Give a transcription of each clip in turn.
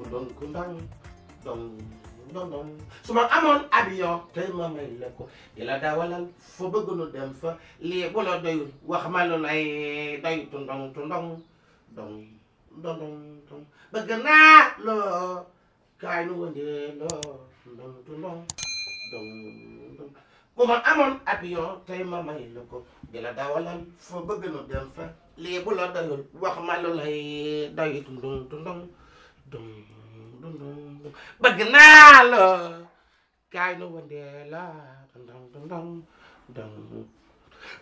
ku doon ku ndang doon ndondon su ma amoon avion tey ma may la ko di la dawalal fa bëgg nu dem fa lii bu la doyul wax ma lu lay doy tu ndong tu ndong dong ndondon dong bëgg naa loo kaay nu wëndee loo ndong tu ndong dong dong bu ma amoon avion tey ma may la ko di la dawalal fa bëgg nu dem fa lii bu la doyul wax ma lu lay doy tu ndong tu ndong bëgg naa la kaay nu wandee la dong dong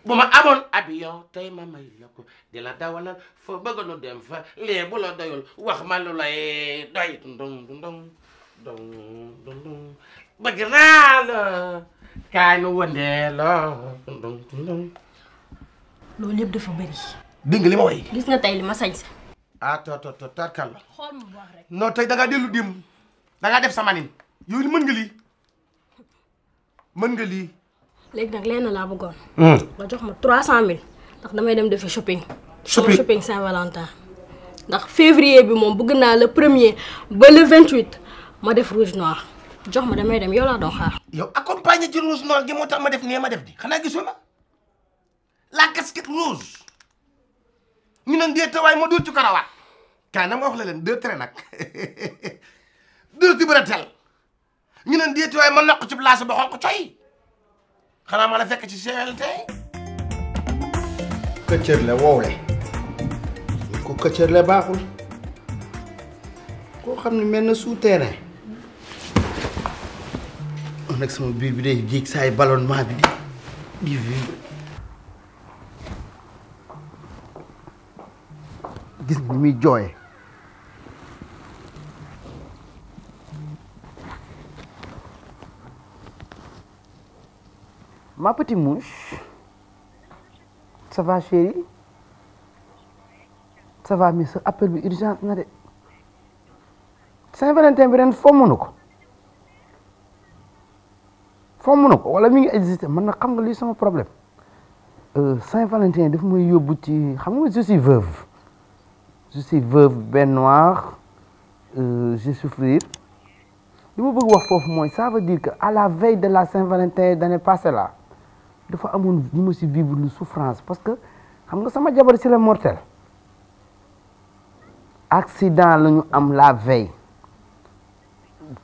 ma amoon avion tey ma la ko di la dawalal foo bëgg nu dem fa lee bu la doyul wax ma lu lay doy dong dong dong dong naa la kaay nu wandee la dong dong loolu yëpp dafa bëri dégg nga li ma way tey li ma sañ sa ah to to to la xool mu baax rek non tey da ngaa dellu démb da ngaa def sama nin yow mën nga lii mën nga lii léegi nag lenn laa bëggoon hmm. nga jox ma trois cent mille ndax damay dem defi shopping shopping shopping Saint Valentin ndax février bi moom bëgg naa le premier ba le vingt huit ma def rouge noir jox ma damay dem yow laa doon yow accompagné ci rouge noir gi moo tax ma def nee ma def di xanaa gisoo ma la casquette rouge ñu ne ndeeta waaye ma dóor ci karawaat kaay na ma wax la leen deux traits nag dóor ci bëratel ñu ne ndeeta waaye ma naq ci place ba xonq coy xanaa ma la fekk ci CLT. këccër la wow le ku këccër la baaxul koo xam ne mel na souterrain nag sama biir bi day jéeg saay ballonnement bi di di vivre gis ni muy jooye ma petite mouche ça va chérie ça va appel bi urgence na de Saint-Valentin bi ren foo mënu ko foo mënu ko wala mi ngi existé man na xam nga lii sama problème euh, Saint-Valentin daf may yóbbu ci xam nga je suis veuve je si veuve ben noir euh, je souffrir lu ma bëgg wax foofu mooy ça veut dire à la veille de la Saint-Valentin d'année passée la dafa amoon ñu ma si vivre lu souffrance parce que xam nga sama jabar si la mortel accident la ñu am la veille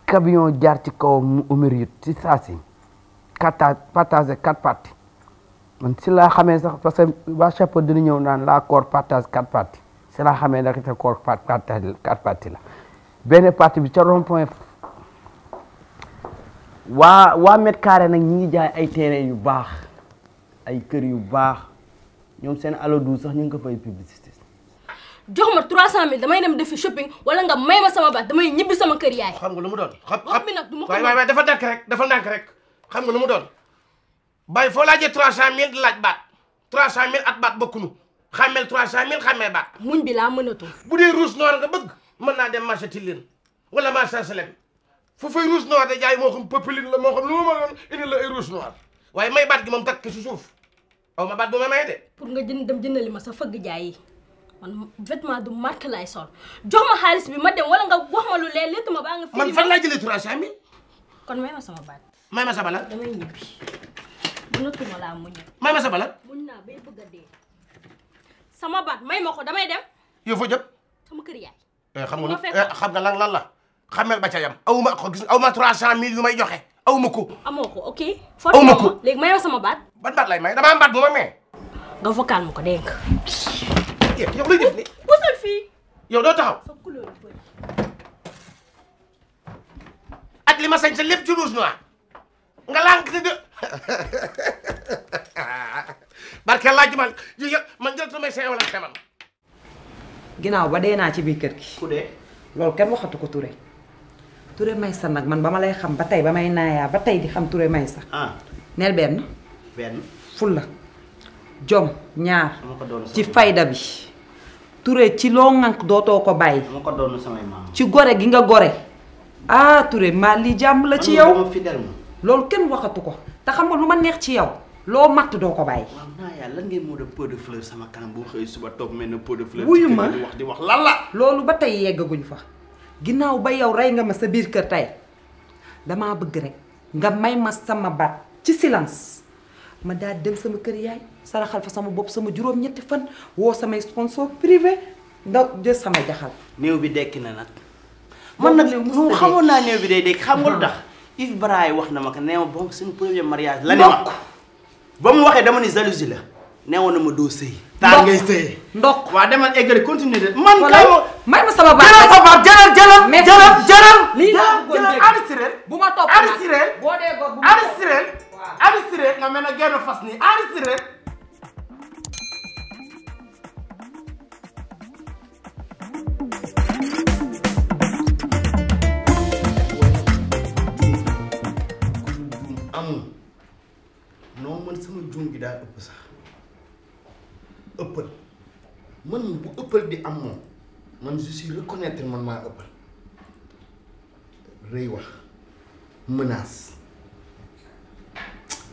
camion jaar ci kaw mu émérite si saa si quatre partage quatre parties man si laa xamee sax parce que waa chapeau dina ñëw naan la corps partage quatre parties si la xamee nag te corps quatre parti la benn parti bi ca rond waa waa mètre carré nag ñi ngi jaay ay terrain yu baax ay kër yu baax ñoom seen alo du sax ñu ngi ko fay publicité jox ma 300000 damay dem defi shopping wala nga may ma sama baat damay ñibbi sama kër yaay. xam nga lu mu doon xam xam bi nag du dafa ndànk dafa ndànk rek xam nga lu mu doon. bay foo laajee 300000 laaj baat 300000 at baat bokkunu xàmmeel 300000 xàmmeel baat. muñ bi laa mënatul. bu dee rouge noir nga bëgg mën naa dem marché Tilène wala marché Salem fu fay rouge noir da jaay moo xam popeline ma mënoon indi la ay rouge noir waaye may bu ma may de. pour nga jën dem jën li ma sa fëgg jaay yi man vêtement du marque laay sol jox ma xaalis bi ma dem wala nga wax ma lu lee létt ma baa nga. fi man fan laa jëlee 300000. kon may ma sama baat. may ma sa bala. damay ñibbi mënatuma laa muñ. may ma sa bala. muñ naa bay sama baat may ma ko damay dem. yow foo jëm. sama kër yaay. Eh, xam nga eh, xam nga lan lan la xamel ba ca yam aw ma ko gis aw ma trois cent mille yu may joxe aw ma ko. amoo ko ok. aw ma ko sama baat. ban baat lay may damaa am baat bu ma may. nga vocal ma ko dégg nga. Eh, yow lay def nii. bësal fii. yow doo taxaw. ak li ma sañ sa lépp ci rouge noir nga lànk de. barke laaj man yi yëpp ginnaaw ba dee naa ci biir kër gi. ku dee loolu kenn waxatu ko Touré. Touré Maysa nag man ba ma lay xam ba tey ba may naayaa ba tey di xam ture Maysa. ah neel benn. fulla jom ñaar. ci fayda bi. Touré ci loo ŋànk dootoo ko bàyyi. ma ko doon samay ci gore gi nga gore. ah Touré maa li jàmm la ci yow. loolu kenn waxatu ko te xam nga lu ma neex ci yow. loo matt doo ko bàyyi. waaw naa yàlla lan ngeen moo def pot de fleur sama kanam boo xëyee suba toog mel ne pot de fleur. wuyu ma di wax di wax loolu ba tey yeggaguñ fa ginnaaw ba yow rey nga ma sa biir kër tey damaa bëgg rek nga may ma sama baat ci silence ma daal dem sama kër yaay saraxal fa sama bopp sama juróom-ñetti fan woo samay sponsor privé ndax jël sama jaxal. néew bi dekki na nag. man nag mu xamoon naa néew bi day dekki xam nga lu tax Yves Braay wax na ma ko nee ma bon suñu premier mariage la ne ba mu waxee dama ni jalousie la neewoon na ma doo sëy. taal ngay sëy ndox waaw de. man kay may ma sama baat jëlal sa baat jëlal jëlal. jëlal jëlal. lii bu ma topp nag boo dee nga mel ne fas ni arrêté non man sama juum gi daal ëpp sax ëppal man bu ëppal di am moom man je suis reconnaître man maa ëppal rëy wax menace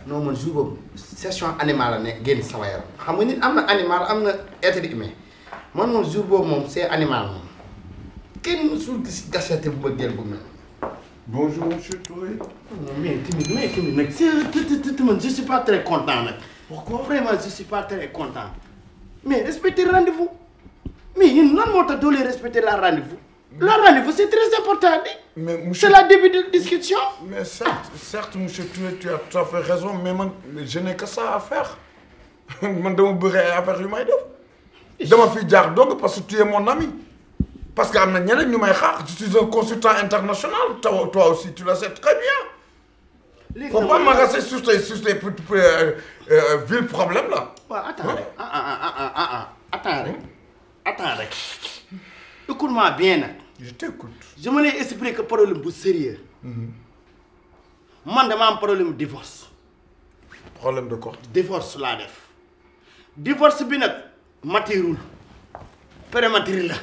non man jour boobu session animale la nekk génn sama yaram xam nga nit am na animal am na être humain man moom jour boobu moom c'est animal moom kenn mosul gis gâchette bu ma jël bu bonjour monsieur Touré. mais tamit mais tamit nag si man je suis pas très content pourquoi vraiment je suis pas très content. mais respecter rendez-vous. mais yéen lan moo tax doo leen respecter la rendez-vous. la rendez-vous c'est très important de. mais monsieur c'est la début de discussion. mais certes certes monsieur Touré tout à fait raison mais man je n'ai que ça à faire man dama bëgg ay affaires yu may def. dama fi jaar dong parce que parce que am na ñeneen ñu may xaar je suis un consultant international taw toi aussi tu le sais très bien. faut pas m'agacer sur tes vil problème là. waaw rek ah, ah, ah, ah rek attends rek bien nag. je t'écoute. je me lay expliquer que problème bu sérieux man dama am problème divorce. problème de quoi. divorce laa def divorce bi nag matirul prématuré la.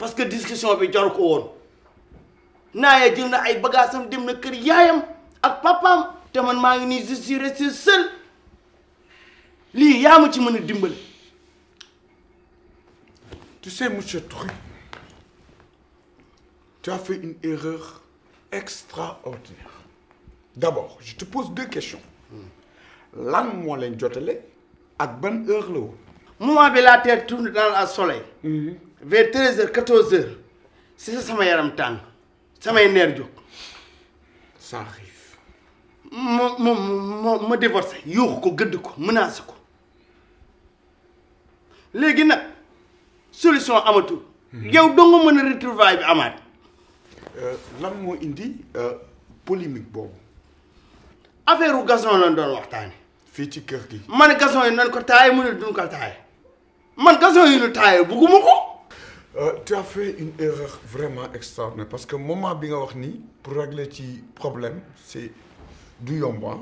parce que discussion bi jaru ko woon naaya jël na ay bagaasam dem na kër yaayam ak papaam te man maa ngi nii je suis resté lii yaa ma ci mën a dimbali. tu sais monsieur Truc tu as fait une erreur extraordinaire d'abord je te pose deux questions lan moo leen jotale ak ban heure la woon. moment bi la terre tourne dans le soleil. Mhm. vers treize heures quatorze heures si sa sama yaram tàng samay neer jóg sans xiif ma ma ma ma divorcé yuuxu ko gëdd ko mën menacé ko léegi nag solution amatul hmm. yow doo nga mën a retrouvaille bi amaat euh, lan moo indi euh, polémique boobu affaire gason gazon lañ doon waxtaane fii ci kër gi man gazon yi nan ko taaye mu ne ko taaye man gazon yi nu taaye bugguma ko Euh, tu as fait une erreur vraiment extraordinaire parce que moment bi nga wax nii pour régler ci problème c'est du yomba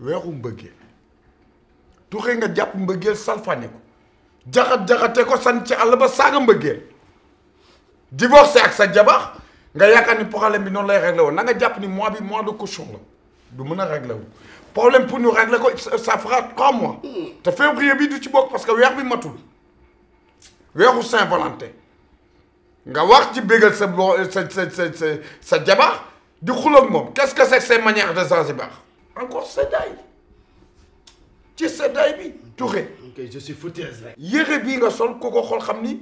weeru mbëggeel tuxe nga jàpp mbëggeel salfane ko jaxat-jaxate ko san ci àll ba saaga mbëggeel divorcé ak sa jabar nga yaakaar ni problème bi noonu lay réglé woon na nga jàpp ni mois bi mois de cochon la du mën a réglé wu problème pour ñu régler ko ça fera trois mois hmm. te février bi du ci bokk parce que weer bi matul weexu Saint-Valentin nga wax ci bégal sa bo sa sa sa jabar di xuloog moom qu'est-ce que c'est que ces manières de Zanzibar encore seddaay ci seddaay bi tuxe ok je suis foutaise rek yére bii nga sol ku ko xool xam ni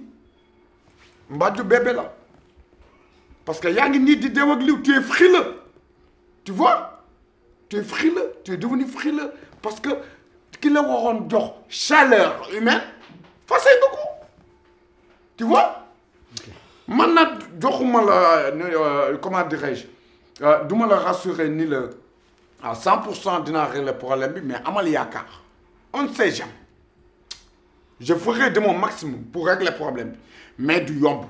mbàjju bébé parce que yaa ngi nit di dew ak liw tu es frileux tu vois tu es frileux tu es devenu frileux parce que ki la waroon jox chaleur humaine fase nga tu vois man na joxuma la euh, comment dirais-je euh, duma la rassurer ni la à 100 pour dinaa régler problème bi mais amal on ne sait je ferai de mon maximum pour régler problème bi mais du yomb.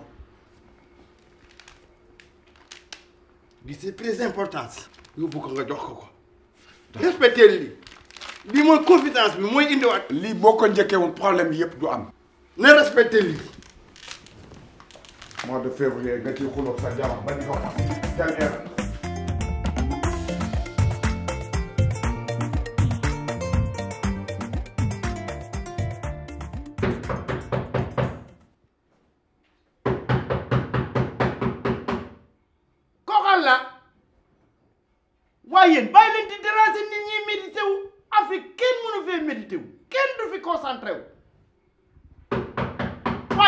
di c'est très importance yóbbu ko nga jox ko ko. respecté lii lii mooy confidence bi mooy indiwaat. lii boo ko njëkkee woon problème yëpp du am. na respecté lii. mois de février nga xuloo sa jabar ba ñu ko xam la waaye yéen bàyyi leen di nit ñi médité wu Afrique kenn mënu fee médité kenn du fi concentré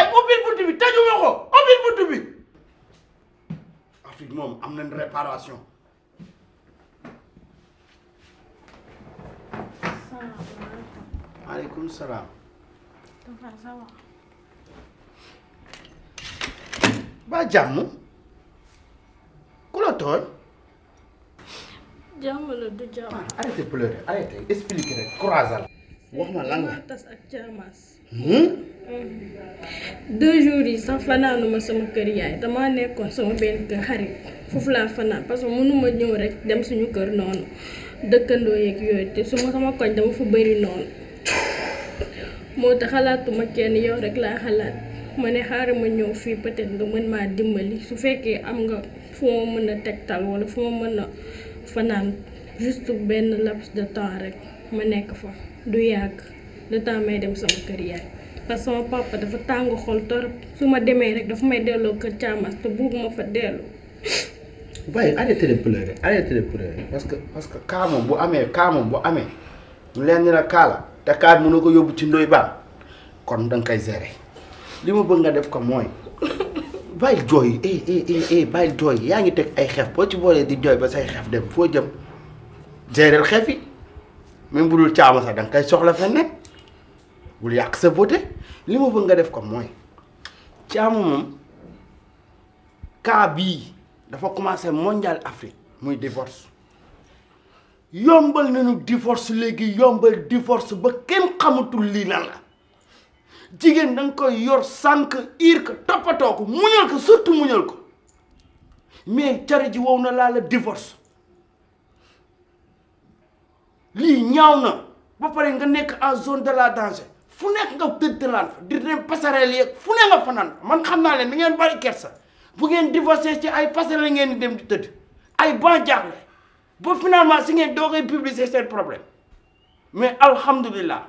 rek ubbil bi tëjuma ko ubbil bunt bi Afrique moom am nañ réparation maaleykum salaam ba jàmm ku la tooñ jàmm la du jàmm ah, arrêtez pleurer arrêtez expliquer rek croisal wax ma lan la Hmm? deux jours yi sax fanaanuma sama kër yaay dama nekkoon sama benn kër xarit foofu laa fanaan parce que mënuma ñëw rek dem suñu kër noonu dëkkandoo yeeg yooyu te su ma sama koñ dama fa bari noonu moo tax xalaatuma kenn yow rek laa xalaat ma ne xaaral ma ñëw fii peut-être nga mën maa dimbali su fekkee am nga fu ma mën a tegtal walla fu ma mën a fanaan juste benn laps de temps rek ma nekk fa du yàgg le temps may dem sama kër yaay parce que sama papa dafa tàng xol torop su ma demee rek dafa may delloo kër caamas te bugguma fa dellu bàyyi arrêté de pleurer arrêté de pleurer parce que parce que kaa bu amee kaa moom bu amee mu leen ni la te kaa mu na ko yóbbu ci ndoy baan kon danga koy gérer li ma bëgg nga def ko mooy bàyyi jooy eh eh eh, eh bàyyi jooy yaa ngi teg ay xef boo ci boolee di jooy ba say xef dem foo jëm gérer xef yi même bu dul caama sax danga koy soxla feneen bul yàq sa beauté li ma nga def ko mooy Thiam moom cas bii dafa commencé mondial Afrique muy divorce yombal nañu divorce léegi yombal divorce ba kenn xamatul lii lan la jigéen da koy yor sànq ir ko toppatoo ko muñal ko surtout muñal ko mais cari ji wow na laa la divorce lii ñaaw na ba pare nga nekk en zone de la danger fu nekk nga tëddalaan fa di dem passerelle yeeg fu ne nga fanaan man xam naa leen ni ngeen bari kersa bu ngeen divorcé ci ay passerelle ngeen di dem di tëdd ay ban jaaxle ba finalement si ngeen doogay publier seen problème mais alhamdulilah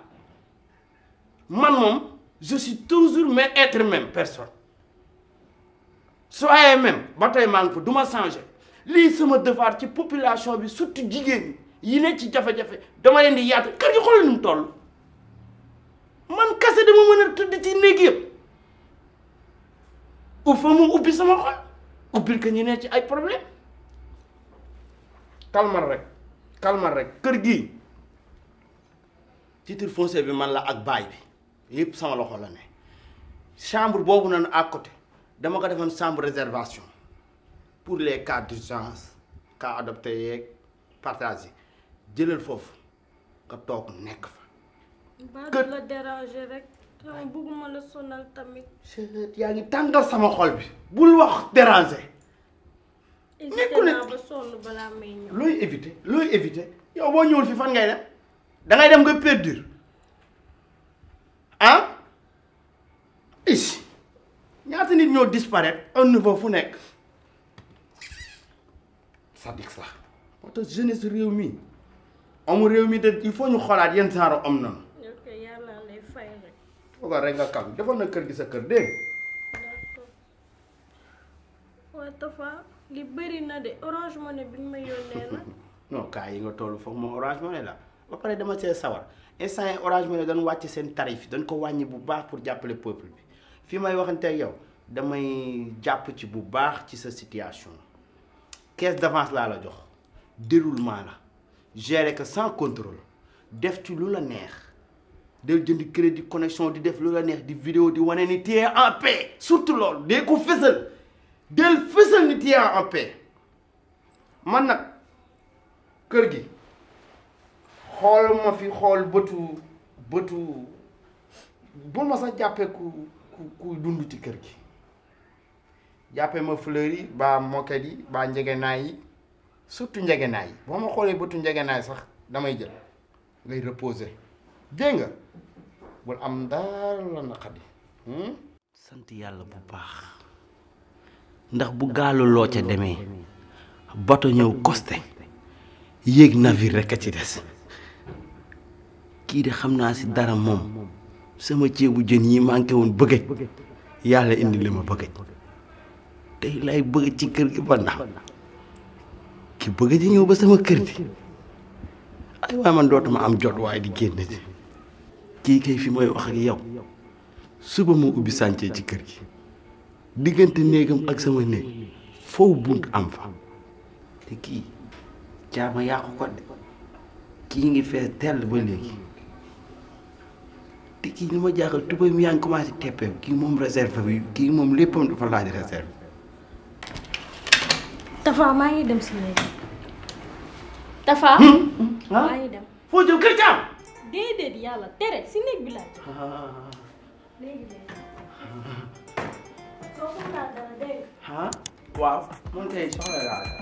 man moom je suis toujours mais être même personne su soyez même ba tey maa ngi fa du ma lii sama devoir ci population bi surtout jigéen ñi yi ne ci jafe-jafe dama leen di yaatu kër gi xool nu mu toll. man kase dama mën a tëdd ci néeg yëpp ub mu ubbi sama xol ubbil ko ñu ne ci ay problème kalmal rek kalmar rek kër gii titre foncier bi man la ak baay bi yépp sama loxo la ne chambre boobu noonu à côté dama ko defoon chambre réservation pour les cas d'urgence cas adopté yeeg partage jëlal foofu nga toog nekk fa kër la déranger rek. xam bëgguma la sonal tamit. yaa ngi tàngal sama xol bi. bul wax déranger. nekku ne looy éviter looy éviter yow boo ñëwul fi fan ngay dem dangay dem nga perdure ah. is ñaata nit ñoo disparaître au niveau fu nekk. Sadik sax moo tax jeunesse réew mi amul réew mi de il faut ñu xoolaat yenn genre am nañu. toogal rek nga calme defal na kër gi sa kër dégg waa Tafa li bëri na de orange money bi ma yónnee la. non kaa yi nga toll foog moom orange money la ba pare dama see sawar instant orange money dañ wàcc seen tarif dañ ko wàññi bu baax pour jàppale peuple bi fii may waxante ak yow damay jàpp ci bu baax ci sa situation caisse d'avance laa la jox déroulement la gérer ko sans contrôle def ci lu la neex. del jënd crédit connexion di def lu la neex di vidéo di wane ni téye en paix surtout loolu dee ko fësal del fësal ni téye en paix man nag kër gi xool ma fi xool bëtu bëtu bul ma sax jàppee ku ku ku dund ci kër gi jàppee ma fleur yi ba moquette yi ba njegenaay yi surtout njegenaay yi boo ma xoolee bëtu njegenaay sax damay jël ngay reposer dégg nga bul hmm? sant yàlla bu baax ndax bu gaalu loo ca demee bato ñëw costé yéeg navire rekk a ci des kii de xam naa si dara moom sama ceebu jën yi manqué woon bëggaj yàlla indi li ma bëggaj tey lay bëgg ci kër gi ba ki bëgg ci ñëw ba sama kër gi ay waay man dootuma am jot waaye di génn ci kii kay fi may wax ak yow suba moo ubbi sàncee ci kër gi diggante néegam ak sama néeg foofu bunt am fa te kii jaama yàqu ko de kii ngi fee tell ba léegi te kii li ma jaaxal tubayam yaa ngi commencé teppeeku kii moom réserve kii moom léppam dafa laaj réserve. Tafa maa ngi dem si léegi. Tafa. Hmm? maa ngi dem. foo jëm kër Thiam. déedéet yàlla tere si néeg bi laaj. Ah, ah, ah, léegi léegi. soo ko laaj dara dégg nga. ah waaw man tey soxla laa dara.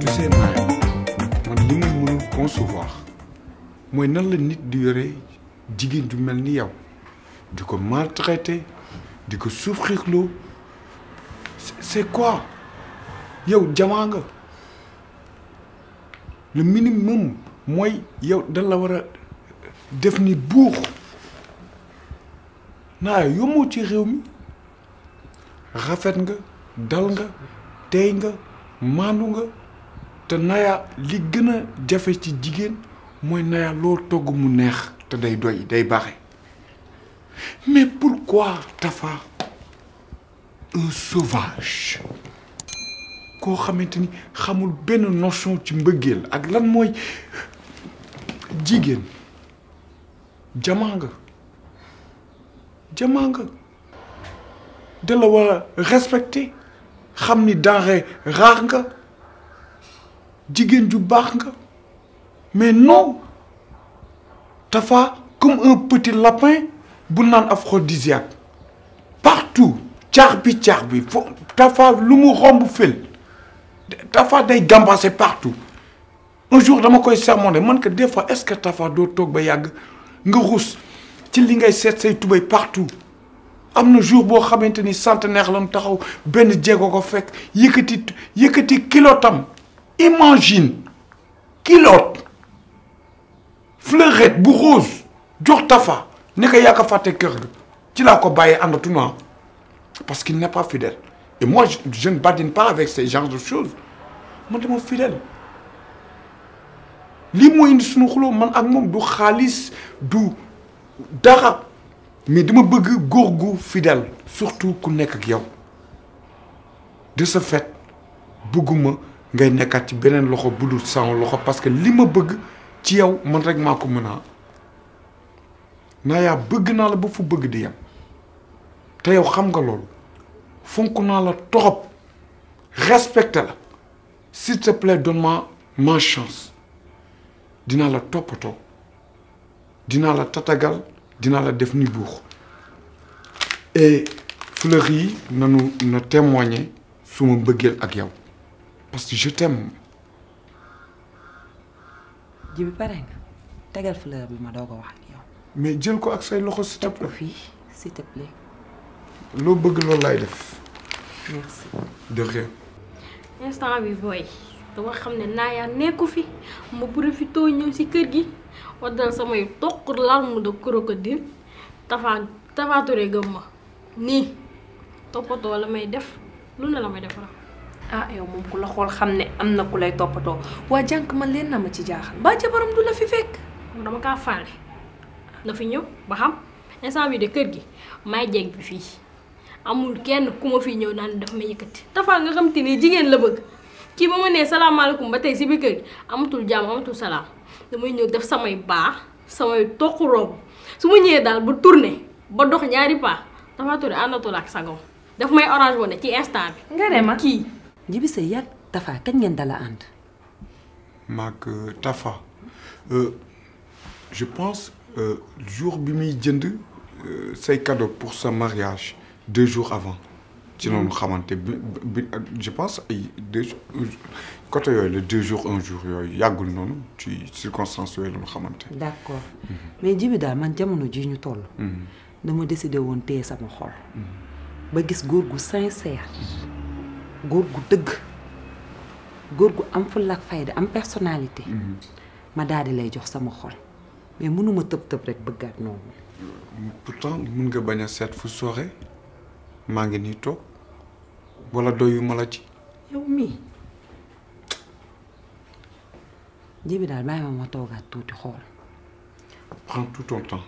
tu sais Nayo man li ma mënul concevoir mooy nan la nit di yore jigéen ju mel ni yow di ko maltraité di ko souffrir loo. c'est quoi yow jamaa nga le minimum mooy yow dan la war a def ni buux naa yomoo ci réew mi rafet nga dal nga tey nga maandu nga te naya li gën a jafe ci jigéen mooy naya loo togg mu neex te day doy day baaxe mais pourquoi Tafa un sauvage koo xamante ni xamul benn notion ci mbëggeel ak lan mooy jigéen jamaa nga jamaa war a xam ni denrée rare nga jigéen ju baax nga mais non Tafa comme un petit lapin bu naan aphrodisiaque partout caax bi caax bi fo lu mu romb fël Tapha day gambase partout un jour dama koy sermonné man que des fois est-ce que Tapha doo toog ba yàgg nga ruus ci li ngay seet say tubay partout am na jour boo xamante ni centenaire la mu taxaw benn jéego ko fekk yëkkati yëkkati kilo tam imagine kilo fleurette bu rose jox Tapha ne ko yaa ko fàtte kër gi ci laa ko bàyyee àndatu naa parce qu'il n'est pas fidèle. Et moi, je, je ne badine pas avec ces genres de choses. man dama fidèle lii moo indi suñu xuloo man ak moom du xaalis du dara mais dama bëgg góor gu fidèle surtout ku nekk ak yow de ce fait bëgguma ngay nekkaat ci beneen loxo bu dul sama loxo parce que li ma bëgg ci yow man rek maa ko mën a naa bëgg naa la ba fu bëgg di yem te yow xam nga loolu fonk naa la torop respecté la s'il te plaît donne-moi chance dinaa la toppatoo dinaa la tatagal dinaa la def ni buur et fleurs yi nanu na témoigner suma mbëggeel ak yow parce que je t'aime ji bi nga tegal fleur bi ma doo ko wax mais jël ko ak say loxo s'il te plaît fii loo bëgg loolu laay def. instant bi booy dama xam ne Naaya nekku fi ma profité ñëw si kër gi waddal samay toq larme de crocodile tafa tafaature gëm ma nii toppatoo la may def lu ne la may defara ah yow moom ku la xool xam ne am na ku lay toppatoo waa jànk man leen na ma ci jaaxal ba jabaram du la fi fekk. dama kaa faale na fi ñëw ba xam instant bi de kër gi may jeeg bi fii. amul kenn ku ma fi ñëw naan dafa ma yëkkati Tafa nga xam te ni jigéen la bëgg kii ba ma nee salaamaaleykum ba tey si biir kër amatul jàmm amatul salaam damay ñëw def samay baax samay toq rob su ma ñëwee daal ba tourné ba dox ñaari pas Tafa Touré àndatul ak sagom daf may orange woon ci instant bi. nga ne ma kii. Njibi Seye yàgg kañ ngeen dala ànd. maag euh, Tafa euh, je pense euh, jour bi muy jënd say cadeau pour sa mariage. deux jours avant. ci noonu mm. xamante je pense ay côté yooyu la deux jours un jour yooyu yàggul noonu ci circonstance yooyu la ñu xamante. d' mm-hmm. mais jibi daal man jamono ji ñu toll. Mm-hmm. dama décidé woon téye sama xol. Mm-hmm. ba gis góor gu sincère. góor gu dëgg. góor gu am fulla ak fayda am personnalité. ma daal lay jox sama xol mais mënuma tëb tëb rek bëggaat noonu. pourtant mun nga bañ a seet fu sore. maa ngi nii toog wala doyu ma la ci. yow mii jibi daal bàyyi ma ma toogaat tuuti xool. prends tout ton temps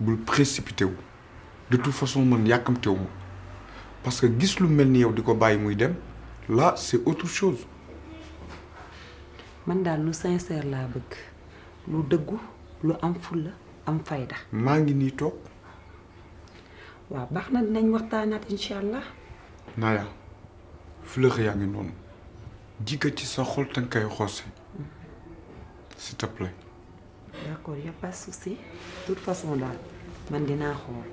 bul précipité wu de toute façon man yàkkamtewu parce que gis lu mel ni yow di ko bàyyi muy dem là c'est autre chose. man daal lu sincère laa bëgg lu dëggu lu am fulla am fayda. maa ngi nii toog. waaw baax na dinañ waxtaanaat incha allah. Naya fleur yaa ngi noonu jikko ci sa xol te nga koy xoose s'il façon daal man dinaa xool.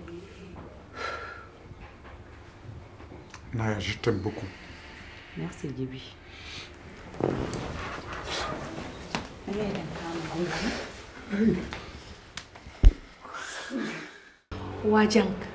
Naya je t'aime beaucoup. waa jànk.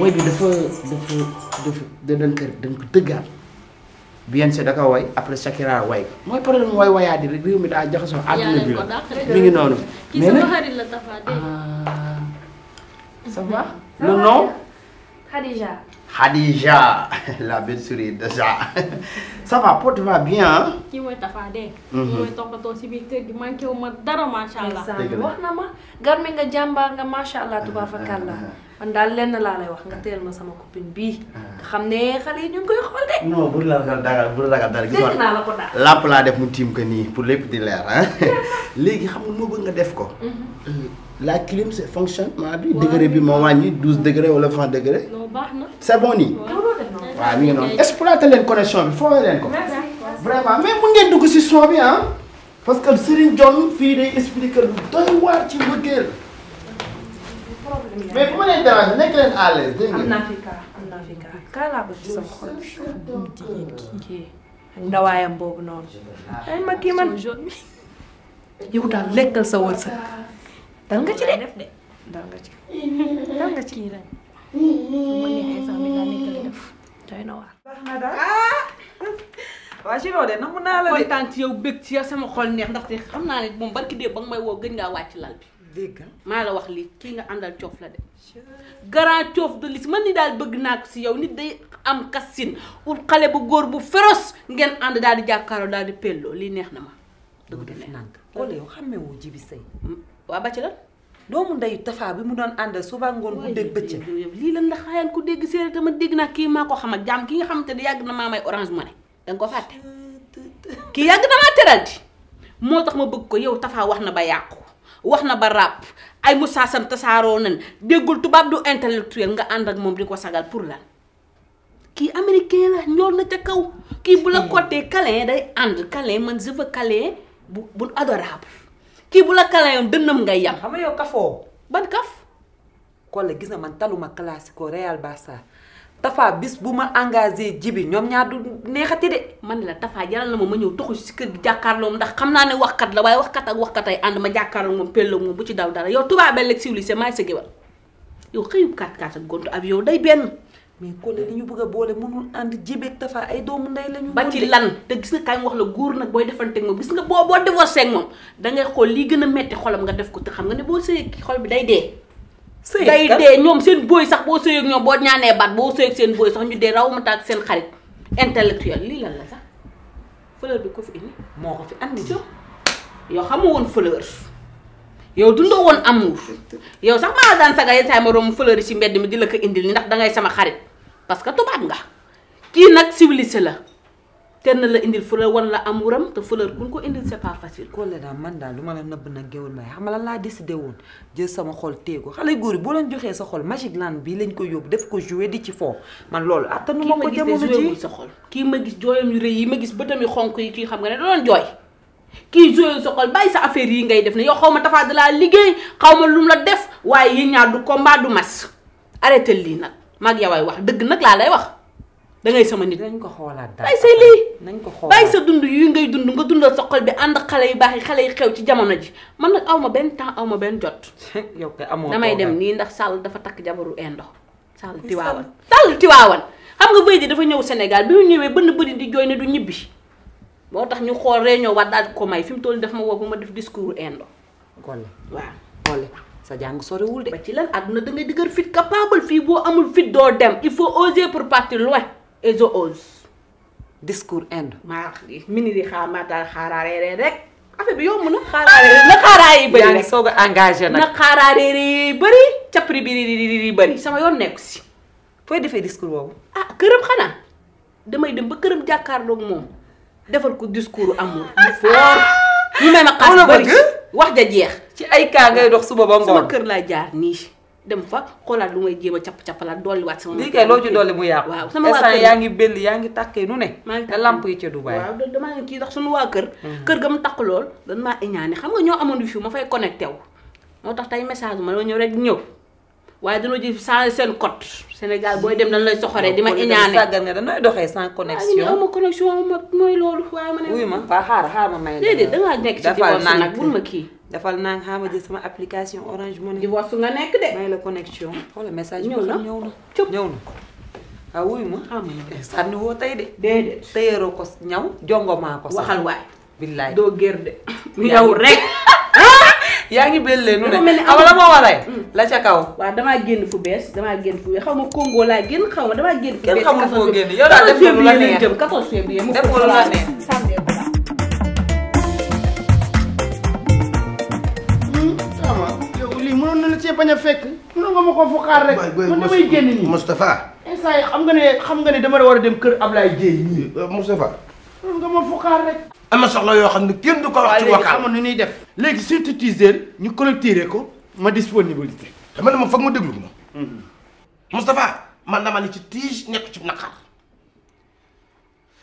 woy bi dafa dafa dafa da dañ ko dañ ko tëggaat Beyoncé da ko woy après Shakira woy mooy problème mooy woyaat yi rek réew mi daa jaxasoo àdduna bi la mi ngi noonu mais Khadija, la belle souris déjà ça va Pod va bien. kii mooy Tafa de. kii mooy toppatoo si biir kër gi ma dara macha allah. wax na ma garmi nga jàmbaar nga macha allah tubaafakalla. man daal lenn laa lay wax ma sama copine bii. xam ne xale yi ñu ngi koy xool de. non bu la dara bu la dara gis ko daal làpp laa def mu tiim ko nii pour lépp di leer léegi xam nga moo bëgg nga def ko. Mhm. Euh, la clim c'est fonctionnement bi degré bi moo wàññi douze degré wala vingt degré. c'est bon nii. waaw mi ngi noonu exploité leen connexion bi foowee leen ko. vraiment mais mun ngeen dugg si son bi ah. parce que Serigne John fii day expliqué lu doy waar ci l mais bu ma leen déranger nekk leen à l'aise dégg nga. am naa fi kaa am naa fi kaa kaa laa bëgg sama xol. jigéen kii ndawaayam boobu noonu. ay ma kii man yow daal lekkal dal nga ci de dal nga ci dal nga ci ren ma neexee sax na waar baax daal waa ci loolu de nag mun naa la de kontaan ci yow bëgg ci yow sama xol neex ndaxte xam naa ne moom barki dee ba nga may woo gëj ngaa wàcc lal bi maa la wax lii kii nga àndal coof la de grand coof de lis man ni daal bëgg naa ko si yow nit day am kassin ut xale bu góor bu féroce ngeen ànd daal di jàkkaaroo daal di pelloo lii neex na ma dëgg du neex nag walla waa ba ci lan doomu ndeyu tafaa bi mu doon àndal suba ngoon bu dégg bëccëg lii lan la xaayaan ku dégg séeréer dama dégg naa kii maa ko xam a jaam ki nga xamante ne yàgg na maa may ko fàtte kii yàgg na maa teral di moo tax ma bëgg ko yow tafaa wax na ba yàqu wax na ba ràpp ay musaasam tasaaroo nan déggul tubaab du intellectuel nga ànd ak moom di ko sagal pour la kii américain la ñool na ca kaw kii bu la côté câlin day ànd câlin man je veux câlin bu bu adorable kii bu la kalayoon dënnam ngay yam. xam nga yow kafoo. ban kaf. Kole gis na man taluma classico Real Barça Tafa bis bu ma engagé jibi ñoom ñaar du neexati de. man la Tafa jaral na ma ma ñëw toxu si kër gi jàkkaarloom ndax xam naa ne wax waxkat la waaye waxkat ak waxkat ay ànd ma jàkkaarloom moom pello moom bu ci daw dara yow tubaabee lekk civilisé maay sa géwal yow xëyub kaat kaat ak gontu avion day benn. mais Kole li ñu bëgg a boole mënul ànd jibeeg Tafa ay doomu ndey la ñu. ba ci lan te gis nga kaay wax la góor nag booy defanteeg moom gis nga boo boo divorcé ak moom dangay xool li gën a metti xolam nga def ko te xam nga ne boo sëyee xol bi day dee. sëy ñoom seen booy sax boo sëyee ak boo ñaanee baat boo sëyee seen booy sax ñu dee raw ma taat seen xarit intellectuel lii lan la sax fleur bi ko fi indi moo ko fi indi jo yow xamu woon fleur. yow dundoo woon amour yow sax maa daan saga yenn saa ma romb fleur yi ci mbedd mi di la indil ni ndax dangay sama xarit parce que tubaab nga kii nag civilisé la te na la indil fu la wan la amuram te fleur bu ko indil c'est pas facile. Kole daal man daal lu ma la nëbb nag géwél may xam nga lan laa décidé woon jël sama xol téegu xale góor yi boo leen joxee sa xol Magic Land bii ko yóbbu def ko joué di ci foofu man loolu. attanu ma ko sa xol kii ma gis jooyam yu rëy yi ma gis bëtam yu xonk yi kii xam nga ne da doon jooy. kii jooyul sa xol bàyyi sa affaire yi ngay def na yow xaw ma tafaa dalaa liggéey xaw ma lu mu la def waaye yi ñaar du combat du mas arrêté lii nag. mag yaway wax dëgg nag laa lay wax dangay sama nit. nañ ko xoolaat daal bàyyi say lii. nañ ko bàyyi sa dund yu ngay dund nga dundal sa xol bi ànd xale yu baax yi xale yu xew ci jamono ji man nag aw ma benn temps aw ma benn jot. yow kay amoo damay dem nii ndax Sall dafa takk jabaru Indo. Sall Tiwaawan Sall Tiwaawan xam nga bëy ji dafa ñëw Sénégal bi mu ñëwee bënn bëri di jooy ne du ñibbi moo tax ñu xool réunion waat daal ko may fi mu toll daf ma woo ba ma def discours Indo. Golle waaw sa jàng sorewul de. ba ci lan àdduna da ngay dëgër fit capable fii boo amul fit doo dem il faut oser pour partir loin et je ose. discours Inde. maa mini di xaar maa daal xaaraaree rek affaire bi yomb na. xaaraaree na xaaraay yi bëri rek yaa ngi soog a engagé nag. na xaaraaree yi bëri capri bi sama yoon nekku si. fooy defee discours woowu ah këram xanaa damay dem ba këram jàkkaarloog moom defal ko discours amul. bu ah! fort ñu may ma xaar bëri wax jeex. ci ay kaa ngay dox suba ba ngoon sama kër laa jaar nii dem fa xoolaat lu may jéem a capp cappalaat dolliwaat sama. lii kay loo ci dolli mu yàqu. waaw sama waa kër yaa ngi béll yaa ngi tàkkee nu ne. maa ngi tàkkee lamp yi ca Dubaay. waaw damaa ne kii ndax sunu waa kër. Hmm. kër ga mu takk lool dañ maa iñaane xam nga ñoo amoon fi ma fay connecté wu. moo tax tey message ma dama ñëw rek ñëw waaye dañoo ji changé seen code Sénégal booy dem dañ lay soxoree di ma iñaane sàggan nga doxee sans connexion aw ma connexion loolu waaye ma ne wuy ma waa xaar xaar ma may nekk ci kii dafal naa nga xaama jël sama application Orange Money divorce nga nekk de may la connexion xoolal message ñëw na ñëw na ñëw na waaw ah, wuy ma ah, de déedéet tëyaroo ko ñaw jongomaa ko sax waxal waay billaay doo gér de ñaw rek yaa ngi bellee nu ne xam la moo waral mm. la ca kaw waa damaa génn fu bees damaa génn fu bees xaw ma Congo laa génn xaw ma damaa génn fu bees kenn xamul foo génn yow daal def nga lu la neex 14 février def nga lu la neex hmm, mënoon bañ a fekk mënoon nga ma ko foqaar rek man damay génn nii Moustapha instant yi xam nga ne xam nga ne dama war a dem kër laa Dieye nii euh, Moustapha mënoon nga ma foqaar rek am na soxla yoo xam ne kenn du ko wax ci vocal ñuy def léegi surtout tiseel ñu collecté ko ma disponibilité dama ne ma foog ma déglu ma mhm. Moustapha man dama ne ci tiis nekk ci naqar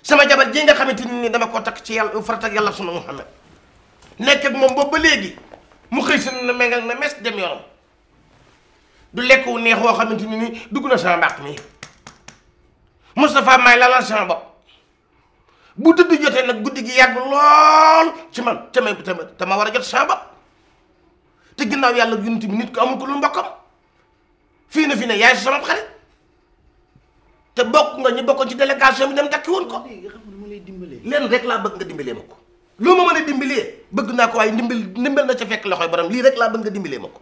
jabar ji nga xamante ni dama koo takk ci yàlla farata ak yàlla suma Muhammad nekk ak moom boobu ba léegi mu xëy si na mengal na mes dem yoonam du lekk neex woo xamante ni dugg na sama mbaax mi Moustapha may lalal sama bopp bu tëdd jotee nag guddi gi yàgg lool ci man te may te ma war a jot samba te ginnaaw yàlla yunit bi nit ko amul ko lu mbokkam fii na fii ne yaay sama xarit te bokk nga ñu bokkoon ci délégation bi dem dakki woon ko leen rek laa bëgg nga dimbalee ma ko loo ma mën a dimbalee bëgg naa ko waaye ndimbal ndimbal na ca fekk loxoy borom lii rek laa bëgg nga dimbilee ma ko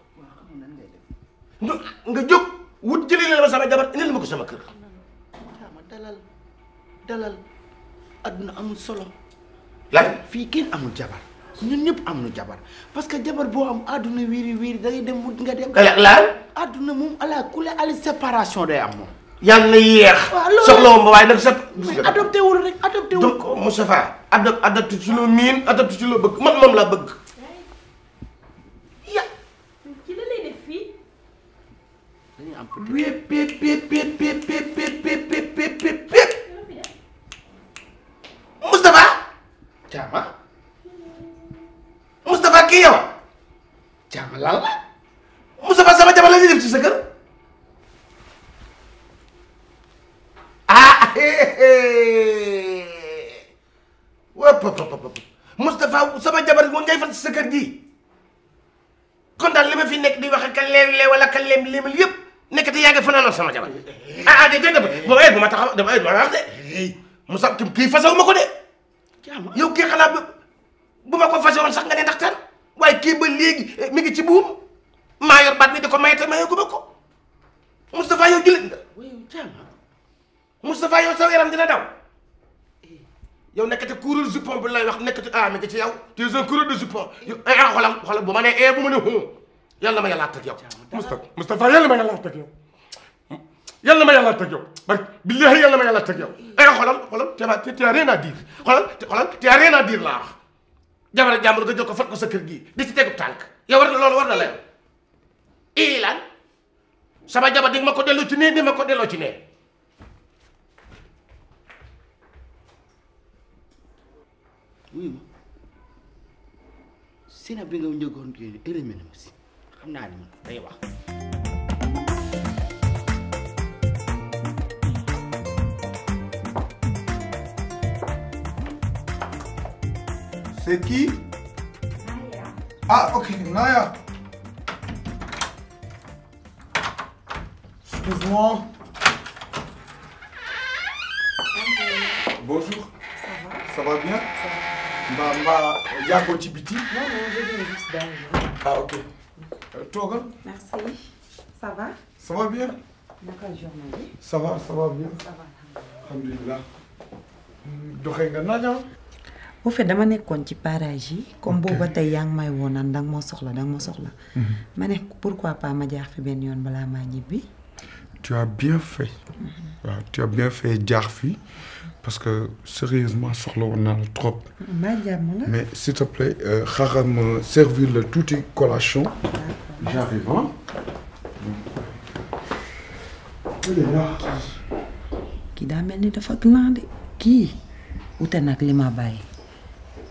nga jóg wut jëlee la ma sama jabar indil ma ko sama kër dalal àdduna amul solo. lan fii kenn amul jabar ñun ñëpp am nu jabar parce que jabar boo am àdduna wiiri wiiri da ngay dem mu nga dem. lan àdduna moom ala kule ali séparation day am moom. yàlla na yéex. soxla woon nag sa. adopté wul rek adopté wul ko. Moustapha adop loo miin adopté ci loo bëgg man moom laa bëgg. Moustapha Thiam Moustapha kii yow Thiam lan sama jabar la ñuy def ci sa kër ah wóop wóop sama jabar moom ngay fan ci sa kër gii kon daal li fi nekk di wax ka leew-leew wala ka leem-leemal yëpp nekkati yaa ngi fanaanoon sama jabar eh, eh, eh. ah ah dégg nga ba bu ma taxaw dama ma wax de. Moussa Kim kii fasaw ma ko de. yow kii xalaat ba bu ma ko fasawoon sax nga ne ndaxtaan waaye kii ba léegi eh, mi ngi ci buum maa yor baat ni di ko maye te maye gu ma ko Moustapha yow jullit nga. Moustapha yow saw yaram dina daw. Eh. yow nekkati kuréel jupon bi lay wax nekkati ah mi ngi ci yow tu es un kuréel de eh, ah, bu ma nee eh bu ma nee hoo ma yàlla àtt ak yàlla ma yàlla teg yow barke billahi yàlla ma yàlla teg yow ay eh, xoolal xoolal te tu as rien à dire xoolal xoolal tu as rien à dire laa jabar jàmbur nga jël ko fat ko sa kër gii di ci tegub tànk yow war na loolu war na la yow ii eh, jabar di ma ko delloo ci nee di ma ko delloo ci nee wuyu ma sina bi nga njëgoon kii éliminer ma si xam naa ni man day wax C'est qui Naya. Ah, ok, Naya. Excuse-moi. Bonjour. bien Ça va. yako Tibiti Non, non, je viens juste d'arriver. Ah, ok. Euh, toi, hein? Merci. Ça va bien Naka journée Ça va, bien. Ça va. Alhamdulillah. doxee nga bu fe dama nekkoon ci parage yi. comme boobu ba tey yaa ngi may woo danga ma soxla danga ma soxla. Mhm. ma ne pourquoi pas ma jaax fi benn yoon balaa maa ñibbi. tu as bien fait. Mhm. waaw tu as bien fait jaax fi parce que sérieusement soxla woon naa la trop. maa jàmm la mais s'il te plaît euh, xaaral servir la tuuti collation. kii daa mel ni dafa glandé kii wute nag li ma bàyyi.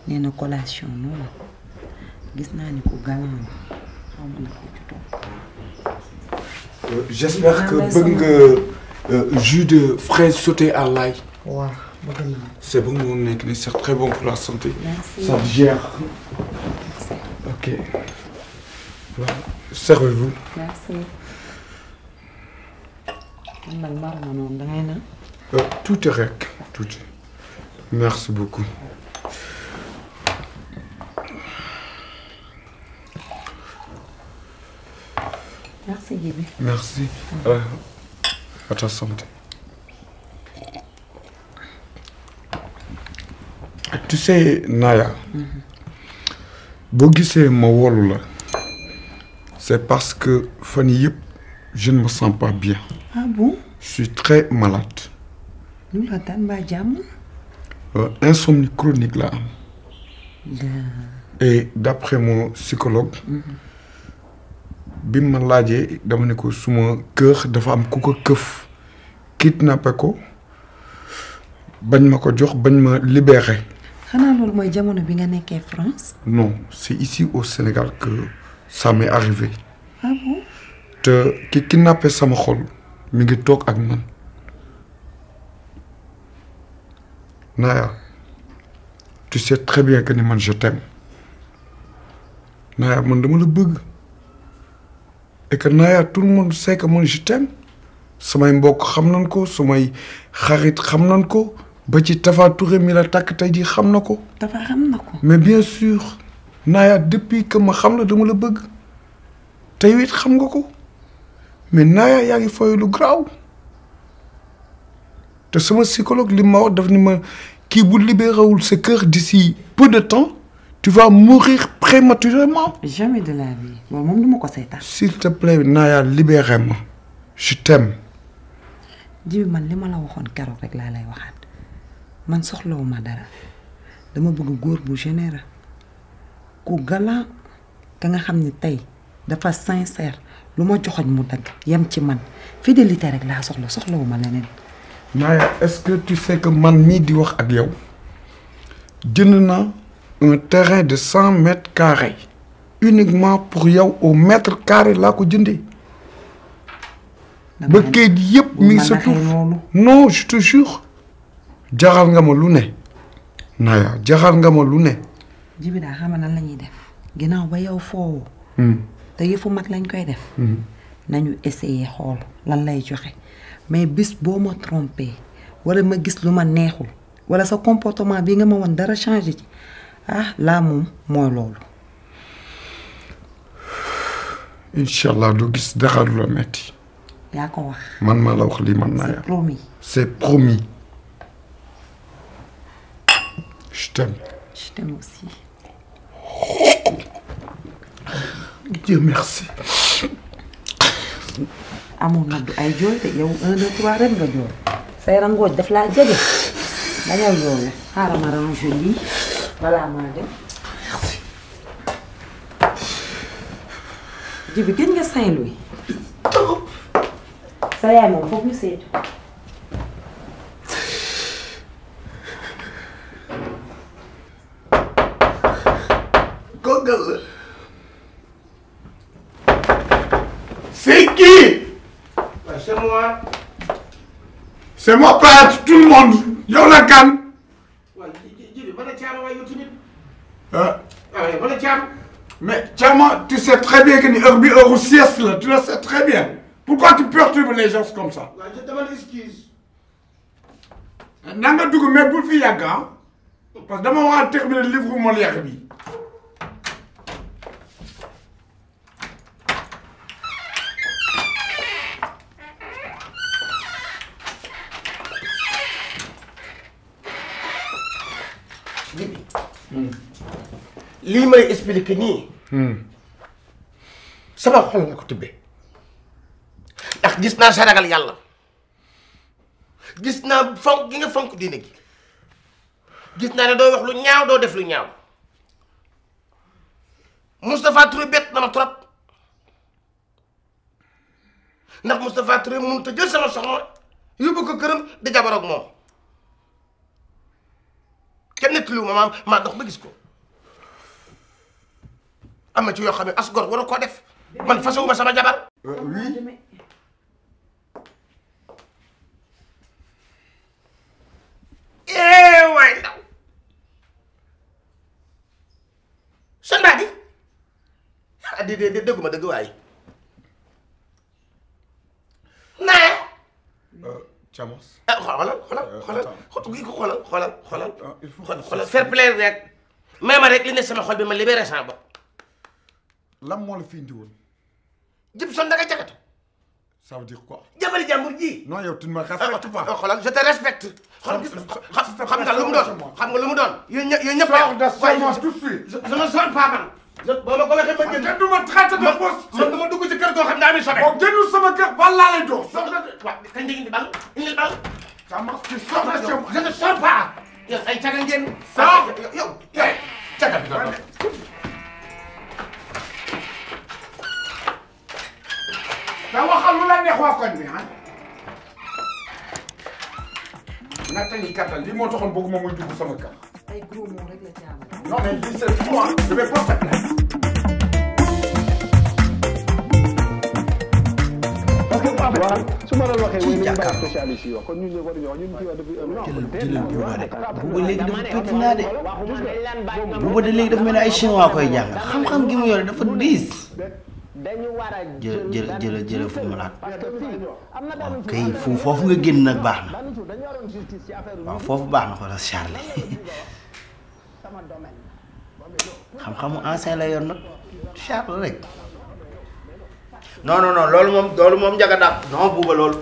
nee na collation noonu gis naa ko ci euh, que bëgg nga euh, jus de fraise sauté à l'ail. waaw bëgg c'est bon mu nekk nii c'est très bon pour la santé. Merci. ça gère. servez-vous. Merci, Gibi. Merci. Euh, à ta santé. Tu sais, mhm. c'est parce que Fanny, je ne me sens pas bien. Ah je suis très malade. Euh, insomnie chronique là. Et d'après mon psychologue, mhm. bi ma laajee dama ne ko suma kër dafa am ku ko këf kidnappé ko bañ ma ko jox bañ ma libéré. xanaa loolu mooy jamono bi nga nekkee France. non c'est ici au Sénégal que ça m'est arrivé. Ah te ki kidnappé sama xol mi ngi toog ak man Naya tu sais très bien que ni man je t'aime Naya man dama la bëgg. et que Naya tout le monde sait que man je t'aime samay mbokk xam nañ ko samay xarit xam nañ ko ba ci Tafa Touré mila la tàkk tey jii xam na ko. Tafa xam na ko. mais bien sûr Naya depuis que ma xam na dama la bëgg te it xam nga ko mais Naya yaa ngi fooy lu garaaw te sama psychologue li ma wax daf ni ma kii bu libéré wul sa kër di si peu de temps. tu vas mourir prématurément. jamais de la vie bon moom du ma ko seetaan. s'il te plaît Naya libéré ma man li ma la waxoon keroog rek laa lay waxaat man soxlawuma dara dama bugg góor bu généreux ku galant ka nga xam ni tey dafa sincère lu ma joxoñ mu dagg yem ci man fidélité rek laa soxla soxlawuma leneen. Naya est-ce que tu sais man nii di wax ak yow jënd naa. un terrain de cent mètres carrés uniquement pour yow au mètre carré laa ko jëndee. ba kayit yëpp mi ngi sa tur non je te jure. nga ma lu ne. Naya jaxal nga ma lu ne. jibi daa na nan la ñuy def. ginnaaw ba yow foowu. Hmm. te yëfu mat lañ koy def. Hmm. nañu essayer xool lan lay joxe mais bis boo ma trompé wala ma gis lu ma neexul wala sa comportement bi nga ma woon dara change ci. ah laa moom mooy loolu. incha allah doo gis dara metti. yaa ko wax. man maa la wax lii man naa yaa. c'est promis. c'est promis. je t'aime. du ay jooy de yow un deux rek nga jooy. say rangooj daf laa jege. dañoo jooy xaaral ma rangooj lii. balaa maa dem. merci. Jibi gën nga louis sa yaay moom foog ñu seetu. googal la. c'est qui. c'est moi. c'est moi pas tout le monde yow la kan. waaye yow tamit. ah. waaye ah wala Thiam. mais Thiam tu sais très bien que ni heure bi heure sieste la tu le sais très bien pourquoi tu perturbes les gens comme ça. waaw je demande excuse. na nga dugg mais bul fi yàgg ah parce que dama war a terminer livre Molière bi. lay expliqué nii. Hmm. sama xol la ko tibbee ndax gis naa sa ragal yàlla gis naa fonk gi nga fonk diine gi gis naa ne doo wax lu ñaaw doo def lu ñaaw Moustapha Touré bett na ma trop ndax Moustapha Touré mënut jël sama soxna yóbbu ko këram di jabaroog moom kenn nettaliwu ma maam maa dox ba gis ko. am na ci yoo xam ne as gor waru koo def man fasawuma sama jabar. Euh, oui. eh waay ndaw. sën naa di ah di di ma dëgg waay. Camos. Euh, ah eh, euh, xoolal xoolal xoolal xoolal xoolal xoolal. il rek. may ma rek li ne sama xol bi ma libéré sama bopp. lan moo la fi indi woon. Djibson da nga jagatu. ça veut dire quoi. jabari jàmbur ji. non yow tu ne me ah, respectes oh, pas. Oh, xoolal je te xam nga lu mu doon xam nga lu mu doon. yéen ñë yéen ñëpp de. tout de suite. je ne sors ma ko waxee ma ah, génn. kenn du ma traité de poste. man du ma dugg ci kër goo xam ne ami sobe. boo génnul sama kër bal laa lay door. soxna waaw kañ la indi bal indi bal. ça marche te waxal lu la waa bi ah. nattali kattan moo taxoon bëgguma muy dugg sama kër. ay gros mots rek la de booba de léegi dafa mel ni ay chinois koy jàng xam-xam gi mu yore dafa diis. dañu war a jël jël jël jël fu mu laat waaw kay foofu nga génn nag baax na waaw foofu baax na ko sax Charlie xam-xamu ensin la yoon nag Charlie rek non non loolu moom loolu moom njaga dàq non buuba loolu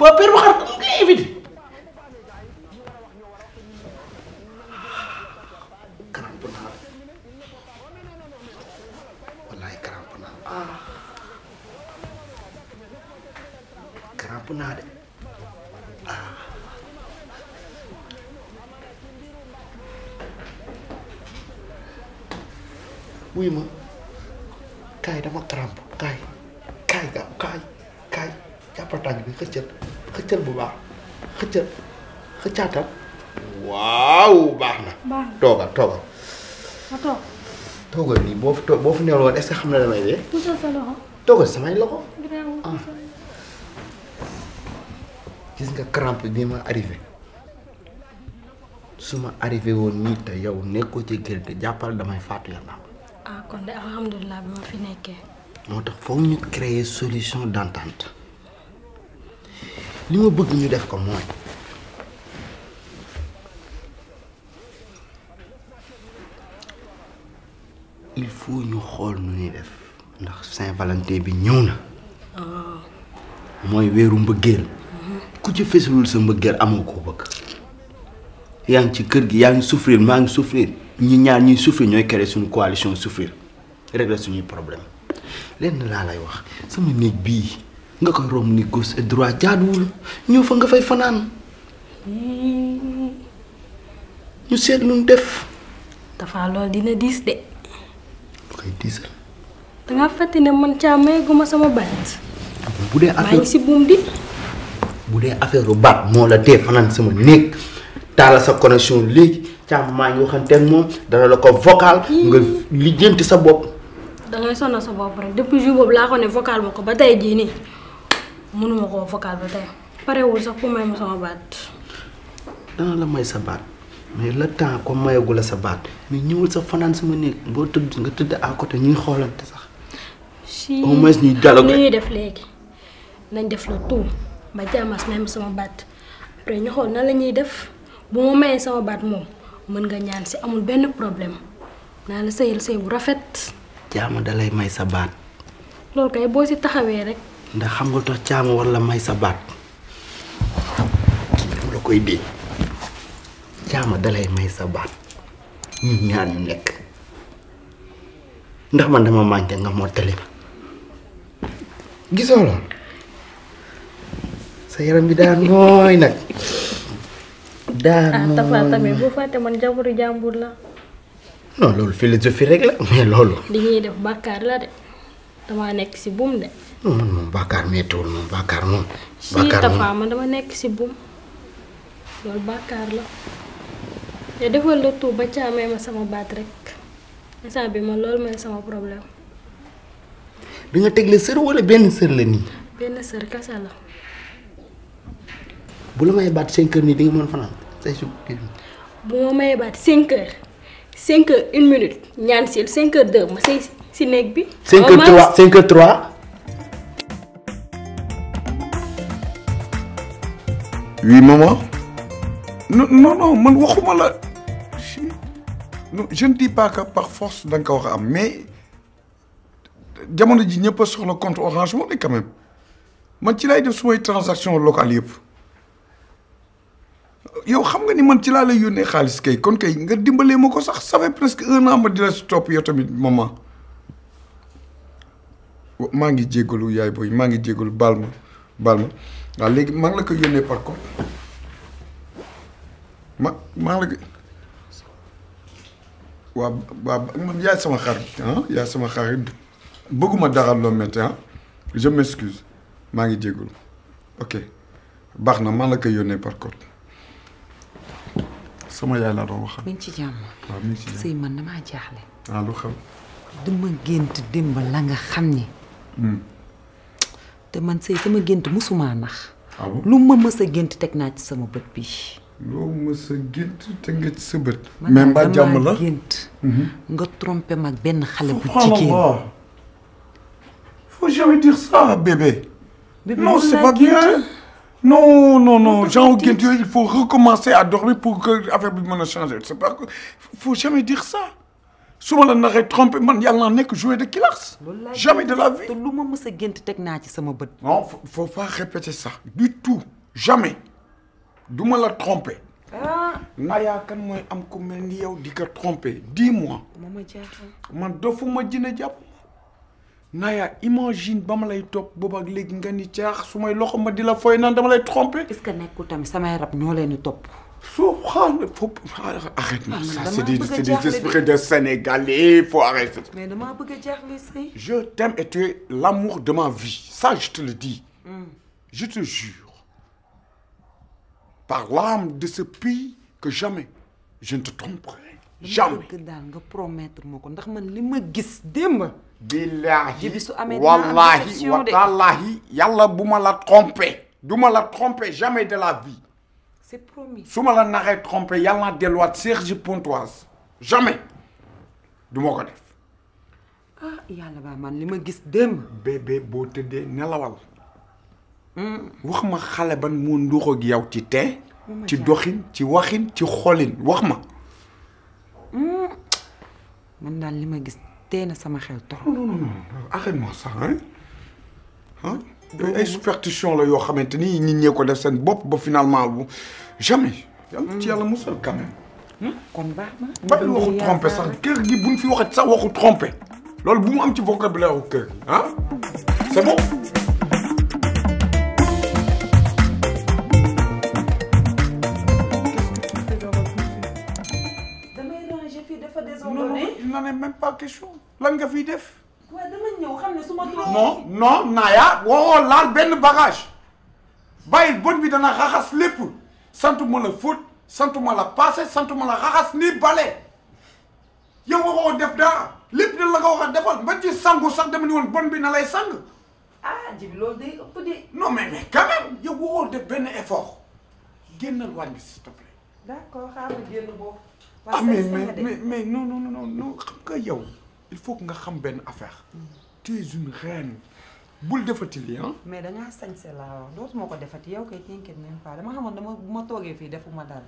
waaw père bu xar xam ne damay dee. samay loxo. gis nga crampe bi ma arrivé suma ma woon nii te yow nekkoo ci kër te jàppal damay faatu yàlla. ah kon de alhamdulilah bi ma fi nekkee. moo tax foog ñu créer solution d'entente li ma bëgg ñu def ko mooy. il faut ñu xool nu ñuy def ndax Saint-Valentin bi ñëw na ah. mooy weeru mbëggeel mm-hmm. ku ci fesalul sa mbëggeel amoo koo bëgg yaa ngi ci kër gi yaa ngi souffrir maa ngi souffrir ñi ñaar ñuy souffrir ñooy créer suñu coalition souffrir régler suñuy problème lenn laa lay wax sama néeg bi nga koy romb ni gauche et droit ñëw fa nga fay fanaan ñu seet lu ñu def. dafa loolu dina diis de. koy diisal. da ngaa fàtte ne man caa mayaguma sama baat. bu dee affaire maa ngi buum di. bu dee affaire baat moo la dee fanaan sama néeg taala sa connexion léegi caa maa ngi waxanteeg moom dana la ko vocal. nga lijjanti sa bopp. da ngay sa bopp rek depuis jour laa ko ne vocal ma ko ba tey jii nii mënuma koo vocal ba tey parewul sax pour may sama baat. dana la may sa baat. mais le temps comme mayagu la sa baat mais ñëwul sa fanaan sama néeg boo tëdd nga tëdd à côté ñuy xoolante sax. si au moins ñuy dialogue ñuy def léegi nañ def la tout ba jaamaas may ma sama baat après ñu xool na la ñuy def bu ma mayee sama baat moom mën nga ñaan si amul benn problème naa la sëyal sëy bu rafet. jaama da lay may sa baat. loolu kay boo si taxawee rek. ndax xam nga tax jaama war la may sa baat. kii dama la koy dee. jaama dalay may sa baat ñun ñaar ñu nekk ndax man dama manqué nga mottali ma gisoo lool sa yaram bi daan mooy nag daan mooy tamit bu fàtte man jabaru jàmbur la non loolu philosophie rek la mais loolu li ñuy def bàkkaar la de damaa nekk ci buum de non moom bàkkaar méttiwul moom moom bàkkaar moom si Tafa man dama nekk si buum loolu bàkkaar la te defal la tuub ba caa ma sama baat rek instant bi ma loolu mooy sama problème. da nga tegle sër wala benn sër la nii. benn sër kese la. bu la may baat cinq heures nii di nga mën fanaan say su bu ma may baat cinq heures cinq heures une minute ñaan si cinq deux ma say si néeg bi. cinq heures trois cinq trois. oui maman. non non man waxuma la. non jeune ne dis pas que par force da nga ko wax am mais jamono ji ñëpp a soxla compte orange money quand même man ci laay def sumay transaction locale yëpp yow xam nga ni man ci laa lay yónnee xaalis kay kon kay nga dimbalee ma ko sax ça fait presque un an ma di la si topp yow tamit maman maa ngi jéggalu yaay booy maa ngi jéggalu baal ma baal ma waaw léegi maa ngi la ko yónnee par contre ma maa ngi waa waa man yaay sama xarit ah sama xarit bëgguma dara loo métti ah je m'excuse maa ngi jégalu ok baax na man la koy yónnee par contre sama yaay laa doon waxal. mi ngi ci jàmm. waaw mi ngi ci jàmm sëy man damaa jaaxle. ah gént démb la nga xam ni. Hmm. te man sëy sama gént musuma nax. Ah lu ma mës gént teg naa ci sama bët bi loo mës a gént te nga ci sa bët. la gént. Mhm. nga trompé mag benn xale bu jigéen. faut jamais dire ça bébé. bébé non c'est pas bien. non non non genre gént yooyu il faut recommencer à dormir pour que affaire bi mën a changer c'est pas que faut jamais dire ça. su la naree trompé man yàlla nekk joué de classe. jamais de la vie. te lu ma mës a gént teg naa ci sama bët. non faut faut pas répéter ça du tout jamais. du ma la tromper. na ah. Naya kan mooy am ku mel ni yow di ko tromper dis-moi. ma jaaxal man dofuma jina jàpp. Naya imagine ba ma lay top booba ak léegi nga ni caax su may loxo ma di la fooy na dama lay tromper. est-ce que nekkul tamit samay rab ñoo leen di topp. soo xaaral foofu arrête na ah, ça c'est des c'est des de Sénégalais faut arrêter. mais damaa bëgg a jaaxle say. je t'aime et tu es l'amour de ma vie ça je te le dis. Hmm. je te jure. par l'âme de ce pays que jamais je ne te tromperai jamais daal nga promettre moo ko ndax man li ma gis démb billaahi wallaahi wa yàlla bu ma la tromper du ma la tromper jamais de la vie c'est su ma la naxee tromper yàlla naa delluwaat Cergy Pontoise jamais du ma ko ah yàlla baa man li ma gis démb bébé boo tëddee nelawal wax ma xale ba moo nduxoog yow ci tee ci doxin ci waxin ci xolin wax ma mm. man naa li ma gis tee na sama xel torop arrête-moi ça hein ay superstition la yoo xamante ni nit ñee ko def seen bopp ba finalement bu jamais yàlla ci yàlla musal kam même hmm? kon baax waxu trompé sax kër gi buñ fi waxat sax waxu trompé loolu bu mu am ci vocabulaire kër gi ah c'est bon n'en est même pas lan nga fi def. waaw xam ne su ma. non non Naaya waxoo laal benn bagage bàyyi bon bi dana xaxas lépp sant ma la fóot sant ma la paase sant ma la xaxas nii bale yow waxoo def dara lépp dina la ko wax a defal ba ci sangu sax dama ni bon bi na lay sang. Ah, de. non mais mais quand même yow def benn effort génnal wàññi s'il te plaît. d'accord xaaral ah mais mais mais non non non non xam nga yow il faut nga xam benn affaire. Mm. tu es une reine. bul defati lii ah. mais dangaa sañse la wax dootuma ko defati yow kay t'inquiète même pas dama xamoon dama bu ma toogee fii defuma dara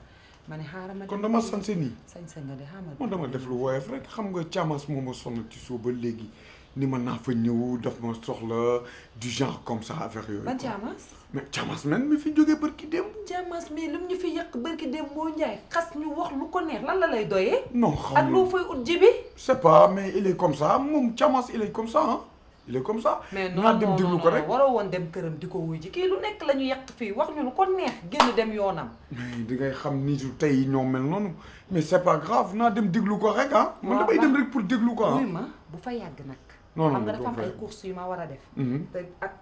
ma ne xaaral ma. kon dama sañse nii. sañse nga de xaaral ma dama def lu woyof rek xam nga càmmas moo ma sonn ci soo ba léegi. ni mën naa fa ñëw daf ma soxla du genre comme ça affaire yooyu. ba Diamas. mais Diamas man mi fi jógee barki démb. Diamas mais lu ñu fi yàq barki démb moo njaay xas ñu wax lu ko neex lan la lay doyee. non xam nga ak loo fay ut ji bi. c'est pas mais comme ça comme ça ah. il est comme ça. mais woon dem këram di ko wuy ji lu nekk la ñu yàq fii wax ñu lu ko neex génn dem yoonam. mais di ngay xam ni su tey ñoo mel noonu mais c'est pas grave naa dem déglu ko rek ah. man damay dem rek pour déglu ko ah. ma bu fay yàgg noonu xam nga dafa am ay courses yu ma war a def. Mhm. te ak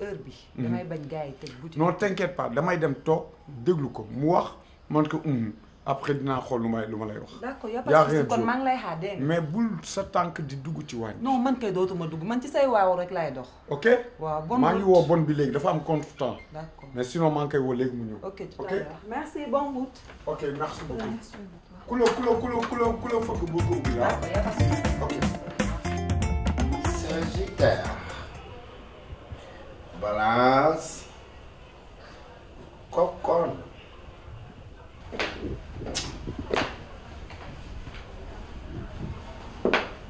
heure bi. Mhm. damay bañ gaa yi teg bu non t'inquiète pa damay dem toog déglu ko mu wax man ko hmm, après dinaa xool lu may lu ma lay wax. d'accord y'a pas de kon maa ngi lay xaar dégg mais bul sa tànk di dugg ci waañ. non man kay dootuma dugg man ci say waaw rek laay dox. ok waaw bon maa ngi woo bon bi léegi dafa am contre temps. d'accord mais maa ngi koy woo léegi mu ñëw. ok tout ok merci beaucoup. kulo kulo kulo kulo kulo Sagittaire Balance Kokkoon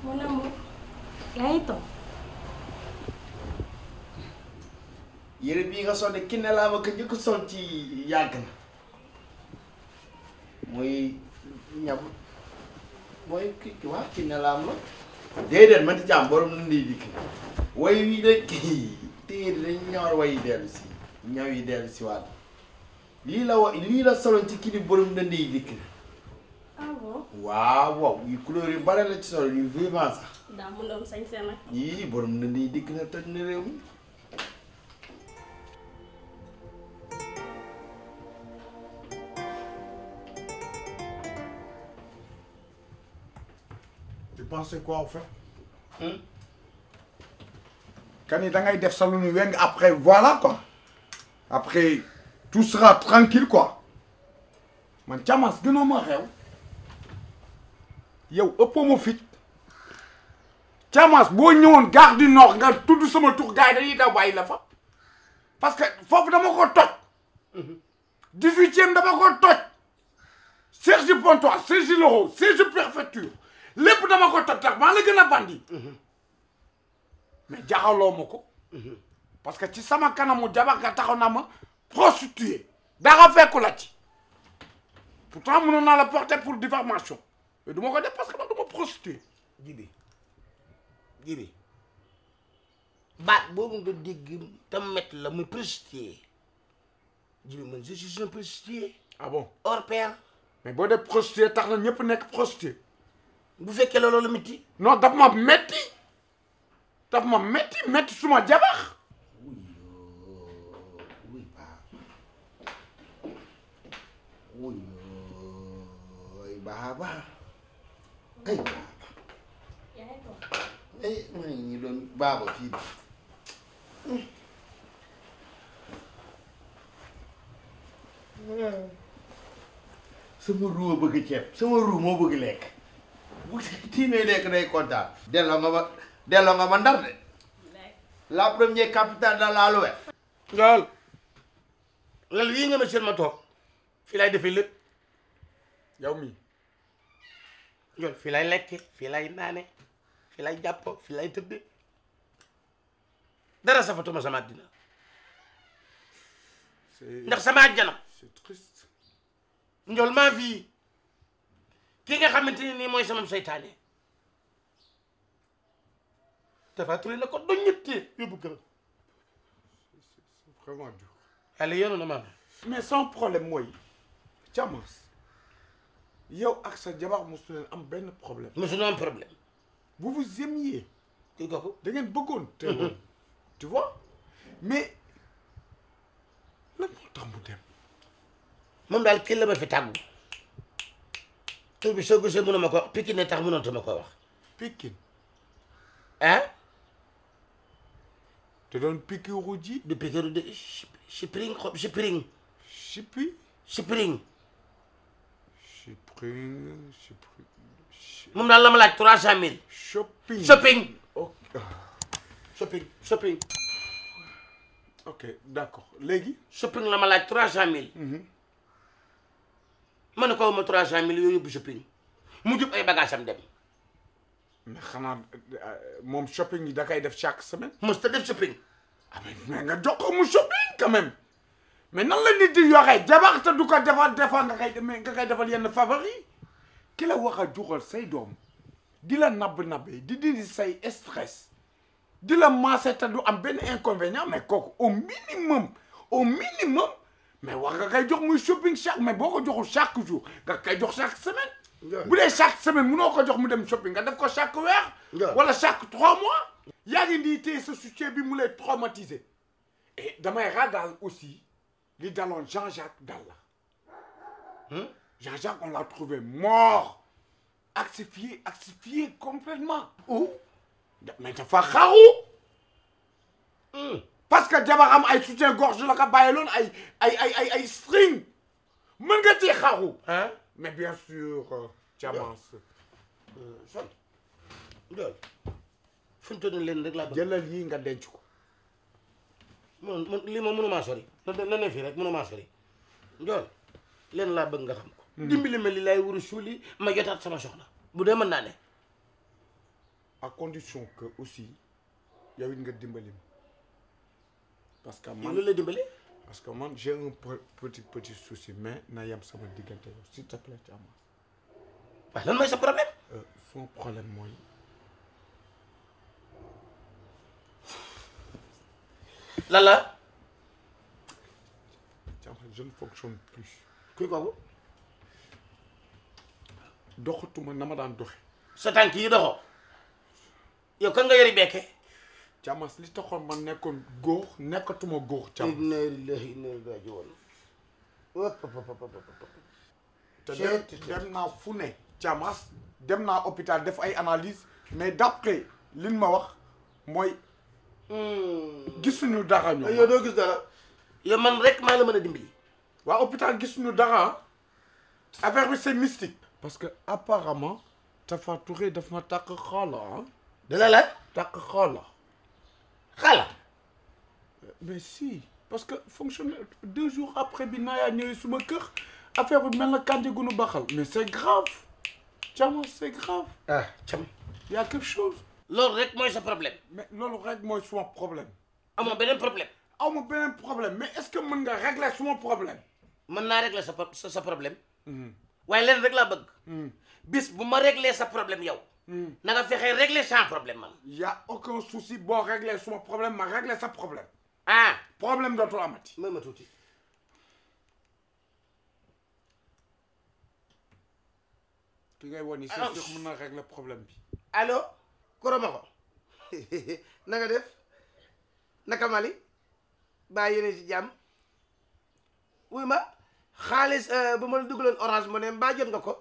Mon amour yaa ngi toog yére bii nga sol de ki ne laa ma ko njëkk sol ci yàgg na muy mooy ki ki ne laa ma déedéet man di jaam borom lan lay dikk way wi rek téer dañ ñawar wayi dellu si ñaw yi dellu si waat lii la wa lii la soloon ci kilib borom dënd yi dikk ah waaw waaw yu couleur yu bare la ci solo yu vivant sax daa mun doon sañ seen nag yii borom dënd yi dikk na toj na réew mi pensez quoi au fait kan yi da def sa wen ñu weng après voilà quoi après tout sera tranquille quoi man Thiamas gënoo ma xew yow ëppoo ma fit Thiamas boo ñëwoon gare du nord nga tudd sama tux gars yi dañuy daw bàyyi la fa parce que foofu dama ko toj mhm. dix-huitième dama ko toj Cergy Pontoise Cergy Loro Cergy préfecture lépp dama ko toj tax maa la gën a bandi mhm. mais jaxaloo ma ko mhm. parce que ci sama kanamu jabar nga taxaw na ma prostituée dara fekku la ci pourtant mënoon naa la porter pour diffamation mais du ma ko def parce que man du ma prostituée jibi jibi baat boobu nga dégg tam met la muy jibi man je suis une prostituée ah mais boo def prostituée tax na ñëpp nekk prostituée bu fekkee la loolu métti. non daf ma métti daf ma métti métti suma jabax. wuy baaba ay baaba ay man ñi doon baaba fii sama ruu a bëgg sama ruu moo bëgg lekk bu tiimee lekk day kontaan delloo nga ma delloo nga ma ndar de la première capitale de la Loire lool lal yii nga ma seen ma fii lay defee lépp yow mii fii lay lekke fii lay naane fii lay jàpp fii lay tëdde dara safatuma sama àddina ndax sama njool maa fii ki nga xamante ni nii mooy sama seytaane Tapha Touré na ko doon ñettee yóbbu gërëm. c'est vraiment dur. Aliou yéen na maanaam. mais sans problème mooy Thiamas yow ak sa jabar mosu leen am benn problème. mosu ñu am problème. vous vous aimiez. kii kooku da ngeen bëggoon. te mm-hmm. tu mais lan moo daal kenn la ma fi tàggu. tur bi soo gisee mënuma ko wax Pikine ne tax mënatuma ko wax. Pikine. ah. te doon pikiru ji. du pikiru de Chipring xob Chipring. Chipi. Chipring. Chipring daal la ma laaj trois cent mille. shopping shopping. shopping shopping. ok d'accord léegi. shopping la ma laaj trois cent mille. Mhm. ma ne ko aw ma trois cent mille yooyu shopping mu jub ay bagage am dem. mais xanaa euh, moom shopping yi da kay def chaque semaine. mos ta def shopping. ah mais nga jox ko mu shopping quand même mais nan la nit di yoxee jabar te du ko defal defal nga koy nga koy defal yenn favori ki la wax a juxal say doom di la nabb nabbe di dindi say stress di la maase te du am benn inconvénient mais kooku au minimum au minimum. mais wax nga koy jox muy shopping chaque mais boo ko joxul chaque jour nga koy jox chaque semaine. bu dee chaque semaine munoo ko jox mu dem shopping nga def ko chaque weer. wala chaque trois mois. ya ngi nii te sa soutien bi mu lay traumatisé et damay ragal aussi li daloon Jean-Jacques dal la Jean-Jacques on l'a trouvé mort asphyxié asphyxié complètement mais dafa xaru. parce que jabaram ay soutien gorge la ko bàyyi loon ay ay ay ay string mën nga ci xaru hein mais bien euh, na euh, leen rek laa bëgg jëlal yii nga denc ko man man lii moom mënumaa na ne fii rek mënumaa sori njool leen laa bëgg nga xam ko hmm. dimbali ma li laay wuru suuli ma jotaat sama soxna bu dee mën naa ne à condition que aussi yow it nga dimbali ma parce que man lu la dimbali. parce que man j'ai un petit mais na yem sama diggante yow s'il te plaît ci am. waaw sa problème. Euh, son problème mooy. lan la. je ne fonctionne plus. kuy kooku. doxatuma na ma daan doxe sa tànk yi doxoo. yow kan nga yori bekke Camas li taxoon ma nekkoon góor nekkatuma góor. Camas inna lillahi inna te dem naa fu ne. Camas dem naa hôpital def ay analyse mais d'après liñ ma wax mooy. Hmm. gisuñu dara ñu. yow doo gis dara. yow man rek maa la mën a dimbali. waa hôpital gisuñu dara affaire bi c'est mystique. parce que apparemment Tapha Touré daf ma takk xoola ah. dina la. xala mais si parce que fonctionnaire deux jours après bi Naya ñëwee suma kër affaire bi mel na kànja gunu baxal mais c' est grave Thiam c' est grave. ah Thiam y' a quelque chose. loolu rek mooy sa problème. mais loolu rek mooy suma problème. amoo beneen problème. amoo beneen problème mais est ce que mën nga régler suma problème. mën naa régler sa sa problème. Hmm. waaye leen rek laa bëgg. Hmm. bis bu ma régler sa problème yow. Hmm. na nga fexe régler sans problème man. y' a aucun souci boo régler suma problème ma régler sa problème. ah problème dootul amati. mën ma tuuti. ki ngay wan ni sa jox mën na régler problème bi. allo. Koromako na nga def naka Mali bàyyi yéene ci jàmm wuy ma xaalis euh, ba ma la leen orange ma ne mbaa jot nga ko.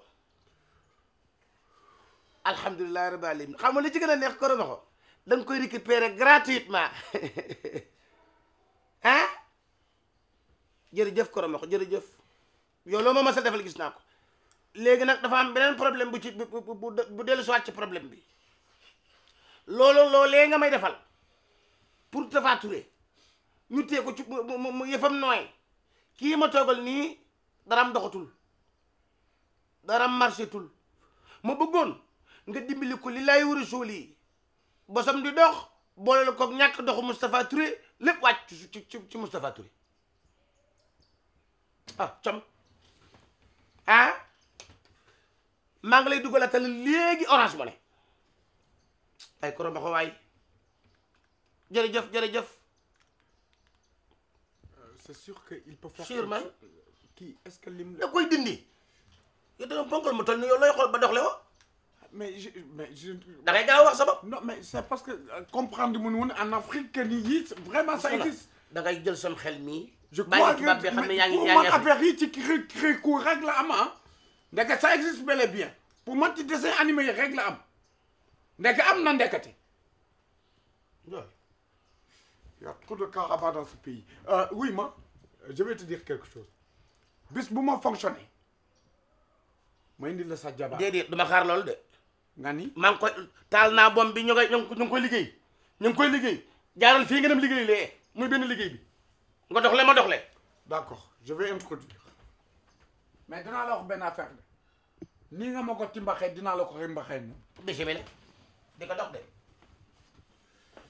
alhamdulilah rabbil alamin xam nga li ci gën a neex korona ko da nga koy récupérer gratuitement ah jërëjëf korona ko jërëjëf yow loo ma mës a defal gis naa ko léegi nag dafa am beneen problème bu ci bu bu bu dellu si ci problème bi loolu loolee nga may defal pour Tapha Touré ñu tee ko ci mu mu yëfam nooy kii ma toogal nii daram doxatul daram marché tul ma bëggoon. nga dimbali ko li laay war a suul yi bosam di dox boole la ko ñàkk doxu Moustapha Touré lépp wàcc ci ci ci Moustapha Touré ah com ah maa ngi lay dugalatal léegi orange mo ay koro ko waay jërëjëf jërëjëf euh, c'est sûr que il peut faire sûrement kii est da koy dindi yow danga bonkal mu toll ni yow looy xool ba doxle wo mais je mais je. da c'est parce que euh, comprendre mu ne en Afrique que ni vraiment ça existe. da ngay jël son xel mii. je crois que mais pour man affaire yi ci cré la am ah. ndeke ça existe bel et bien pour man ci dessin animé yi rek am ndeke na ndekete. waaw y a trop de dans ce pays. Euh, oui ma je vais te dire quelque chose bis bu ma fonctionné ma indi la sa jabaar. déedéet du ma xaar de. nga ni maa koy taal naa bom bi ñu ngi ñu ngi koy liggéey ñu ngi koy liggéey jaaral fii nga dem liggéey lee muy benn liggéey bi nga le ma le d'accord je vais introduire mais dinaa la wax benn de nii nga ma ko dinaa la ko timbaxee ni bismillah di ko dox de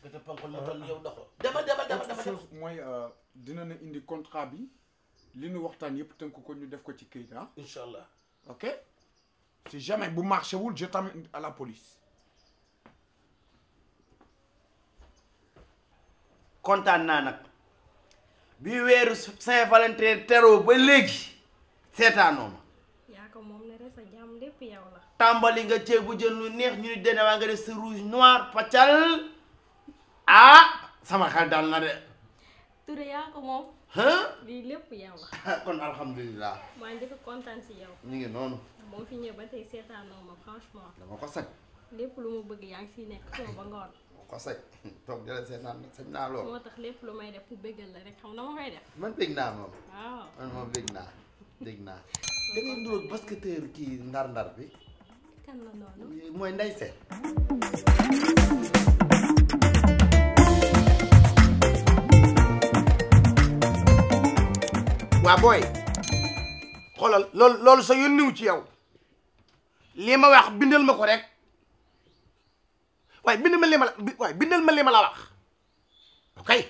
gëtë ponkol mu toll yow mooy euh, dina ne indi contrat bi li ñu waxtaan yëpp tënk ko ñu def ko ci këyit ah incha allah ok si jamais bu marché wul je t'amène à la police. kontaan naa nag bi weeru Saint-Valentin teroo ba léegi seetaanoo ma. yaa ko moom ne rek sa jàmm lépp yow la. tàmbali nga ceebu jën lu neex ñu ni dene nga def sa rouge noir pàccal ah sama xel daal na de. Touré yaa ko moom. lii lépp yow la. kon alhamdulilah. maa njëkk kontaan si yow. ñu ngi noonu. moo fi ñëw ba tey seetaanoo ma franchement. dama ko sañ. lépp lu mu bëgg yaa ngi fi nekk soo ba ngoon. dama ko sañ toog di seetaan moo tax lépp lu may def pour bëggal na ma man bëgg naa moom. naa bëgg naa. da ngay nduróog basketteur bi. kan mooy Ndeye Sène. waa booy xoolal loolu loolu sa yónniw ci yow. li ma wax bindal ma ko rek waaye bindal ma li la waaye bindal ma li ma la wax waaw kay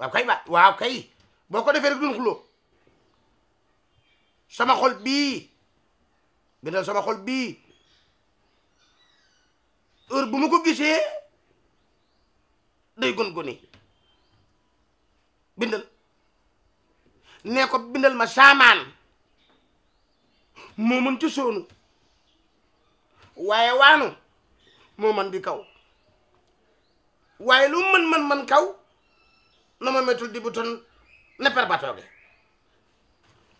waaw kay waaw kay boo ko defee rek duñ sama xol bii bindal sama xol bii heure bu ma ko gisee day gon-goni bindal nee ko bindal ma saamaan moo mën ci soonu waaye waanu moo man di kaw waaye lu man mën mën kaw na ma métul di bu ton ne per batooge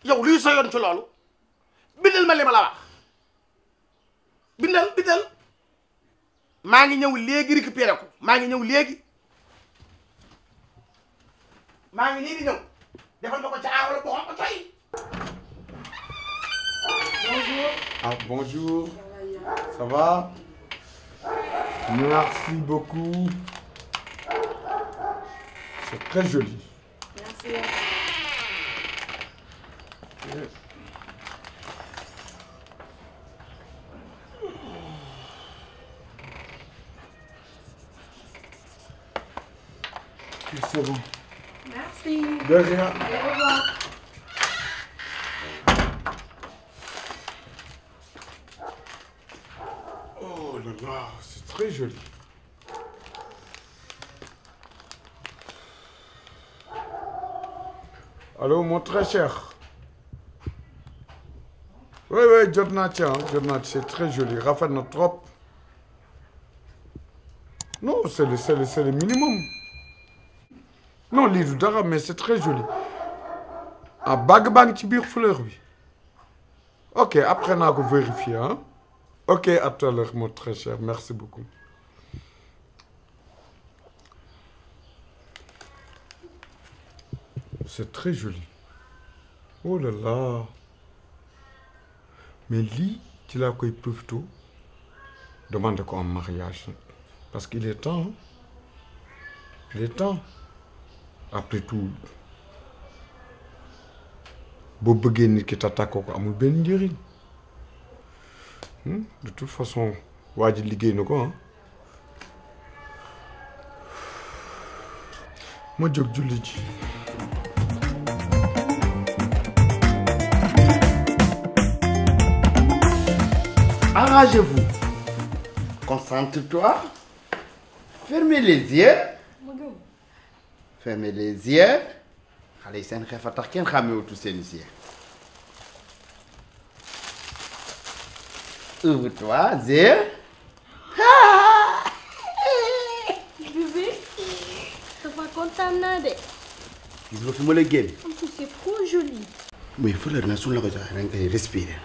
yow luy sa yoon ci loolu bindal ma li ma la wax bindal bindal maa ngi ñëw léegi récupéré ko maa ngi ñëw léegi maa ngi nii di ñëw defal ko ca aawala boo xam ko tey Ça va Merci beaucoup. C'est très joli. Merci. Yes. C'est bon. Merci. De rien. Allez, au revoir. Waouh, c'est très joli. Allô, mon très cher. Oui, oui, jot naa ci ah jot naa ci très joli rafet na trop. non c'est le c'est le c'est le minimum. non lii du dara mais c'est très joli. ah bague baa ngi ci biir fleur bi. ok après naa ko vérifier Ok, à tout à l'heure, mon très cher. Merci beaucoup. C'est très joli. Oh là là. Mais lui, tu l'as quoi tout. Demande quoi en mariage. Parce qu'il est temps. Hein? Il est temps. Après tout, boo bëggee ki tàttaakoo ko amul benn njëriñ Hmm? de toute façon waa ji liggéey na ko ah. ma jóg julli ji. Arrangez-vous. Concentre-toi. Fermez les yeux. Fermez les yeux. xale yi seen xeefa tax kenn xàmmewutu seen Evet war sehr. bébé dafa kontaan naa de. gis nga fi ma lay génn. en tout c'est trop joli. mais fleur na suñu la ko joxee da nga koy respirer.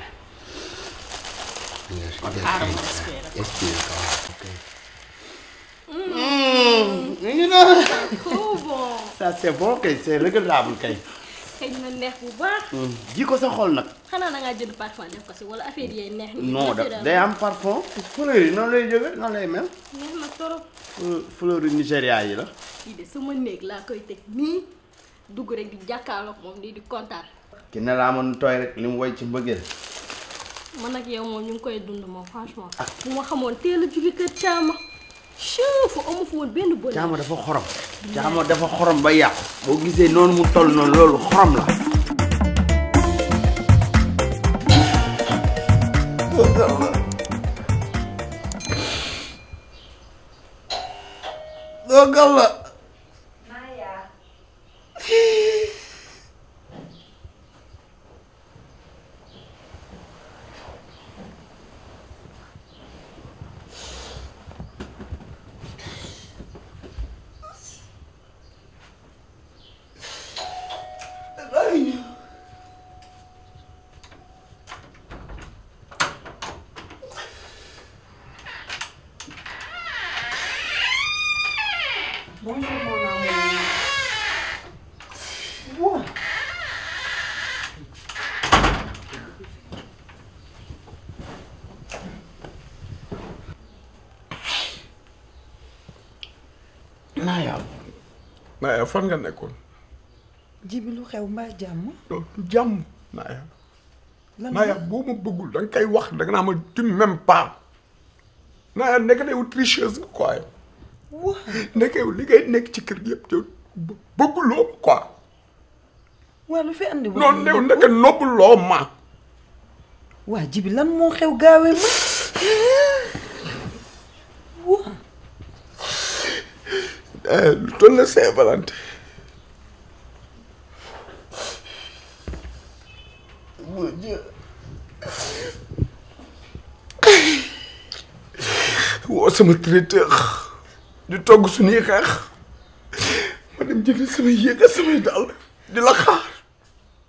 Trop bon. Ça c'est bon kay, c'est regardable kay. xëy na neex bu baax. Hmm. ji ko sa xol nag. xanaa da ngaa jënd parfum def ko si wala affaire yi neex. non da day am parfum. fleur yi noonu lay jógee noonu lay mel. neex na trop. fleur yu Nigéria yi la. kii de sama néeg laa koy teg nii dugg rek di jàkkaarloog moom di di kontaan. ki ne laa mën tooy rek li woy ci mbëggeel. man ak yow moom ñu ngi koy dund moom franchement. bu ah. ma xamoon teel a kër caama. chef amu fa woon benn bëri. caama dafa xorom. caama dafa xorom ba yàqu. boo gisee noonu mu toll noonu loolu xorom la. doo gàll la. doo gàll la. yow fan nga nekkoon. jibi lu xew mbaa jàmm. doo du jàmm Naaya. lan Naaya boo ma bëggul da nga wax da naa ma tu même pas. Naaya nekk na yow tricheuse nga quoi. waaw nekk yow nekk ci kër gi yëpp te bëgguloo ma quoi. waaw lu fi andi. non nekk noppuloo ma. waa jibi lan moo xew gaawee ma. Eh, lu toll la Saint-Valentin woo sama traiteur di togg suñuy xeex ma dem jënd samay yéega samay dàll di la xaar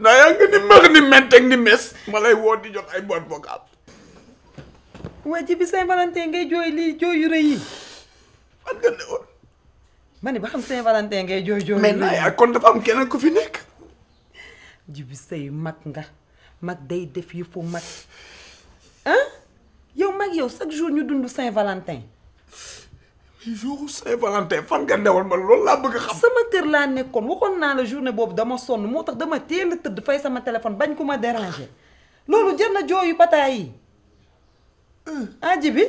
ndaa yaa nga ni max ni menteg ni mes ma lay woo di jox ay boîte vocale waa ji Saint-Valentin ngay jooy lii jooy yu rëy yi ma ne ba xam Saint-Valentin ngay jooy jooy. kon dafa am keneen fi nekk. Jibi Seye mag nga mag day def yëfu mag ah yow mag yow chaque jour ñu dund Saint-Valentin. jour Saint-Valentin fan ma loolu laa bëgg a xam. sama kër laa nekkoon waxoon naa la journée boobu dama sonn moo tax dama teel a tëdd fay sama téléphone bañ ku ma déranger loolu jar na jooyu pataay yi. Euh. ah Jibi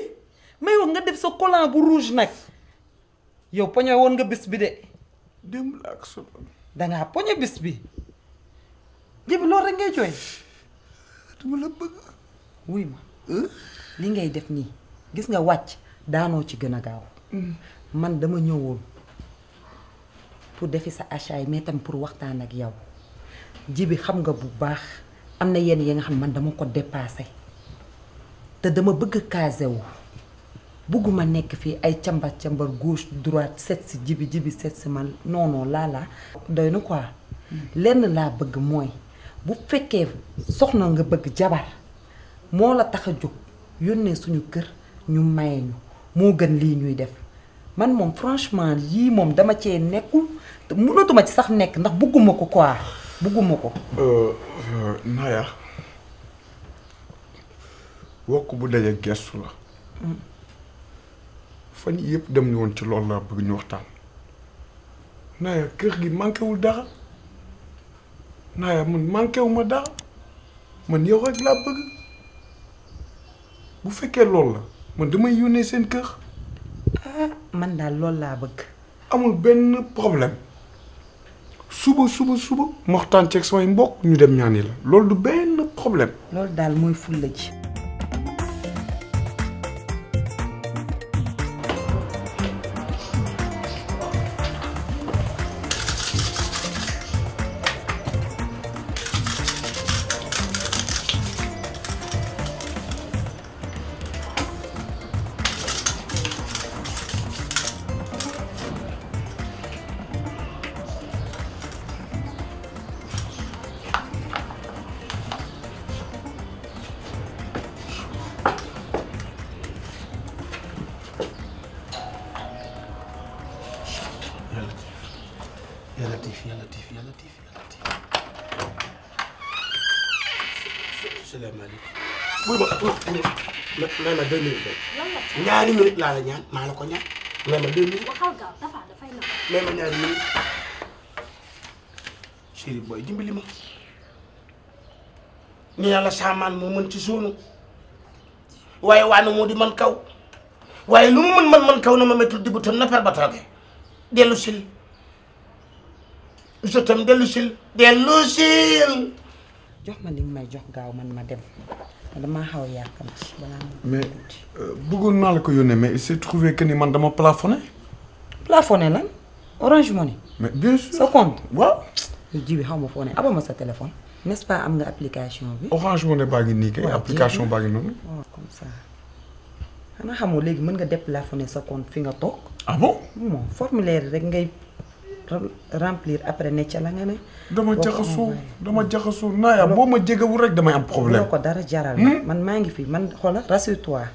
may wax nga def sa collant bu rouge nag. yow poñe woon nga bis bi de. démb la ak solo. dangaa poñe bis bi. jëbi lool rek ngay jooy. dama la bëgg. wuy ma. li ngay def nii gis nga wàcc daanoo ci gën a gaaw. Mm. man dama ñëwoon pour defi sa achat yi mais tam pour waxtaan ak yow jibi xam nga bu baax am na yenn yi nga xam man dama ko dépassé te dama bëgg casé wu. bëgguma nekk fii ay càmbar cambar gauche droite seet si jibi jibi seet si man noonoo non laa laa doy na quoi lenn laa bëgg mooy bu fekkee soxna nga bëgg jabar moo la tax a jóg yónnee suñu kër ñu maye ñu moo gën lii ñuy def man moom franchement yii moom dama ci nekku mënatuma ci sax nekk ndax bëgguma ko quoi bëgguma ko. Euh, euh, Naya wokk bu daje gestu la. Mm. fan yii yëpp dem ni woon ci loolu laa bëgg ñu waxtaan naaya kër gi manqué wul dara naaya man manqué wu ma dara man yow rek laa bëgg bu fekkee loolu la man damay yónnee seen kër. ah man daal lool laa bëgg. amul benn problème suba suba suba. ma waxtaan ceeg samay mbokk ñu dem ñaani la loolu du benn problème. loolu daal mooy fulla ji. may ma deux minutes de. ñaari minutes laa ñaan maa la ko ñaan may ma deux minutes. waxal gaaw dafa booy dimbali ma. ni yàlla saamaan moo mën ci suunu waaye waane moo di man kaw waaye lu mu mën man man kaw na ma méttul dibu tam na per ba tawge dellu sil jotam dellu jox ma li may jox gaaw man ma dem damaa xaw a yàkkamti mais euh, bëggoon naa la ko yónnee mais il s'est trouvé que ni man dama plafonné. plafonné lan Orange Money. mais bien sûr sa compte waaw. ji bi xaw ma foo ne abal ma sa téléphone. nest pas am nga application bi. Orange Money baa ngi nii kay. application baa ngi noonu. waaw oh, comme ça xanaa xamoo léegi mën nga déplafonné sa compte fi nga toog. ah bon formulaire rek ngay. remplir après ne la nga ne. dama jaxasoo dama jaxasoo naaya boo ma jegewul rek damay am problème. ko dara jaral hmm? man maa ngi fi man xoolal rassure-toi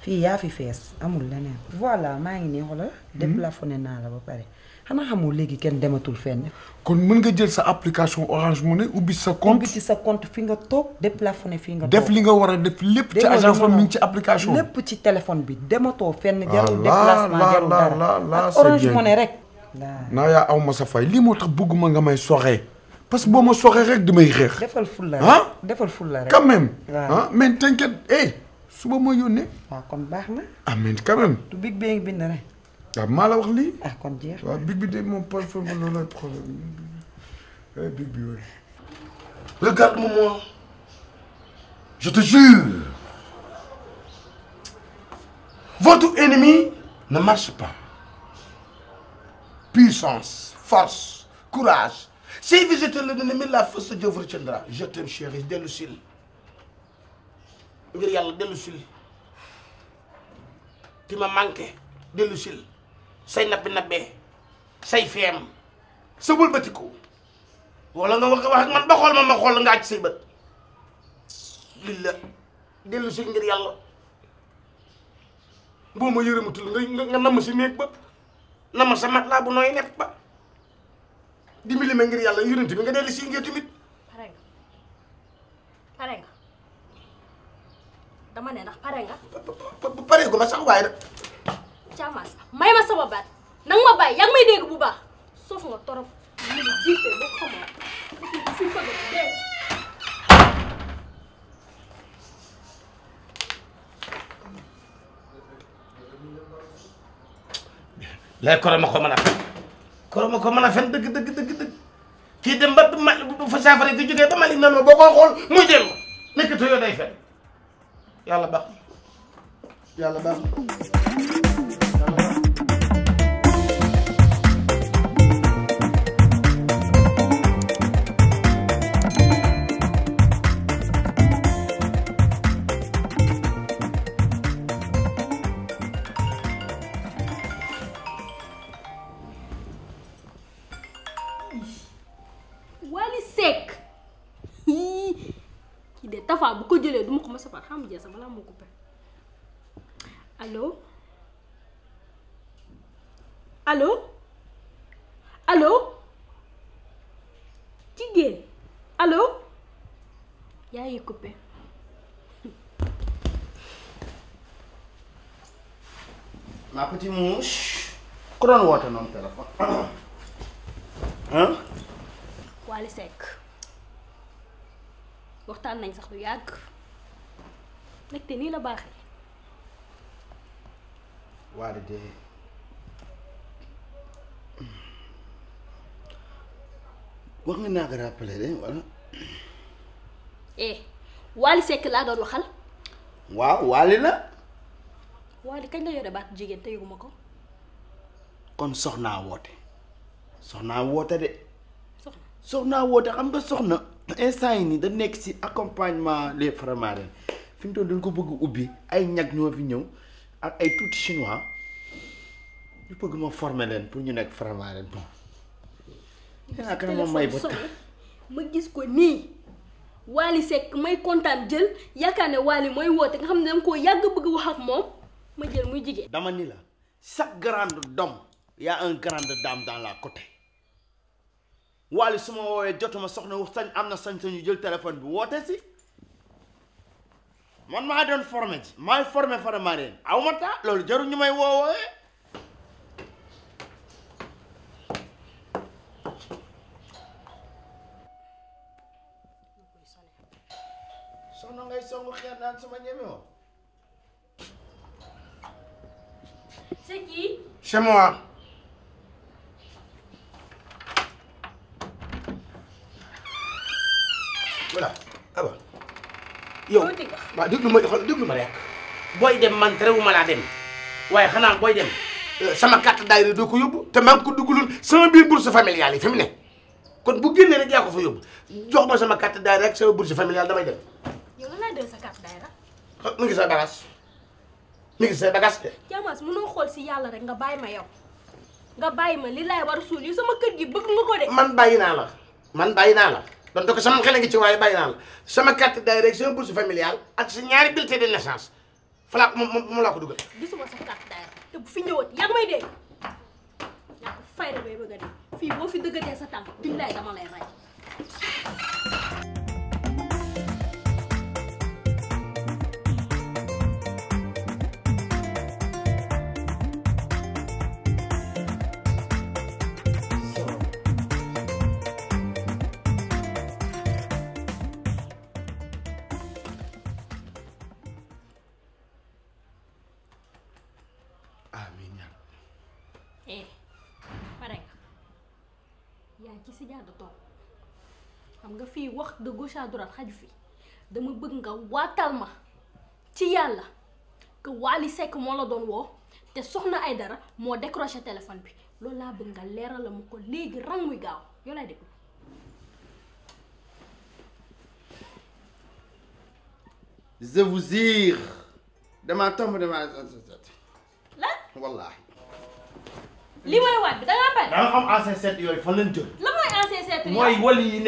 fii yaa fi fees amul leneen. voilà maa ngi nii xoolal. Hmm? déplafonné naa la ba pare. xanaa xamoo léegi kenn dematul fenn. kon mën nga jël sa application Orange Money ubbi sa compte sa compte fi nga toog déplafonné fi nga toog. def li nga war a def lépp ci agence bi mi ci application lépp ci téléphone bi dematoo fenn. jarul ah, déplacement jarul dara ak rek. naa yaa aw ma sa fay lii moo tax bëgguma nga may soxee parce que boo ma soxee rek damay xeex. defal fulla ah? rek ah defal fulla rek. quand même ah eh, suba ma ah, kon baax na. ah mais quand big ah, la bi de moom parfum ma regarde-moi moi je te jure votre ennemi ne marche pas. puissance force courage si visiter l'ennemi la force de Dieu vous retiendra je t'aime chérie dellu sil ngir yàlla dellu ti ma manqué dellu say nabbi nabbee say feem sa wëlbatiku wala nga wax wax ak man ba nga aj say bët lilla dellu sil ngir yàlla boo ma yërëmatul nga nga namm si néeg ba na ma sa mat laa bu nooy nepp ba dimbali ma ngir yàlla yonent bi nga dellu si ngir tamit. nga pare dama ne ndax pare nga. pare gu ma sax waaye nag. Thiamas ma sama baat ma bàyyi yaa ngi may dégg bu baax soof nga torop. li nga jiite ba xamoo fi fëgg léegi koroma ko mën a fen koroma ko mën a fen dëgg dëgg dëgg dëgg kii dem ba ma fa saafara di jógee ba Mali nan ma boo ko xool muy dellu nekkatu yoo day fen yàlla baax yàlla baax bu ko jëlee du ma ko mos a far xam nga sax balaa moo coupé allo allo allo jigéen allo yaa ngi coupé ma petite mouche ku doon woote noonu téléphone Wally Seck waxtaan nañ sax lu yàgg nag te nii la baaxee. waaye de wax nga naa ko rappelé de wala. eh Waly Seck laa doon waxal. waaw Waly la. Waly kañ la yore baat jigéen te yëguma ko. kon soxnaa woote soxnaa woote de. soxna soxnaa woote xam nga soxna. instant yi nii da nekk ci accompagnement les francs-maçons fi mu toll dañ ko bëgg ubbi ay ñag ñoo fi ñëw ak ay tuuti chinois ñu bëgg ma former leen pour ñu nekk francs-maçons bon. dinaa ko moom may ma gis ko nii Wally Seck may kontaan jël yaakaar ne Wally mooy woote nga xam ne dama koo yàgg bëgg wax ak moom ma jël muy jigéen. dama ni la chaque grande dom y a un grande dame dans la côté. Wally su ma woowee jotuma soxna sañ am na sañ-sañu jël téléphone bi woote si man maa doon formé ji maay formé Fara Mareen loolu jarul ñu may woowee soxna ngay songu xeer naan sama ñeme woo c'est qui c'est moi voilà aba ah yow waaw déglu ma xool déglu ma rek booy dem man wu ma laa dem waaye xanaa booy dem euh, sama carte daayira doo ko yóbbu te maa ngi ko duggaloon sama biir bourse familiale yi fi ne kon bu génnee ne yaa ko fa yóbbu jox ma sama carte daayira rek sama bourse familiale damay dem. yow lan lay dem sa carte daayira. Ah, mu ngi sa bagage mu ngi sa bagage xool si yàlla rek nga bàyyi ma yow nga bàyyi ma li war a suul yi sama kër gi bëgg nga ko de. man bàyyi naa la man bàyyi naa la. donte ko sama xel a ci waaye bay naa la sama carte d'identité sama bourse familiale ak sa ñaari bulletin de naissance fa laa moom moom laa ko dugal. gisuma sa carte d'identité te bu fi ñëwoon yaa ngi may dégg yaa ko fay rek bay bëgg fii boo fi dëggatee sa tànk billaay dama lay rey. wax de gauche à droite fi dama bëgg nga waatal ma ci yàlla que Wally Seck moo la doon woo te soxna ay dara moo décroché téléphone bi loolu laa bëgg nga leeral la ma ko léegi rang muy gaaw yow laay déglu je damaa tomb damaa lan wallaahi li may waat bi yooyu fan lañ jël peut-être. mooy wali yi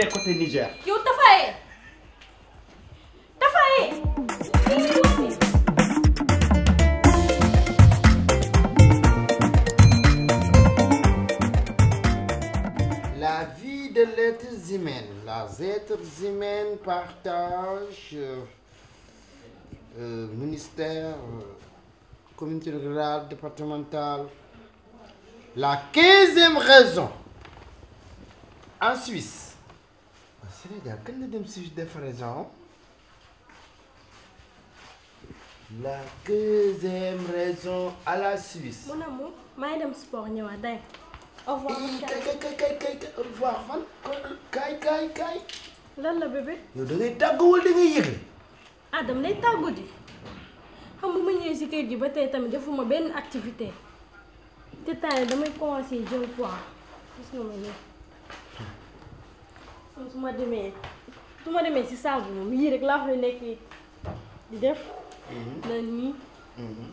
La vie de l'être humain. Les êtres euh, euh, ministère, communauté rurale, départementale. La quinzième raison. en Suisse waaw Sénégal kañ la dem Suisse defaraison la deuxième raison à la Suisse. mun na mu may dem sport ñëwaat day. au revoir kay kay kay kay la bébé. yow da ngay tàggu wala da ngay yëgle. Ah, lay tàggu di xam bu ma ñëwee si kër gi ba tey tamit defuma benn activité te temps damay commencé jël poids gis nga ma su ma demee su ma demee si saabu moom yii rek laa fay nekkee di def. Mhm. na nii. Mhm.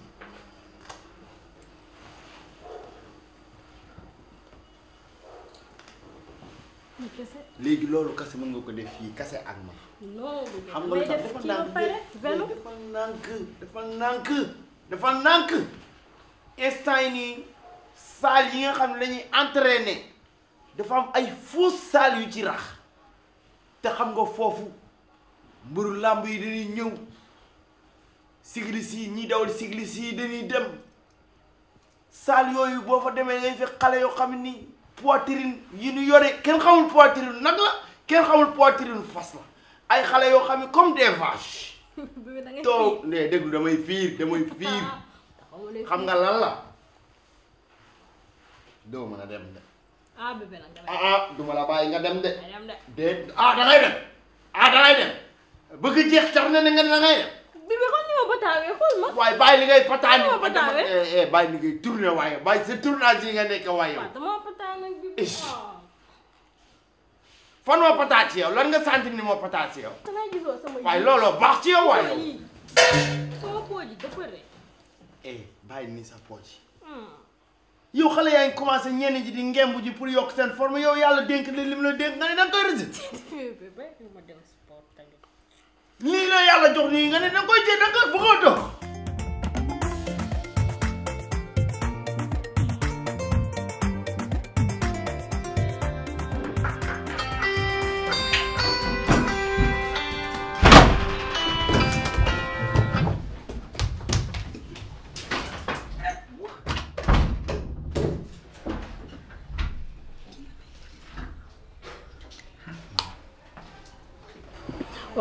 léegi loolu kase mën nga ko def fii kase ak ma. non xam dafa nànk dafa nank dafa nànk instant yi nii salle yi nga xam ne la ñuy entraîner dafa am ay fausses salles yu ci rax. te xam nga foofu mburu làmb yi dañuy ñëw siglis yi ñuy dawal siglis yi dañuy dem saal yooyu boo fa demee ngay fi xale yoo xam ni poitrine yi ñu yore kenn xamul poitrine nag la kenn xamul poitrine fas la ay xale yoo xam ne comme des vaches toog ne déglu damay fiir damay fiir xam nga lan la doo mën a dem de ah bébé nag ah, la bàyyi nga dem de. dem de de ah da ngay dem. ah da ngay dem jeex tar na ne nga da ngay dem. bébé kon ni ma bataawee xool ma. waaye bàyyi li ngay pataani. ma bataawee eh, eh, eh, bàyyi li ngay waaye bàyyi sa tournage yi nga nekk waaye. waaw dama pataa nag bi. fan moo pataa ci yow lan nga sant ni moo pataa ci yi waaye looloo baax ci waaye. sama pooj yi dafa rëy. yow xale yaa ngi commencé ñenn ji di ngemb ji pour yokk seen forme yow yàlla dénk li lim la dénk nga ne da nga koy rejeté. lii la yàlla jox nii nga ne da nga koy jël da nga koy bëgg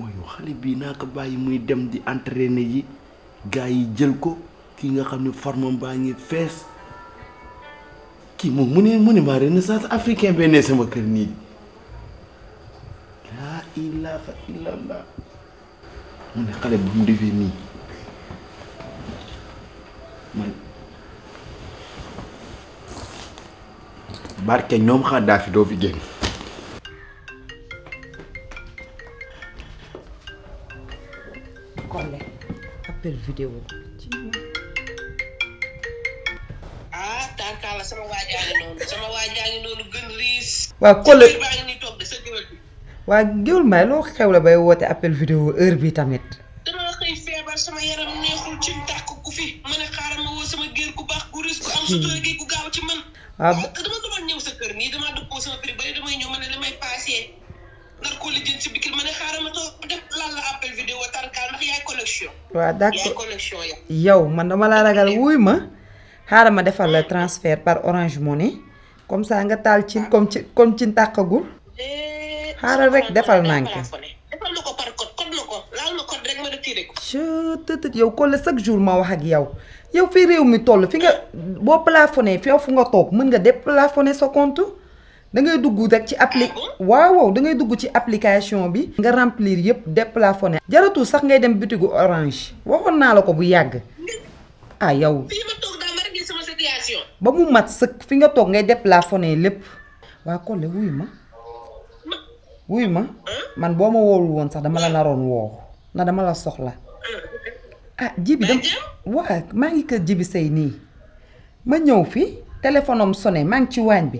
mooy xale bii naa ko bàyyi muy dem di entraîner yi gaa yi jël ko kii nga xam ne formam baa ngi fees kii moom mu ne mu ne ma renaissance africain benn sama kër nii laa ilaha illallah mu ne xale bu mu defee nii man barke ñoom xaa doo fi affaire ah, sama waa jaa ngi noonu sama loo xew la bay woote appel vidéo heure bi tamit. dama xëy feebar sama yaram neexul ci tàkk ku fi ma ne xaaral ma sama géer gu baax gu riis gu am hmm. sutura gi gu gaaw ci man. Ah, waaw d'accord yow man dama laa ragal wuy ma xaaral ma defal la transfert par Orange Money comme ça nga taal ci ah. comme ci comme ci tàqagul eh, xaaral rek defal naa ko. chut yow Collé chaque jour ma wax ak yow yow fii réew mi toll fi nga boo plafonné foofu nga toog mën nga déplafonné sa compte. da ngay dugg rek ci appli ah waaw waaw da dugg ci application bi nga remplir yëpp déplafonné jaratul sax ngay dem bitigu orange waxoon naa la ko bu yàgg ah yow ba mu mat sëkk fi nga toog ngay déplafonné lépp waa Collé wuy ma wuy ma man boo ma woowul woon sax dama la ah. naroon woo na dama la soxla ah, ah jibi dam waa maa ngi kër jibi say nii ma ñëw fii téléphone sone sonné maa ngi ci waañ bi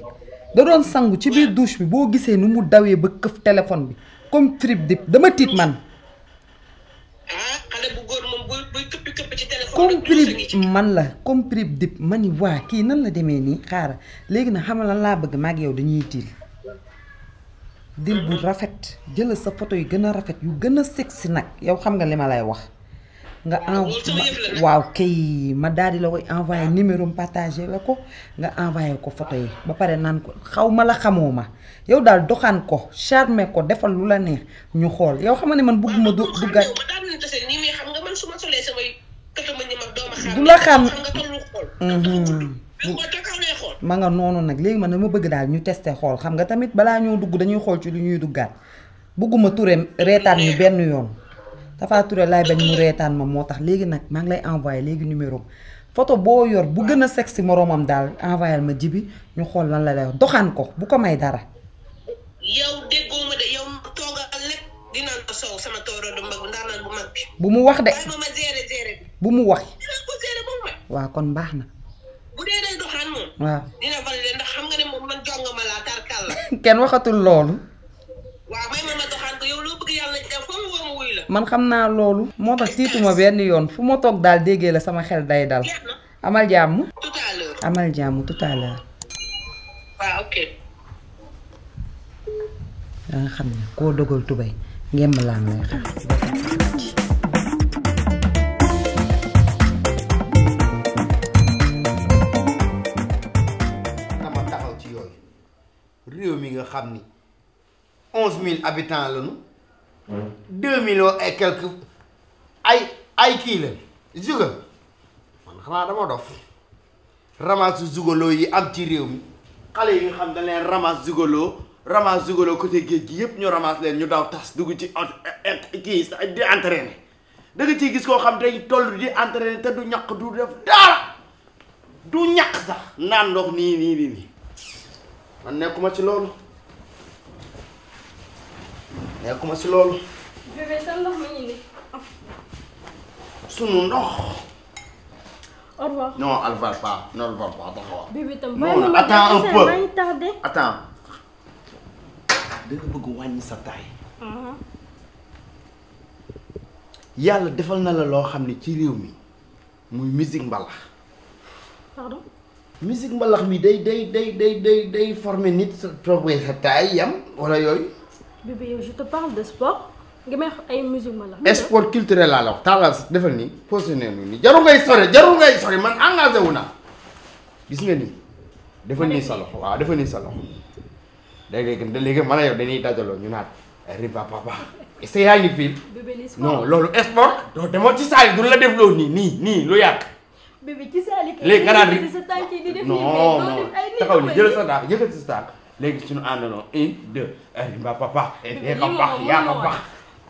da doon sangu ci biir douche bi boo gisee ni mu dawee ba këf téléphone bi comme trip dip dama tiit man. xale bu man la comme trip dip ma ni waa kii nan la demee nii xaaral léegi na xam lan laa bëgg maag yow dañuy diil. dil bu rafet jëlal sa photo yu gën a rafet yu gën a sexy nag yow xam nga li ma lay wax. nga envoyé waaw kay ma daal di la koy numéro am partagé la ko nga envoyé ko foto yi ba pare naan ko xaw ma la xamoo ma yow daal doxaan ko charmer ko defal lu la neex ñu xool yow xam nga ne man bëgguma du duggaat du la xam mm-hmm. ma nga noonu nag léegi man ma bëgg daal ñu teste xool xam nga tamit balaa ñoo dugg dañuy xool ci lu ñuy duggaat bugguma ture reetaan ñu benn yoon Tapha Touré laay bañ mu reetaan ma moo tax léegi nag maa ngi lay envoyé léegi numéro photo boo yor bu gën a sexy moroomam daal envoyé ma jibi ñu xool lan la lay doxaan ko bu ko may dara. yow dina la sow sama tooroo du mag ndaanaan bu mag bi. bu mu wax de. mu wax. kon baax na. bu dee day doxaan moom. waaw dina validé ndax xam nga ne moom man jong ma laa tarkal la. kenn waxatul loolu. waaw may ma ma doxaan ko yow loo bëgg yàlla na man xam naa loolu. moo tax tiituma benn yoon fu ma toog daal déggee la sama xel day dal. amal jàmm. tout à l'heure amal jàmm tout à ah, xam ne koo dogal tubay ngeen ma mi nga xam ni onze mille habitants lañu deux millions et quelques ay ay kii la juga man xanaa dama dof ramas zugolo yi am ci réew mi xale yi nga xam dañ leen ramas zugolo ramas zugolo côté géej gi yépp ñu ramas leen ñu daw tas dugg ci kii di entraîner da nga ciy gis koo xam day toll di entraîner te du ñaq du def dara du ñaq sax naan ndox nii nii nii nii man nekkuma ci loolu nekkuma si loolu. bébé ndox ma ñu ne. sunu ndox. au revoir non alvar pas non bëgg wàññi sa taay. Uh-huh. yàlla defal na la loo xam ne ci réew mi muy musique mbalax. pardon. mbalax bi day day day day day day nit sa toogee taay yam wala yooyu. bébé yow de sport nga ay musique ma la. culturel laa la wax taalaa defal nii posé nañu nii jarul ngay sori jarul ngay sori man engagé wu naa gis nga nii. dafa nii sa loxo waaw dafa nii sa loxo léegi léegi man a yow dañuy dajaloo ñu naat riba papa est-ce que yaa ngi fii non loolu sport doo demoon ci saali du la def loolu nii nii nii lu yàgg léegi nga naan ri non non taxaw ni jël sa daa yëkkati sa daa léegi suñu àndandoo une deux rimba papa yaa ko baax yaa ko baax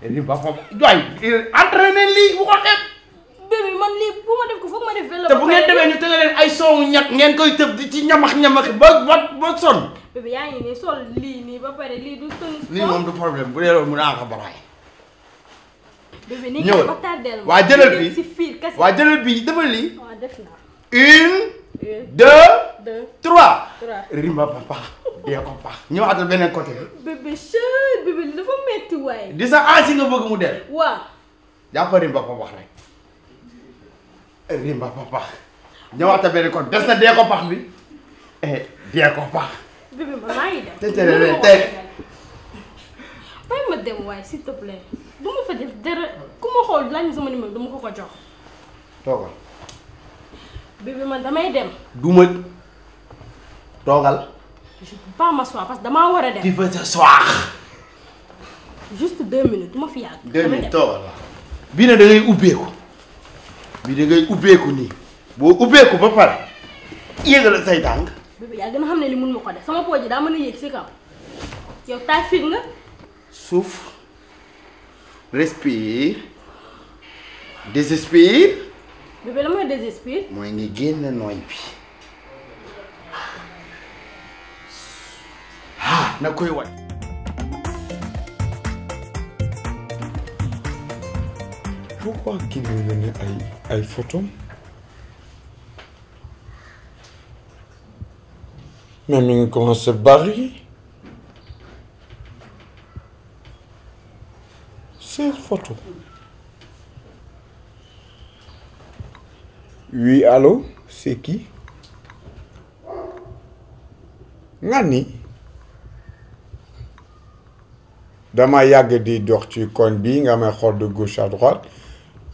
rimba papa lii bu ko xeeb bébé man lii bu ma def ko foog ma def te bu ngeen demee ñu tëgg leen ay soowu ñag ngeen koy tëb di ci ñamax-ñamax ba ba ba sonn bébé yaa ngi nii sol lii nii ba pare lii du tënk lii moom du problème bu dee loolu mu naa ko baraay ñëwal waa jëlal bi waa jëlal bi defal lii une deux deux trois. trois rimba papa dee ko paax ñëwaatal beneen côté bi. bébé chère bébé dafa métti waay. di sa ansi nga bëgg mu del waaw. jàpp rimba papa rek rimba papa ñëwaatal beneen côté des na dee ko paax bi eh dee ko paax. bébé ma maa ngi dem. tey bàyyi ma dem waaye s'il te plaît du ma fa def ku ma xool laaj sama numéro dama ko ko jox. bébé man damay dem. du ma toogal. je peux pas m'asseoir parce que damaa war a dem. tu veux t'asseoir. juste deux minutes du fi yàgg. deux minutes toogal la bii nag da ngay ubbeeku bii da ngay ubbeeku nii boo ubbeeku ba pare yëgal say tànk. bébé yaa gën a xam ne li mun ma ko def sama pooj ji daa mën a yéeg si kaw yow taaj fit nga. souffle respire désespire. bébé la mooy désespir. mooy nga génn nooy bi ah na koy wañ. pourquoi génne na ne ay ay photo mais mi ngi commencé bari seen photo Oui, allô, c'est qui nga ni dama yàgg di dox ci koñ bi nga may xool de gauche à droite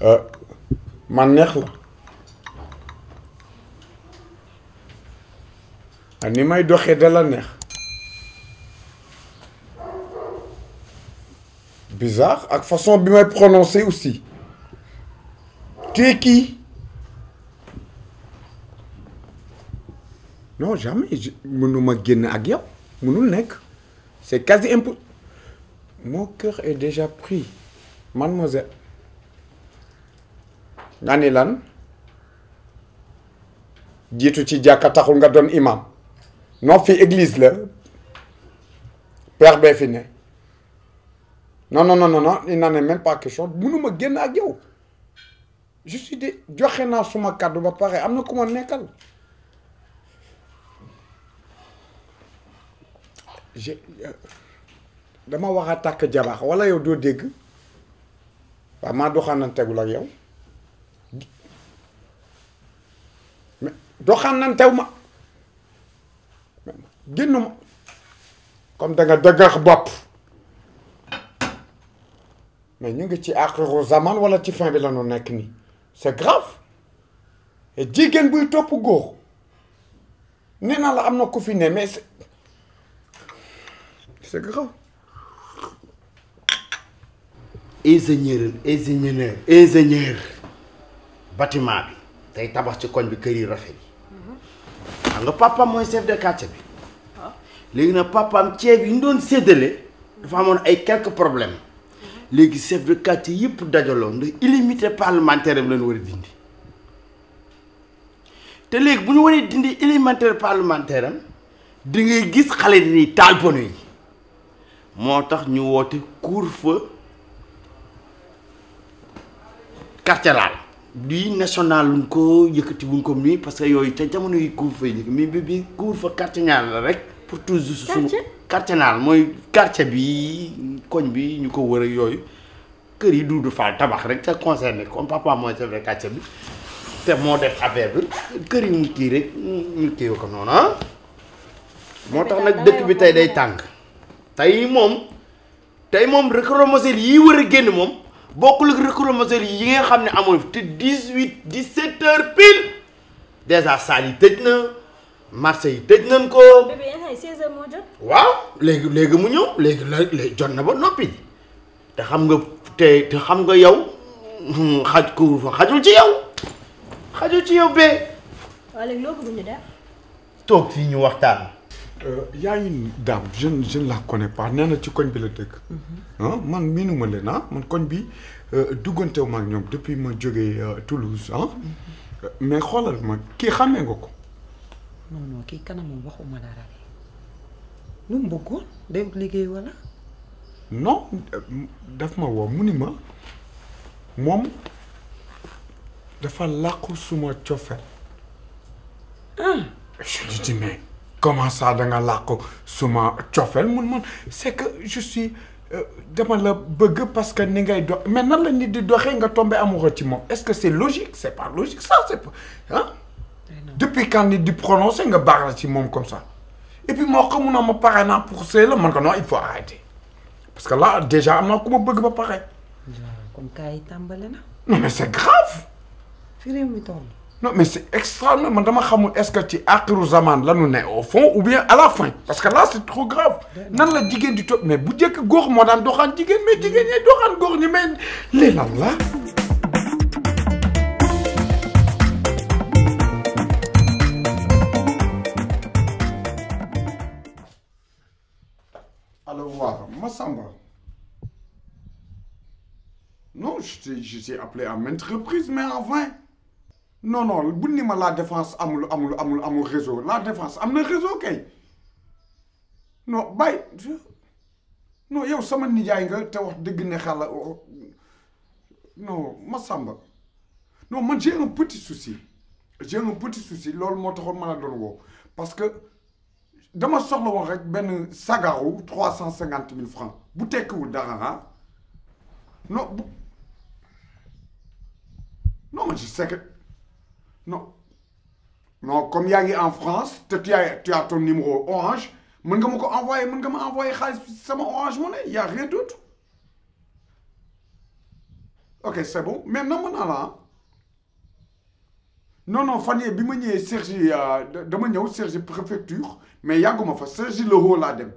euh, man neex la ah, ni may doxee dala neex bizarre ak façon bi may prononcer aussi téye kii non jamais mënuma génn ak yow mënul nekk c'est quasi impossible mon cœur est déjà pris mademoiselle nga ni lan jiitu ci jàkka taxul nga doon imam non fii église la père bee fi ne non non non non il n'en est même pas question mënuma génn ak yow je suis de joxe naa suma kàddu ba pare am na ku ma nekkal Euh, dama wax a tàkk jabaax wala yow doo dégg waaw maa doxaanantegul ak yow ma génnuma comme da nga bopp mais ñu ngi ci àqiru zaman wala ci fin bi la ñu nekk nii c'est grave jigéen buy topp góor nee naa la am na ku fi ne mais c'est grave. ingénieur ingénieur ingénieur bâtiment bi tey tabax ci koñ bi kër yi rafet yi xam nga papaam mooy chef de quartier bi léegi nag papaam ceeb yi ñu doon séddale dafa amoon ay quelques problème léegi chef de quartier yëpp dajaloo ndax illimité parlementaire leen war a dindi te léegi bu ñu waree dindi illimité parlementaire am di ngay gis xale yi dañuy taal pono yi. moo tax ñu woote couvre-feu quartier laal lii national luñ ko yëkkati wuñ ko mii parce que yooyu te jamono yi couvre-feu yi mais bi bi couvre-feu quartier ñaar rek pour toujours suñu quartier naal mooy quartier bi koñ bi ñu ko wër ak yooyu kër yi du faal tabax rek ca concerné comme papa mooy chef de quartier bi te moo def affaire bi kër yi mu kii rek ñu kii ko noonu ah. moo tax nag dëkk bi tey day tàng tey moom tey moom recromosel yii war a génn moom bokkul ak recromosel yi nga xam ne amoon te dix huit dis sept heures pile déjà salle yi tëj na marché yi tëj nañ ko. bébé eh, yan waaw léegi léegi mu ñëw léegi léegi jot na ba noppi te xam nga te xam nga yow hmm, xaj ku xajul ci yow xajul ci yow bee. toog fii ñu waxtaan. Euh, y a une jeune je ne je ne la connais pas nee na ci koñ bi la dëkk. Mhm. ah man miinuma leen ah, man koñ bi euh, duggantew ma ñoom depuis ma jóge euh, Toulouse ah. Mhm. mais xoolal ma kii xàmmee nga ko. non non kii kanamam waxuma dara de lu mu bëggoon day liggéey wala. non daf ma woo mu ni ma moom dafa làqu suma cofeel. ah comment ça da nga ko suma cofeel mun mun c'est que je suis euh, dama la bëgg parce que ni ngay dox mais nan la nit di doxee nga tombé amoureux ci moom est-ce que c'est logique c'est pas logique ça c'est pas ah depuis quand nit di prononcer nga baax la ci moom comme ça et puis moo ko mun a ma pare naa pour sëy man ko non il faut arrêter parce que la déjà am naa ku ma bëgg ba pare. comme kaay tàmbale non mais c'est grave. non mais c'est extraordinaire man dama xamul est-ce que ci axiru zaman la ñu ne au fond ou bien à la fin parce que là c'est trop grave nan la jigéen di topp mais bu njëkk góor moo daan doxaan jigéen mais jigéen ñi doxaan góor ñi la alors waaw Massamba non je t'ai appelé à maintes reprises mais en vain non non bu ni ma la défense amul amul amul amul réseau la défense am na réseau kay non bàyyi non yow sama nijaay nga te wax dëgg ne xala non Massamba non ma j'ai un petit souci j'ai un petit souci loolu moo taxoon ma la doon woo parce que dama soxla woon rek benn sagaru trois cent cinquante mille francs bu tekkiwul dara ah non non man je non non comme yaa ngi en France te tu as tu as ton numéro orange mën nga ma ko envoyé mën nga ma envoyé xaalis sama orange mu ne y' a rien d'autre ok c' est bon maintenant mën naa la ah. non non fan yii bi ma ñëwee Cergy euh, dama ñëw Cergy préfecture mais yàgguma fa Cergy la haut laa dem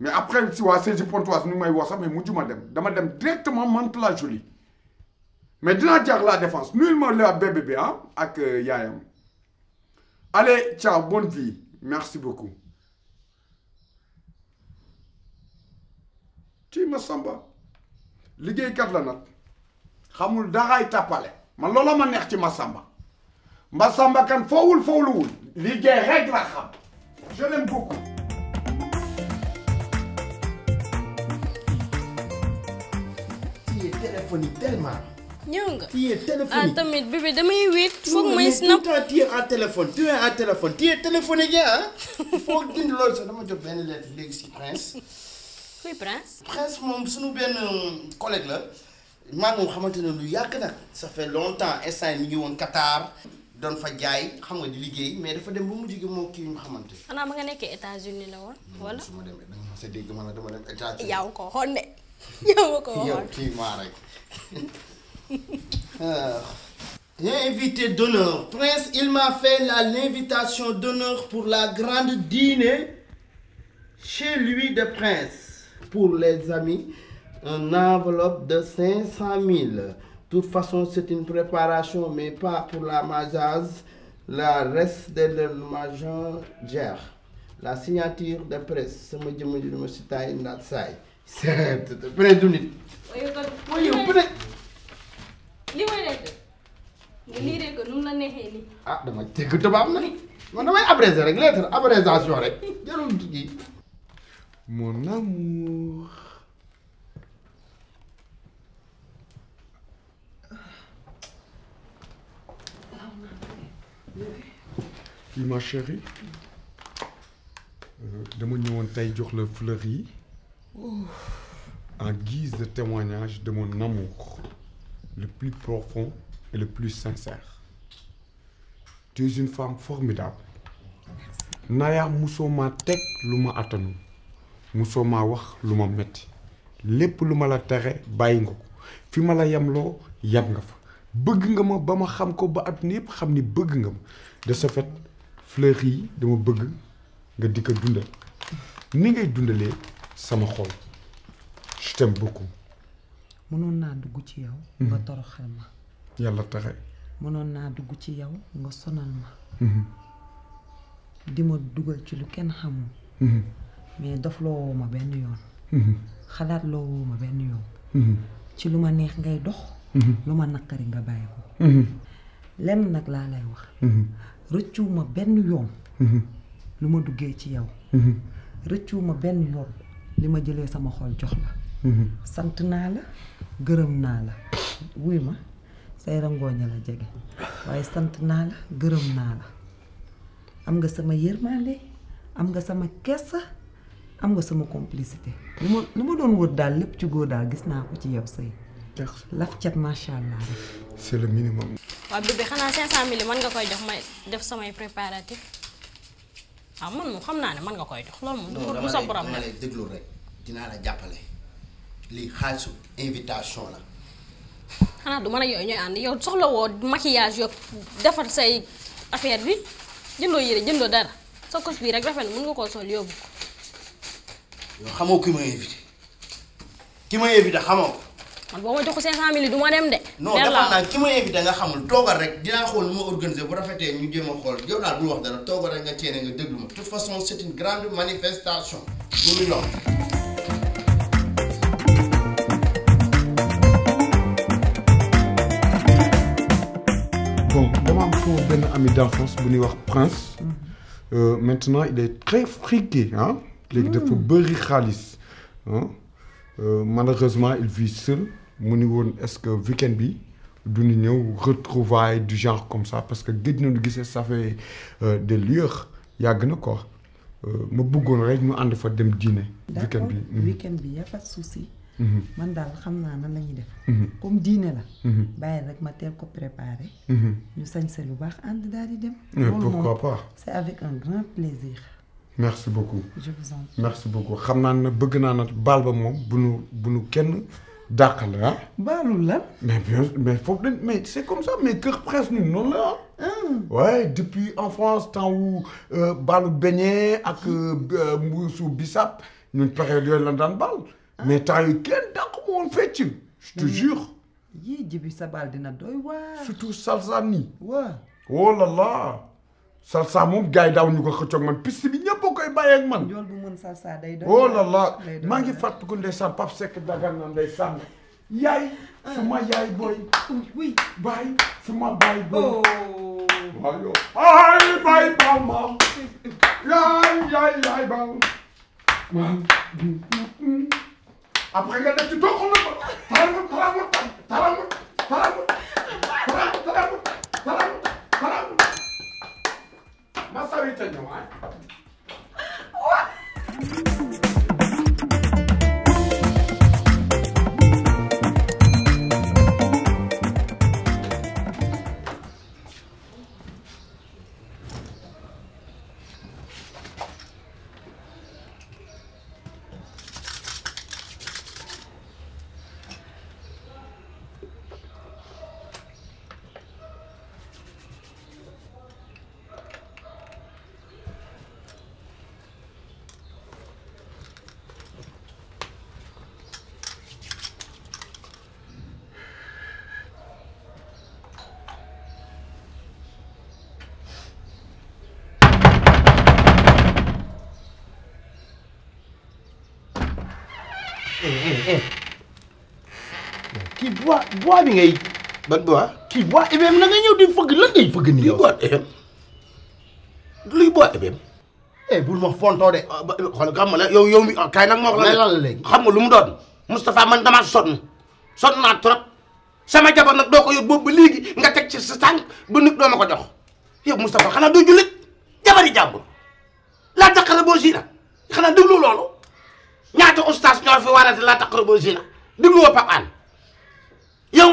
mais après si waa Cergy Pontoise nu may woo sax mais mujj ma dem dama dem directement Mantes la Jolie mais dinaa jaax la défense nuyul ma la bébé bi ah, ak euh, yaayam allez ciao bonne vie merci beaucoup ci ma liggéeykat la nag xamul daxaay tàppale man loola ma neex ci ma samba ma samba liggéey rek la xam je beaucoup ñëw nga téye téléphone ah, tamit bébé damay wéet. foog may snap tout le temps téye en téléphone téye téléphone téye téléphone yi ah. loolu sax dama jot benn lettre léegi si prince. kuy prince. prince moom suñu benn collègue la maa ngi xamante ne lu yàgg nag. sa fait longtemps instant yi mi ngi woon Qatar. doon fa jaay xam nga di liggéey mais dafa dem ba mu jóge moo kii ñu xamante xanaa ma nga nekkee États-Unis la woon. Hmm, wala su ma demee da nga ma sa dégg ma la dama dem États-Unis. yow ko xoon de yow ko xoon yow kii maa L'invité euh, d'honneur. Prince, il m'a fait l'invitation d'honneur pour la grande dîner chez lui de Prince. Pour les amis, une enveloppe de 500 cent mille toute façon, c'est une préparation, mais pas pour la majaz. La reste de l'argent gère. La signature de presse. sama jëmm ji du ma si taay naat saay. c'est vrai. li may nekk nga liiree ko nu mu la neexee nii. ah dama dégg tubaab na man damay abrégé rek lettre abrégation rek jarul kii. mon amour. fii euh, dama ñëwoon tey jox la fleur en guise de témoignage de mon le plus profond et le plus sincère. Tu es une femme formidable. Naya musoo maa teg lu ma attanu musoo maa wax lu ma metti lépp lu ma la tere bàyyi nga ko fi ma la yemloo yem nga fa bëgg nga ma ba ma xam ko ba at yëpp xam ni bëgg nga ma de ce fait fleurs dama bëgg nga di ko dundal ni ngay dundalee sama xol je t'aime mënoon naa dugg ci yow. nga mhm. toroxal ma. yàlla taxay. mënoon naa dugg ci yow nga sonal ma. Mhm. di ma dugal ci lu kenn xamul. Mhm. mais dof loo ma benn yoon. xalaat loo ma benn yoon. ci lu ma neex ngay dox. lu ma naqari nga bàyyi ko. lenn nag laa lay wax. rëccuwu ma benn yoon. lu ma duggee ci yow. rëccuwu ma benn yoon li ma jëlee sama xol jox la. sant naa la. gërëm naa la wuy ma say rangooña la jege waaye sant naa la gërëm naa la am nga sama yërmande am nga sama kersa am nga sama complicité lu ma lu ma doon wër daal lépp ci góor daal gis naa ko ci yow sëy laf cat macha allah c'est le minimum waaw bébé xanaa cinq cent mille nga koy jox may def samay préparatif waaw ah, man moom xam naa ne mën nga koy jox loolu moom du sa borom la déglu rek dinaa la jàppale lii xaalisu invitation la. xanaa du mën a yooyu ñooy ànd yow soxla woo maquillage yokk defar say affaire bi jëndoo yére jëndoo dara sa kos bii rek rafet na mën nga koo sol yóbbu ko. yow xamoo ki ma invité ki ma invité xamoo ko. man boo ma jox ko 500000 du ma dem de. non dafa naan ki ma invité nga xamul toogal rek dinaa xool nu ma organiser bu rafetee ñu jéem a xool yow daal bul wax dara toogal rek nga ceene nga déglu ma de toute façon c'est grande manifestation. ami d'enfance bu nuy wax Prince. Euh, maintenant il est très friqué ah. léegi dafa hmm. bëri xaalis euh, malheureusement il vit seul mu ni woon est-ce que week bi du ñu ñëw retrouvailles du genre comme ça parce que gëj nañu gisee ça fait euh, des lueurs yàgg na ko ma buggoon rek ñu ànd fa dem dîner. week bi hmm. week-end de Mhm. man daal xam naa na la ñuy def. Mhm. comme diine la. Mhm. bàyyi rek ma teel ko préparé. ñu sañse lu baax ànd daal di dem. loolu pourquoi pas c'est avec un grand plaisir. merci beaucoup merci beaucoup xam naa ne bëgg naa na baal ba moom bu nu bu nu kenn dàqal la ah. baalul la. mais bien mais foofu dañ mais c'est comme ça mais kër presque ñun noonu la ah. waaye ah. depuis enfance temps wu euh, baalu beñee ak euh, euh, mbuusu bisap nu période yooyu la daan baal. Ah. mais ta yi kenn dàq ma woon fecc je te mm. jure. yii jibi sabal dina doy waar. surtout salsa nii. waaw oh là là. salsa moom gars yi daaw ñu ko xëccoog man piste bi ñëpp a koy ak man. yoon bu oh maa ngi fàttaliku ndeysaan Pape Seck dagan na ndeysaan. yaay ah. suma yaay booy. oui baay suma baay booy. Oh. waaw yow. après nga def ci toog xam nga ko taramut taramut taramut taramut taramut taramut taramut ma sawi ta ñëw ah bois bi ngay. ban bois. kii bois na nga ñëw di fëgg lan ngay fëgg ma eh, fontoo de. Ah, xool xam nga yow yow mi ah, kay nag ma wax la. lan la nga lu mu doon. Moustapha man damaa sonn sonn naa trop sama jabar nag doo ko yor boobu ba nga teg ci sa tànk ba nit doo ma ko jox yow Moustapha xanaa doo jullit jabari la laa taqara boo zina xanaa déglu loolu ñaata ustaas ñoo fi warate laa taqara boo zina déglu woo Pape Anne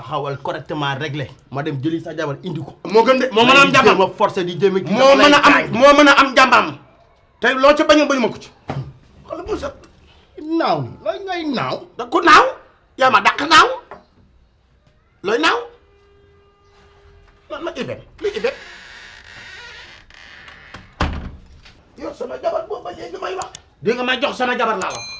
taxawal correctement réglé. ma dem jëli sa jabar indi ko. moo gën de moo mën a am jàmbaam di jëme. moo moo mën a am jàmbaam. te loo ca bañ a ko ci. xool bu set. naaw looy ngay naaw. da naaw. yaa ma dàq naaw. looy naaw. man ma may jox sama jabar laa wax.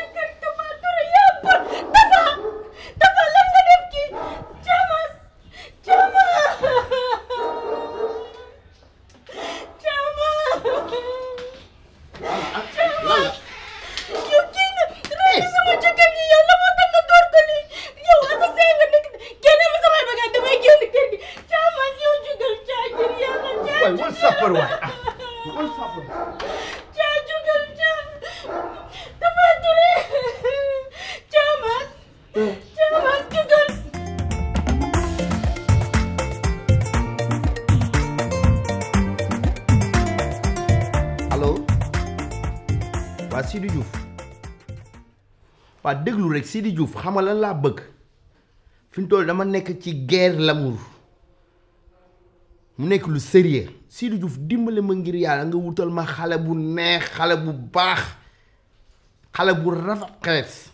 waay wal caa jugal caa dafa ture caa mas jugal. allo waa Sidi Diouf waa déglu rek Sidi Diouf xam nga laa bëgg fi mu dama nekk ci guerre l'amour mu nekk lu sérieux Sidy Diouf dimbale ma ngir yàlla nga wutal ma xale bu neex xale bu baax xale bu rafet xees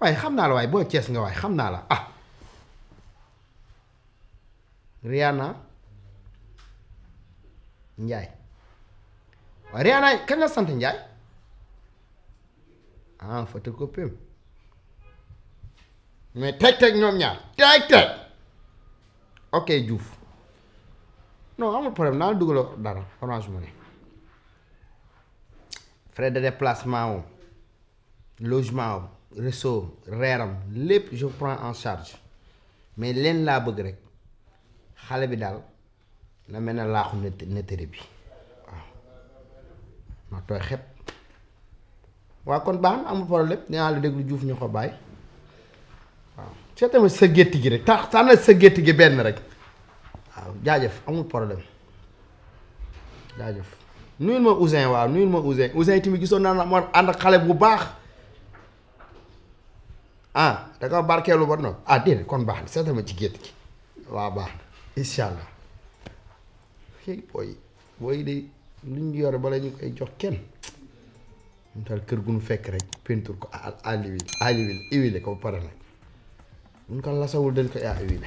waaye xam naa la waaye boo cees nga waaye xam naa la ah Rihanna Njaay waaye Rihanna kañ la sant Njaay ah photocopie mais teg teg ñoom ñaar teg teg ok Diouf non amul problème naa la dugaloo dara Orange Money frais de déplacement moom logement am réseau reeram lépp je prends en charge mais leen laa bëgg rek xale bi daal na mel na laaxu nettari bi waaw ma tooy xep waaw kon baax amul problème dinaa la déglu Diouf ñu ko bàyyi waaw seet tamit sa gétt gi rek tax tànnal sa gétt gi benn rek waaw jaajëf amul problème jaajëf nuyul ma Ousin waaw nuyul ma Ousin Ousin tamit gisoon naa na moo ànd xale bu baax ah da nga barkeelu ba noonu ah déedéet kon baax na seetal ma ci gétt gi waaw baax na incha allah xëy booy booy de lu ñu yore bala ñu koy jox kenn mu tal kër gu nu fekk rek peinture ko à ah, à ah, l'huile ah, à l'huile ko ba pare nag buñ ko lasawul dañ ko à huile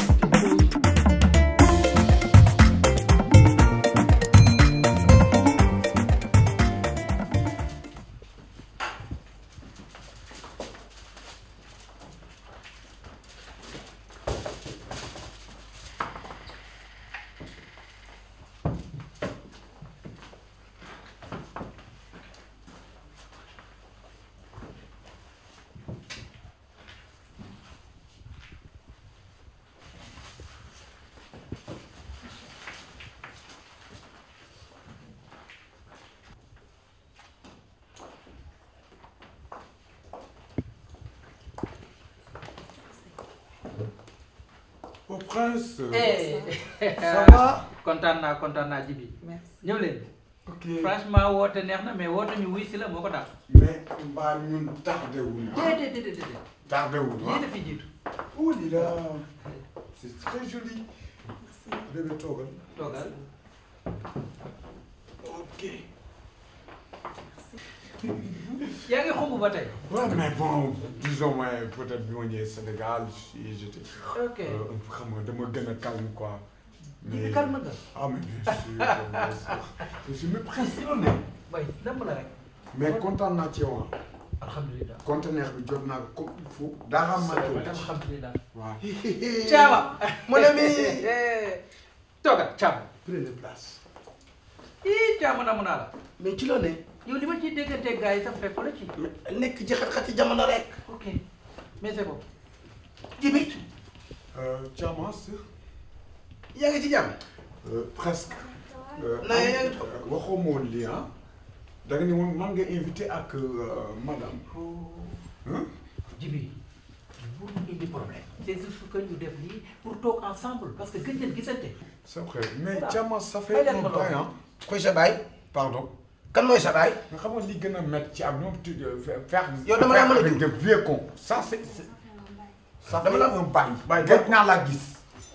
prince. Eh, eh, eh. ça va. kontaan naa kontaan naa Djibi. merci ñëw leen. ok franchement woote neex na mais woote ñu wuy si la moo ko tax. mais mbaa ñun tardé wuñu. déedéet déedéet déedéet. tardé wuñu ah lii dafiy jiitu. oh lii la c'est très joli. bébé toogal. toogal. ba tey. bon plus ou moins peut être bi ma ñëwee Sénégal fii j' étais. ok xam euh, nga dama gën a calme quoi. mais calme nga. ah mais bien sûr. je suis impressionné. way dëmb la rek. mais kontaan naa ci yow ah. alhamdulilah conteneur bi jot naa ko comme il mon ami. Eh, eh. toogal Thiaba. prenez place. ii Thiaba mun naa la. mais ci ne. yow li ma ciy déggante gars yi sax fekk la ci. nekk ci xat-xati jamono rek. ok mais c'est bon. Djibi. Euh, Thiamas. yaa ngi ci jàmm. Euh, presque. Euh, naa yaa ngi toog waxoo ma ah. nga ne woon man nga invité ak madame. Oh. Djibi. pour ñu indi problème. c'est juste que ñu def pour toog ensemble parce que gën ngeen gisante. c'est vrai mais Thiamas ça fait longtemps. Khoja Baye pardon. kan mooy sa baay. nga xamoon li gën a métti ci am ñoom tu euh, fex. dama la mën a jur de vieux con. ça dama la am un bail. bail gëj naa laa gis.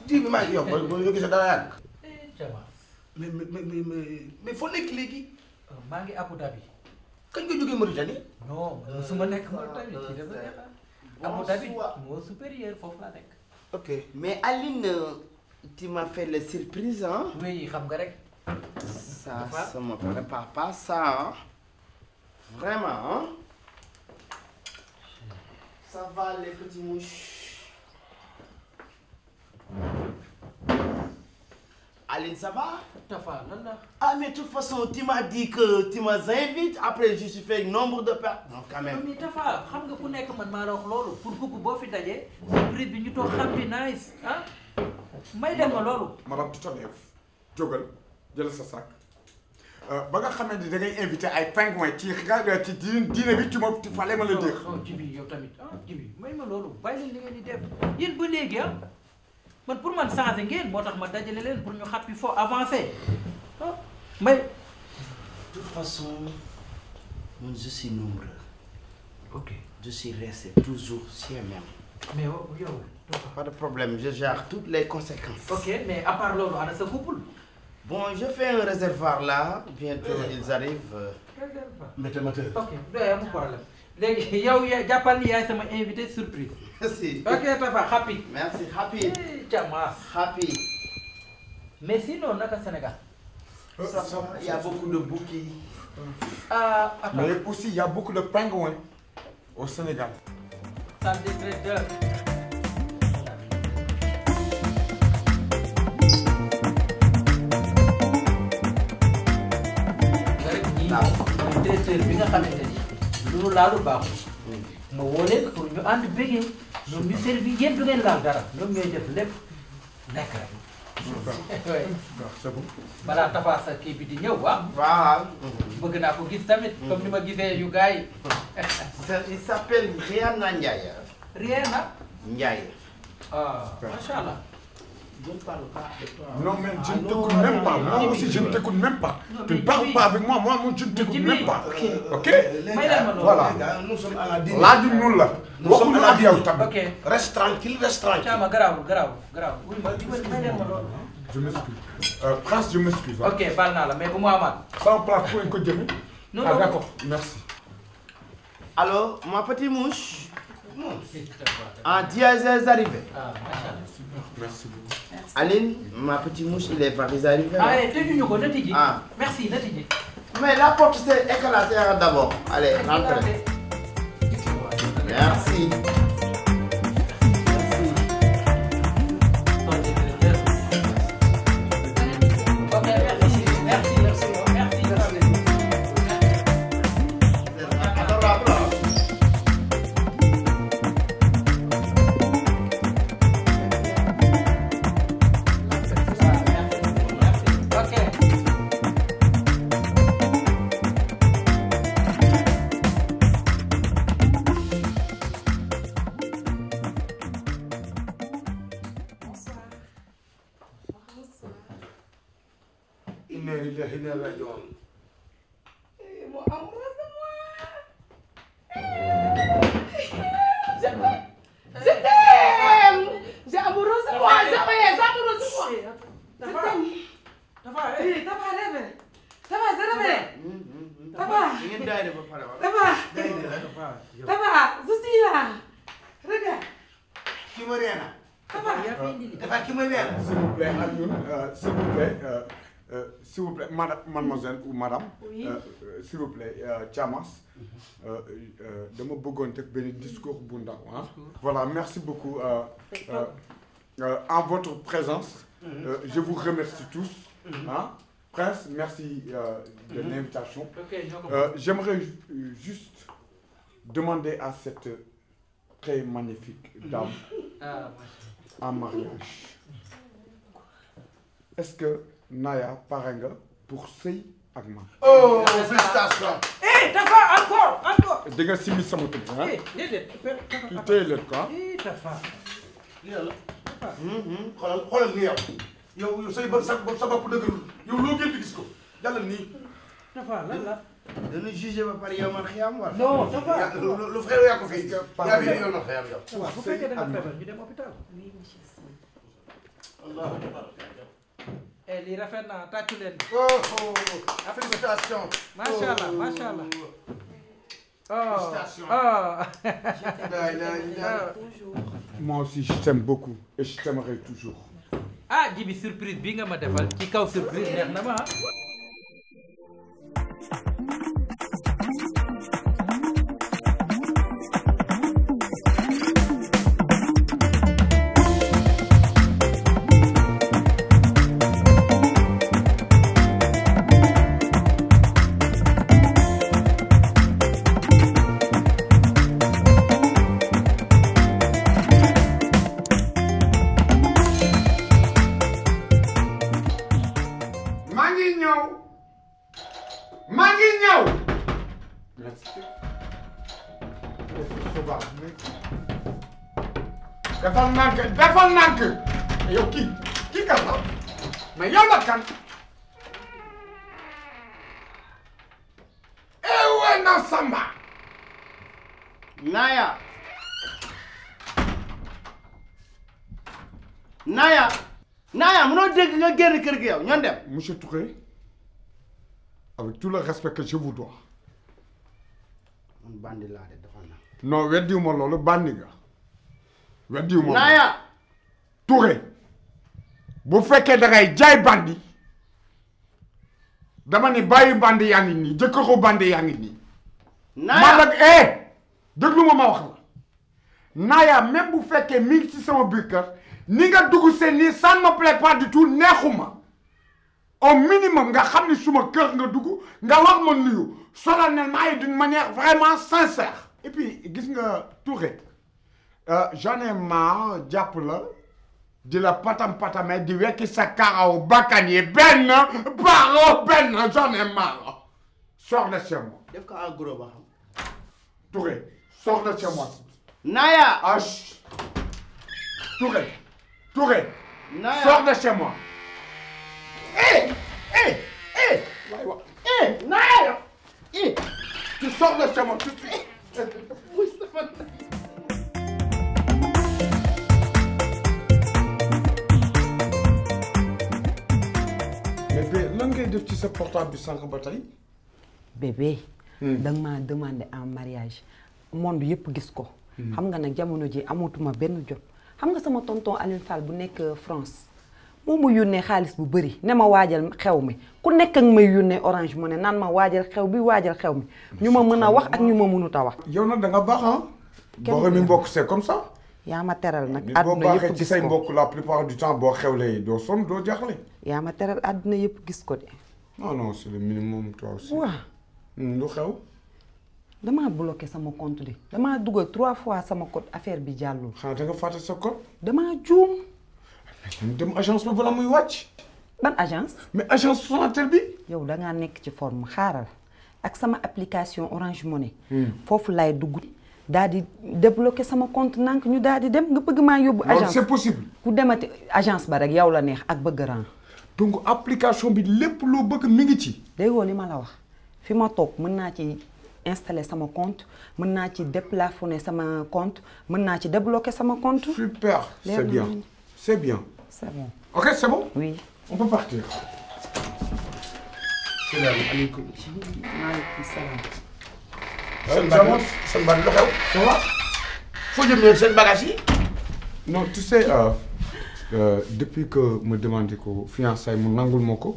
ji bi maa ngi yow boo boo gisee dara yàgg. foo nekk léegi. maa ngi Abu Dhabi. kañ nga jógee Mauritanie. non musuma nekk Mauritanie nekk. Abu Dhabi moo supérieur foofu laa nekk. ok mais Aline euh, tu m'as fait la surprise ah. oui xam nga rek. Ça, ça me prépare pas ça, hein. Vraiment, hein. Ça va, les petits mouches. Aline, ça va? Tafa, non, non. Ah, mais de toute façon, tu m'as dit que tu m'invites. Après, je suis fait nombre de personnes. Non, quand Tafa, xam nga ku nekk man maa la wax loolu pour kooku boo fi dajee. surprise bi ñu toog xam bi nice. ah may dem nga loolu. madame Tita Neuf jógal. jël sa sac euh, ba nga xamante ni da ngay invité ay pingouin ci euh, ci diine bi ci moom fallait ma la dégg. non non Djibi yow tamit ah Djibi may ma loolu bàyyi leen li ngeen i def yéen ba léegi ah man pour man changé ngeen moo tax ma dajale leen pour ñu xàppi foo avancé ah may. de toute façon man je suis nombreux. ok je suis resté toujours si même. mais oh, yow. pas de problème je gère tout les conséquences. ok mais à part loolu ana sa couple. Bon, je fais un réservoir là, bientôt ils arrivent. Métémateur. Ok, doy amul problème. léegi yow yaa jàppal ni yaay sama invité surprise. merci. ok Tafa happy. merci happy. Thiamas eh, happy. mais sinon naka Sénégal. Euh, ça va y a beaucoup de bouki. ah mais aussi y a beaucoup de pingouins au Sénégal. salle des traiteurs. naa ko muy directeur bi nga xamante ni lu nu laalu baaxul ma woo leen pour ñu ànd bëggee ñoom ñu servi yéen du ngeen laal dara ñoom ñooy def lépp lekk rek. balaa tabax sa kii bi di ñëw waaw. waaw. bëgg naa ko gis tamit. comme ni ma gisee yu gars yi. il s'appelle Rihanna Ndiaye. Rihanna. Ndiaye. ah macha allah. Je ne parle pas de toi. Non, mais je ne ah t'écoute même pas. Moi aussi, je ne t'écoute même pas. Tu ne parles pas avec moi. Moi, je ne t'écoute même pas. Ok euh, Voilà. Nous sommes à la dîner. Là, dis-nous là. Nous sommes à la dîner. Ok. Reste tranquille, reste tranquille. Tiens, grave, grave, grave. Oui, je m'excuse. Euh, prince, je m'excuse. Ok, Balnala, mais pour moi, Amad. Ça, on parle pour un coup de Non, non. Ah, d'accord, merci. Alors, ma petite mouche. En ah, dièse arrivé. Ah, merci beaucoup. Aline, ma petite mouche, il est parti arrivé. Ah, ah. Merci, Mais la porte s'est éclatée d'abord. Allez, rentrez. Merci. s'il vous plaît euh, Thiamas mhm. euh, euh, dama bëggoon def benn discours voilà merci beaucoup en votre présence. Mhm. je vous remercie tous. Mhm. Prince merci de l'invitation. j'aimerais juste demander à cette très magnifique dame ah, en mariage est-ce que Naya pare nga pour sëy ak ma. oh félicitations. eh Tafa encore encore. di nga simi sama tëb ah. eh déedéet. kii téye leen quoi. eh Tafa. yàlla. Hmm, hmm. xoolal xoolal ni yow. yow yow say ba sa sa bopp dëgërul yow loo gën di gis ko jàllal nii. Tafa lan la. dañu jugé ba pare yow man xiyam war. non Tafa lu xew yaa ko fay. yaa fi yow na xiyam yow. waaw bu fekkee da nga feebar ñu dem hôpital. allahu akbar. et eh, lii rafet na tàccu leen. Oh, oh, félicitations. macha allah oh. macha allah. félicitations. oh moi aussi je t'aime beaucoup et je t'aimerai toujours. ah jibi surprise bi nga ma defal ci kaw surprise neex na ma ah. ñoo génn kër gi yow ñoo dem. monsieur Touré avec tout le respect que je vous dois. man bandi laa de dafa naa. non weddiwuma loolu bandi nga. weddiwuma loolu naaya. Touré bu fekkee dangay jaay bandi dama ne bàyyi bandi yaa ngi nii jëkkëru bandi yaa ngi nii. naaya man nag eh, ma ma wax la naaya même bu fekkee mi ngi ci sama biir kër. ni nga dugg seen nii ça ne me pas du tout neexuma au minimum nga xam ni suma kër nga dugg nga wax ma nuyu solennellement et d'une manière vraiment sincère. et gis nga Touré euh, j'en ai marre jàpp la di la patam patame di wekki sa karaw bakkan yi benn baaroo benn j'en ai marre moi. def ko en gros ba xam. Touré moi. Naya. ah Touré. Naya sors de chez moi. eh eh eh waaw eh, eh Naya. eh tu sors de chez moi tout de suite. Eh, bébé lan ngay def ci sa portable bi sànq ba tey. bébé. Hmm. da nga maa demandé en mariage monde yëpp gis ko. Hmm. xam nga nag jamono ji amatuma benn jot. xam nga sama tonton Alioune bu nekk euh, France moo ma yónnee xaalis bu bëri ne ma waajal xew mi ku nekk ak may yónnee orange mu ne nan ma waajal xew bi waajal xew mi ñu ma mën a wax ak ñu ma mënut a wax. yow nag da nga baax ah. kenn mi mbokk c'est comme ça. yaa ma teral nag àdduna yëpp gis ko ci say mbokk la plupart du temps doo sonn doo jaaxle. yaa ma teral àdduna yëpp gis ko de. non non c'est le minimum toi aussi. waaw hmm, lu xew. damaa bloqué sama compte de damaa dugg trois fois sama code affaire bi jàllul. xanaa da nga fàtte sa code. damaa juum. dem agence ba balaa muy wàcc. ban agence. mais agence Sonatel bi. yow da nekk ci forme xaaral ak sama application Orange Money. Hmm. foofu laay dugg. daal di débloqué sama compte ñu daal di dem nga bëgg maa yóbbu. agence c'est possible. ku demati agence ba rek yow la neex ak bëgg rang. application bi lépp loo bëgg mi ngi ci. déggoo li ma la wax fi ma toog mën naa ci. installer sama compte mën naa ci déplafonner sama compte mën naa ci débloquer sama compte. super c'est bien c'est bien. c'est bon ok c'est bon. oui on peut euh, foo jëm leen seen yi. non tu sais euh, euh, depuis que ma demandé ko fiançailles mu nangul ma ko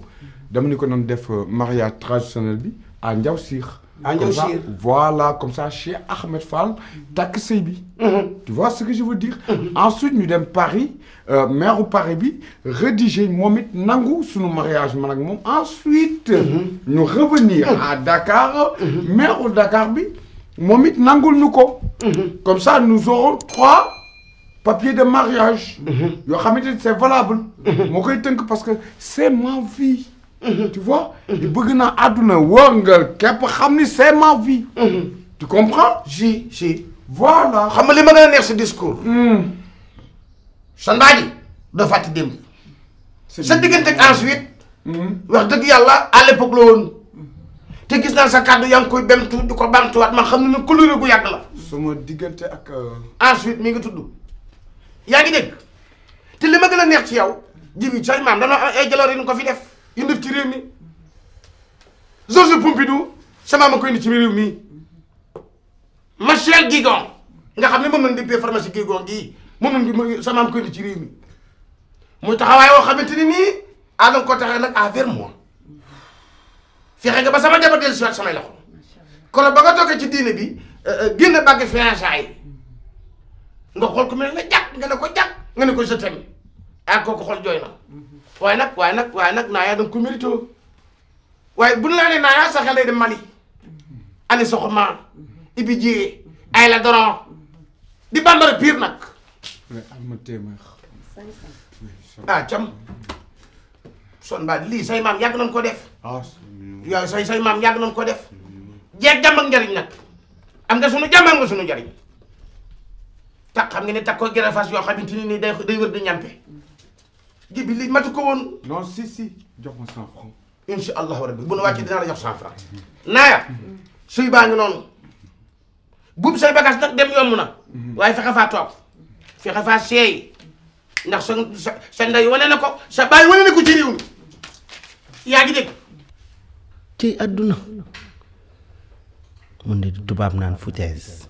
dama ni ko doon def mariage traditionnel bi à Ndiaw Sire. comme ça voilà comme ça Cheikh Ahmed Fall takk bi. Mhm. tu vois ce que je veux dire. Mhm. ensuite ñu dem Paris euh, maire Paris bi rédiger moom it nangu suñu mariage man moom ensuite. Mhm. ñu revenir à Dakar. maire Dakar bi moom it nangul ko. comme ça nous aurons trois papiers de mariage. yoo xamante ni c'est valable. moo koy tënk parce que c'est ma vie. Mhm. tu vois. Mhm. bëgg naa àdduna wër nga képp xam ni c'est ma vie. Mhm. tu comprends. si si. voilà xam nga li ma gën a neex si discours. sa hmm. ndaaj da fàtte démb. sa diggante ak hmm. wax dëgg yàlla à l'époque la woon. gis naa sa kàddu yaa ngi koy benn tuut di ko bamtuwaat man xam ne couleur bu yàgg la. sama diggante ak. ensuite euh, mi ngi tudd. yaa ngi dégg te li ma gën a neex ci yow. jibi say maam dana ay jaloor yi ñu ko fi def. yu def ci réew mi Georges sama ma koy indi ci réew mi Michel Guigon nga xam ne moom lañ déggee pharmacie Guigon gii moom lañ sama ma koy indi ci mu taxawaay woo xamante ni nii ah da ko taxee nag envers moi fexe nga ba sama jabar dellu si waat samay ba nga toogee ci diine bi euh, euh, génn bàgg financement yi nga xool ku mel ne jàpp nga ne ko jàpp nga ne ko je t'aime ah kooku xool jooy na. waaye nag waaye nag waaye nag Naya da nga ko mérité waaye bu ñu la nee Naya sa xel day dem Mali ani soxma Ibi Dieye ay la doron di bambara pire nag. ah cam son ba lii say maam yàgg nañ ko def. Ah, yooyu say say maam yàgg nañ ko def. jeeg jàmm ak njariñ nag am nga sunu jàmm am nga sunu njariñ tax xam nga ne tax ko gërëfaas yoo xamante ni day day wër di ñampe. ji bi li matu ko ma cent franc. incha allahu rabbi bu nu wàccee dinaa la jox cent franc. naaya. suy baa ngi noonu. buub say bagage nag dem yomb na. waaye fexe faa toog. fexe faa seey. ndax sa sa sa wane na ko sa baay wane na ko ci réew mi yaa ngi dégg. ci àdduna. mun di tubaab naan foutaise.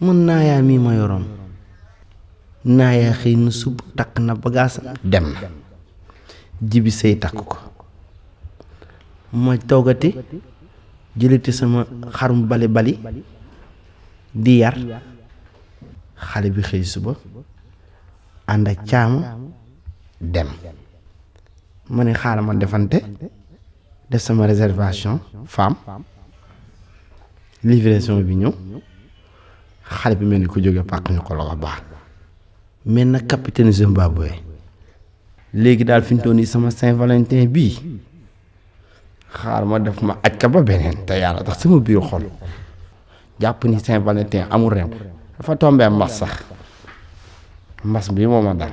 mun naa yaa mii ma yoroon. naaya xëy na sub takk na bagaasam dem na jibi sëy takk ko ma toogati jëlati sama xarum bali bali di yar xale bi xëy suba ànd ak caama dem ma ne xaaral ma defante def sama réservation femme livraison bi ñëw xale bi mel ni ku jóge pàq ñu ko loxo mais nag capitaine Zimbabwe léegi daal fi ñu toll nii sama Saint-Valentin bii xaar ma def ma aj ka ba beneen te yàlla tax sama biir xol jàpp ni Saint-Valentin amul ren dafa tombé mbas sax mbas bii moo ma dal.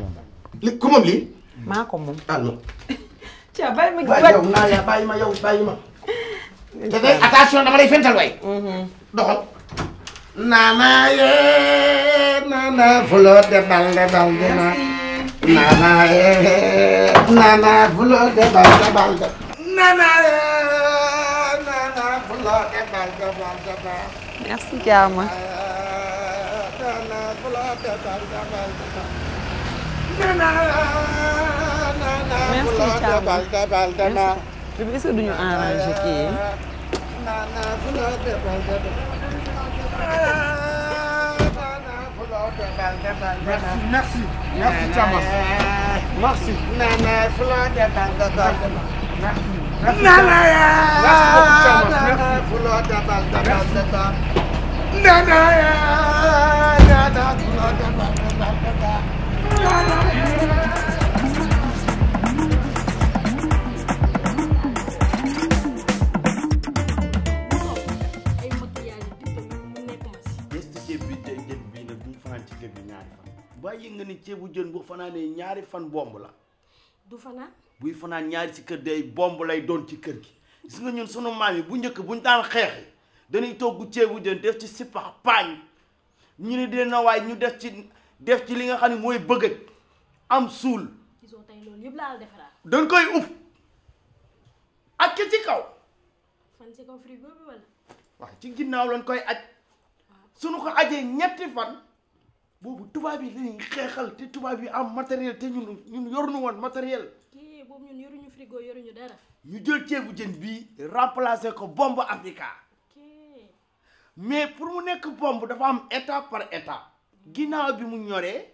li ku moom lii. maa ko moom. Ah, caa bàyyi ma bàyyi ma yow bàyyi ma. attention dama lay fental waay. Mhm. doxal. Nana ye, nana fulo de balde balde na. Nana ye, nana fulo de balde balde. Nana ye, nana fulo de balde balde na. Merci Diama. Nana fulo de balde balde na. Nana, nana fulo de balde balde na. Merci. Est-ce que duñu arranger kii? Nana fulo de balde balde. Merci, merci. Merci, Chamas. Merci. Merci. Merci, Chamas. Merci beaucoup, Chamas. Merci. léegi ceebu jën bu fanaanee ñaari fan bomb la. du fanaan. buy fanaan ñaari ci kër day bomb lay doon ci kër gi gis nga ñun sunu maam yi bu njëkk bu ñu daan xeexi dañuy togg ceebu jën def ci sipax paañ ñu ne dina nawaay ñu def ci def ci li nga xam ne mooy bëgg am suul. gisoo tey yëpp laa defaraat. dañ koy ub ak ki ci kaw. fan ci kaw frigo bi wala. waaw ci ginnaaw lañ koy aj. suñu ko ajee ñetti fan. boobu tubaab yi lañuy xeexal te tubaab yi am matériel te ñun ñun yoruñu woon matériel. kii boobu ñun yoruñu frigo yoruñu dara. ñu jël ceebu jën bi remplacer ko bombe Africa. mais pour mu nekk bombe dafa am état par état ginnaaw bi mu ñoree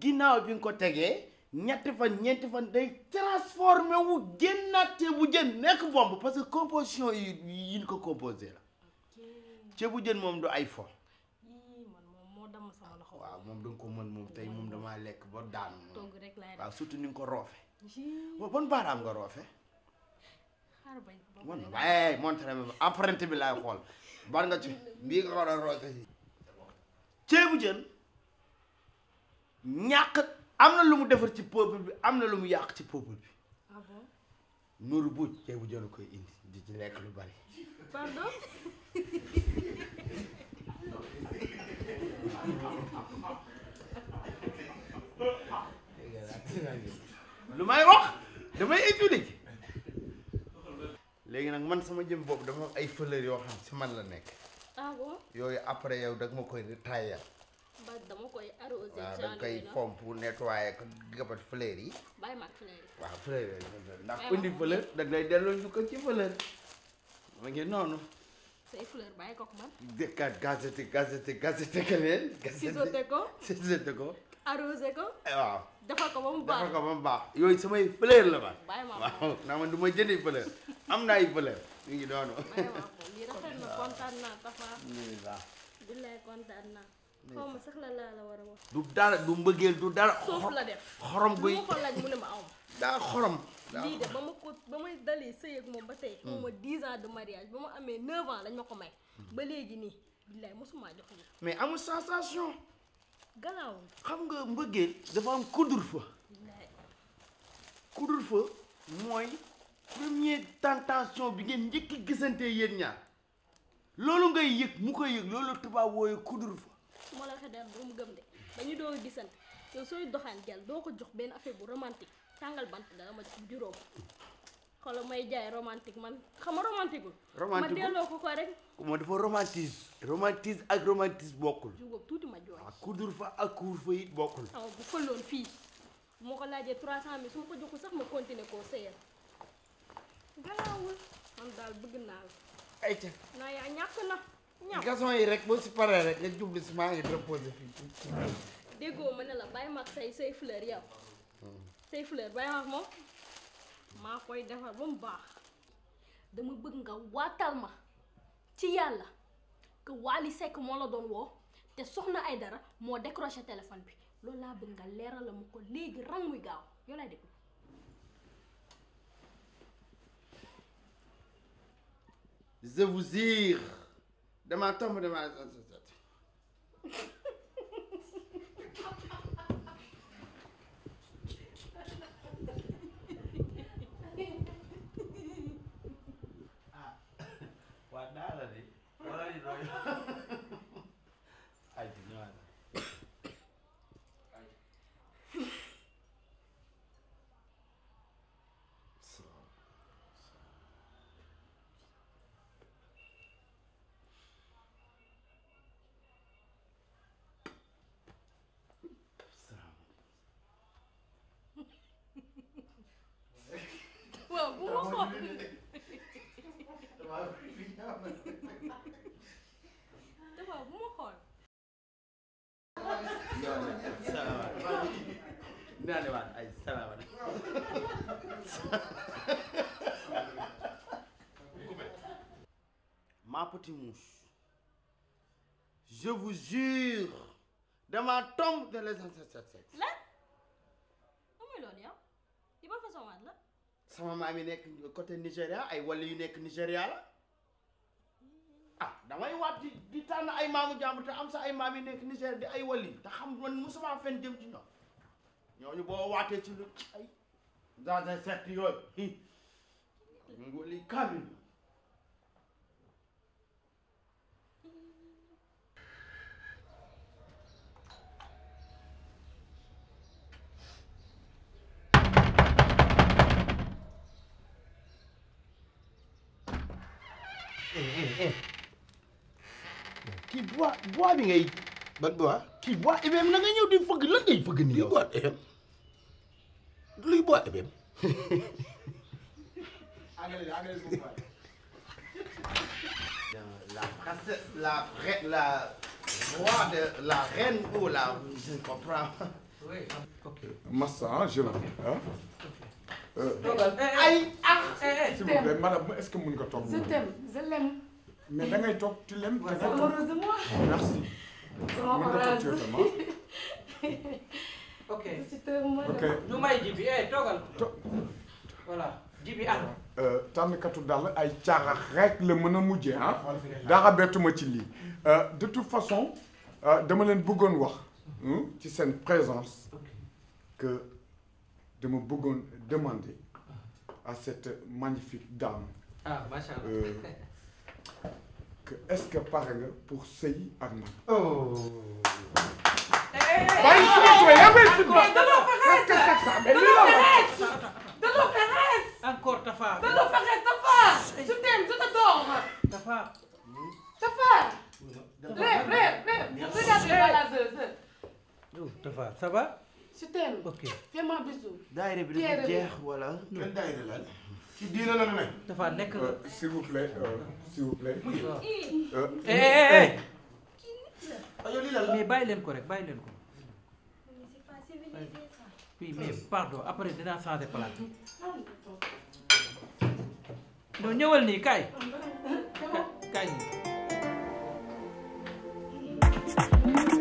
ginnaaw bi nga ko tegee ñetti fan ñeenti fan day transformé wu génnaat ceebu jën nekk bombe parce que composition yi yi ñu ko composé la. ceebu jën moom du ay fo. moom danga ko mën moom tey moom damaa lekk ba daanu moom waaw surtout ni nga ko roofe bon baaraam nga roofe mon waaye montre ma empreinte bi laay xool bar nga ci mbii nga war a roofe si ceebu jën ñàkk am na lu mu defar ci peuple bi am na lu mu yàq ci peuple bi ah nuru buuj ceebu jën koy indi di ci lekk lu bari lu may wax damay étudier ci léegi nag man sama jëm bopp dama ay fleurs yoo xam si man la nekk. Ah yooyu après yow dag ma koy taayal. dama waaw da koy pompe nettoyer ko gabat fleurs yi. bàyyi ma fleur yi. waaw fleur yi ndax indi fleur da delloo ñu ko ci fleur. ma ngi noonu. say fleur bàyyi ko ko man. gazette gazette gazette leen. gazette ko sisote ko. arrosé ko. waaw ko ba mu baax defal ko ba mu baax yooyu samay fleur la ba. bàyyi ma waaw naa man du ma jëndi fleur am na ay fleur mi ngi doonu. bàyyi ko lii rafet na kontaan naa Tafa. alhamdulilah. billaay kontaan naa. xaw la laa a wax. du dara du mbëggeel du dara. suuf la def xorom guy mu ko laaj mu ne ma aw ma. daa xorom. lii de ba ma ko ba may dalee sëy ak moom ba tey. moom ma 10 ans de mariage ba ma amee 9 ans lañ ma ko may. Mm. ba léegi nii billaay mosuma jox lii. mais amul sensation. gannaaw xam nga mbëggeel dafa am couvre-feu couvre-feu mooy première tentation bi ngeen njëkk gisante yéen ñaar loolu ngay yëg mu koy yëg loolu tubaab wooyu couvre-feu su ma la waxee dara du mu gëm de dañu doo a gisante yow sooy doxaan jàll doo ko jox benn affaire bu romantique tàngal bant danga ma juróom xoolal may jaay romantique man xam nga romantique ma delloo ko ko rek. moom dafa romantise. romantise ak romantise bokkul. jugóob tuuti ma jooy. Ah, ak kudur fa ak kuur fa it bokkul. waaw ah, fii bu ko laajee trois cent mille su ma ko joxul sax man daal bëgg naa la. ayca naa yaa ñàkk na. ñàkk gason yi rek boo si paree rek nga jublu si maa ngi reposé ma ne la bàyyi ma ak say say fleur yow. Hmm. say fleur bàyyi ma moom. maa koy defar ba mu baax dama bëgg nga waatal ma ci yàlla que Wally Seck moo la doon woo te soxna ay dara moo décroché téléphone bi loolu laa bëgg nga leeral la ma ko léegi rang muy gaaw yoo lay déglu je vous jure damaa tomb damaa Det var jo Det var mor. ne waat ay salaamaaleykum. ma petite mouche. je vous jure. dama tombe dans les insectes. sama maam yi nekk côté Nigéria ay wàll yu nekk Nigéria la ah damay waat di di tànn ay maamu jàmbur te am sa ay maam yi nekk Nigéria di ay walli te xam man musuma fen jëm ci ñoom ñooñu boo waatee ci lu ay dans un cercle yooyu wali kaamil ki bois bois bi ngay. ban bois kii bois IBM na nga di fëgg lan ngay fëgg nii yow. luy bois la princesse de la reine ou la Massa je la euh, eh, eh. ah. ay ah. Eh, s'il vous plaît madame est-ce que mën nga toog. je t'aime je mais da ngay toog tilem. te nga toog merci. sama orange ay caaxax rek la mën a mujjee ah. dara bettuma ci lii. Euh, de toute façon euh, dama leen bëggoon wax. Hmm, ci seen présence. que dama bëggoon demander à cette magnifique dame. Ah, que est-ce que pare nga pour sëy ak man. oh. bàyyi si ma tooy yàlla béy si ma. dañoo fexees encore Tafa. dañoo fexees Tafa. su teen su ta doom. Tafa. Tafa. rêve rêve regarde la zone. Tafa ça va. su teen. ok vraiment bisou. daayira bi dafa jeex wala. kenn daayira la ci diina la ne. Tafa nekk la. Euh, s'il vous plaît. Euh, s'il vous plaît. Euh, eh, eh, eh, mais bàyyi leen ko rek bàyyi leen ko. oui mais pardon après dinaa changer plat. non ñëwal nii kaay. kaay nii.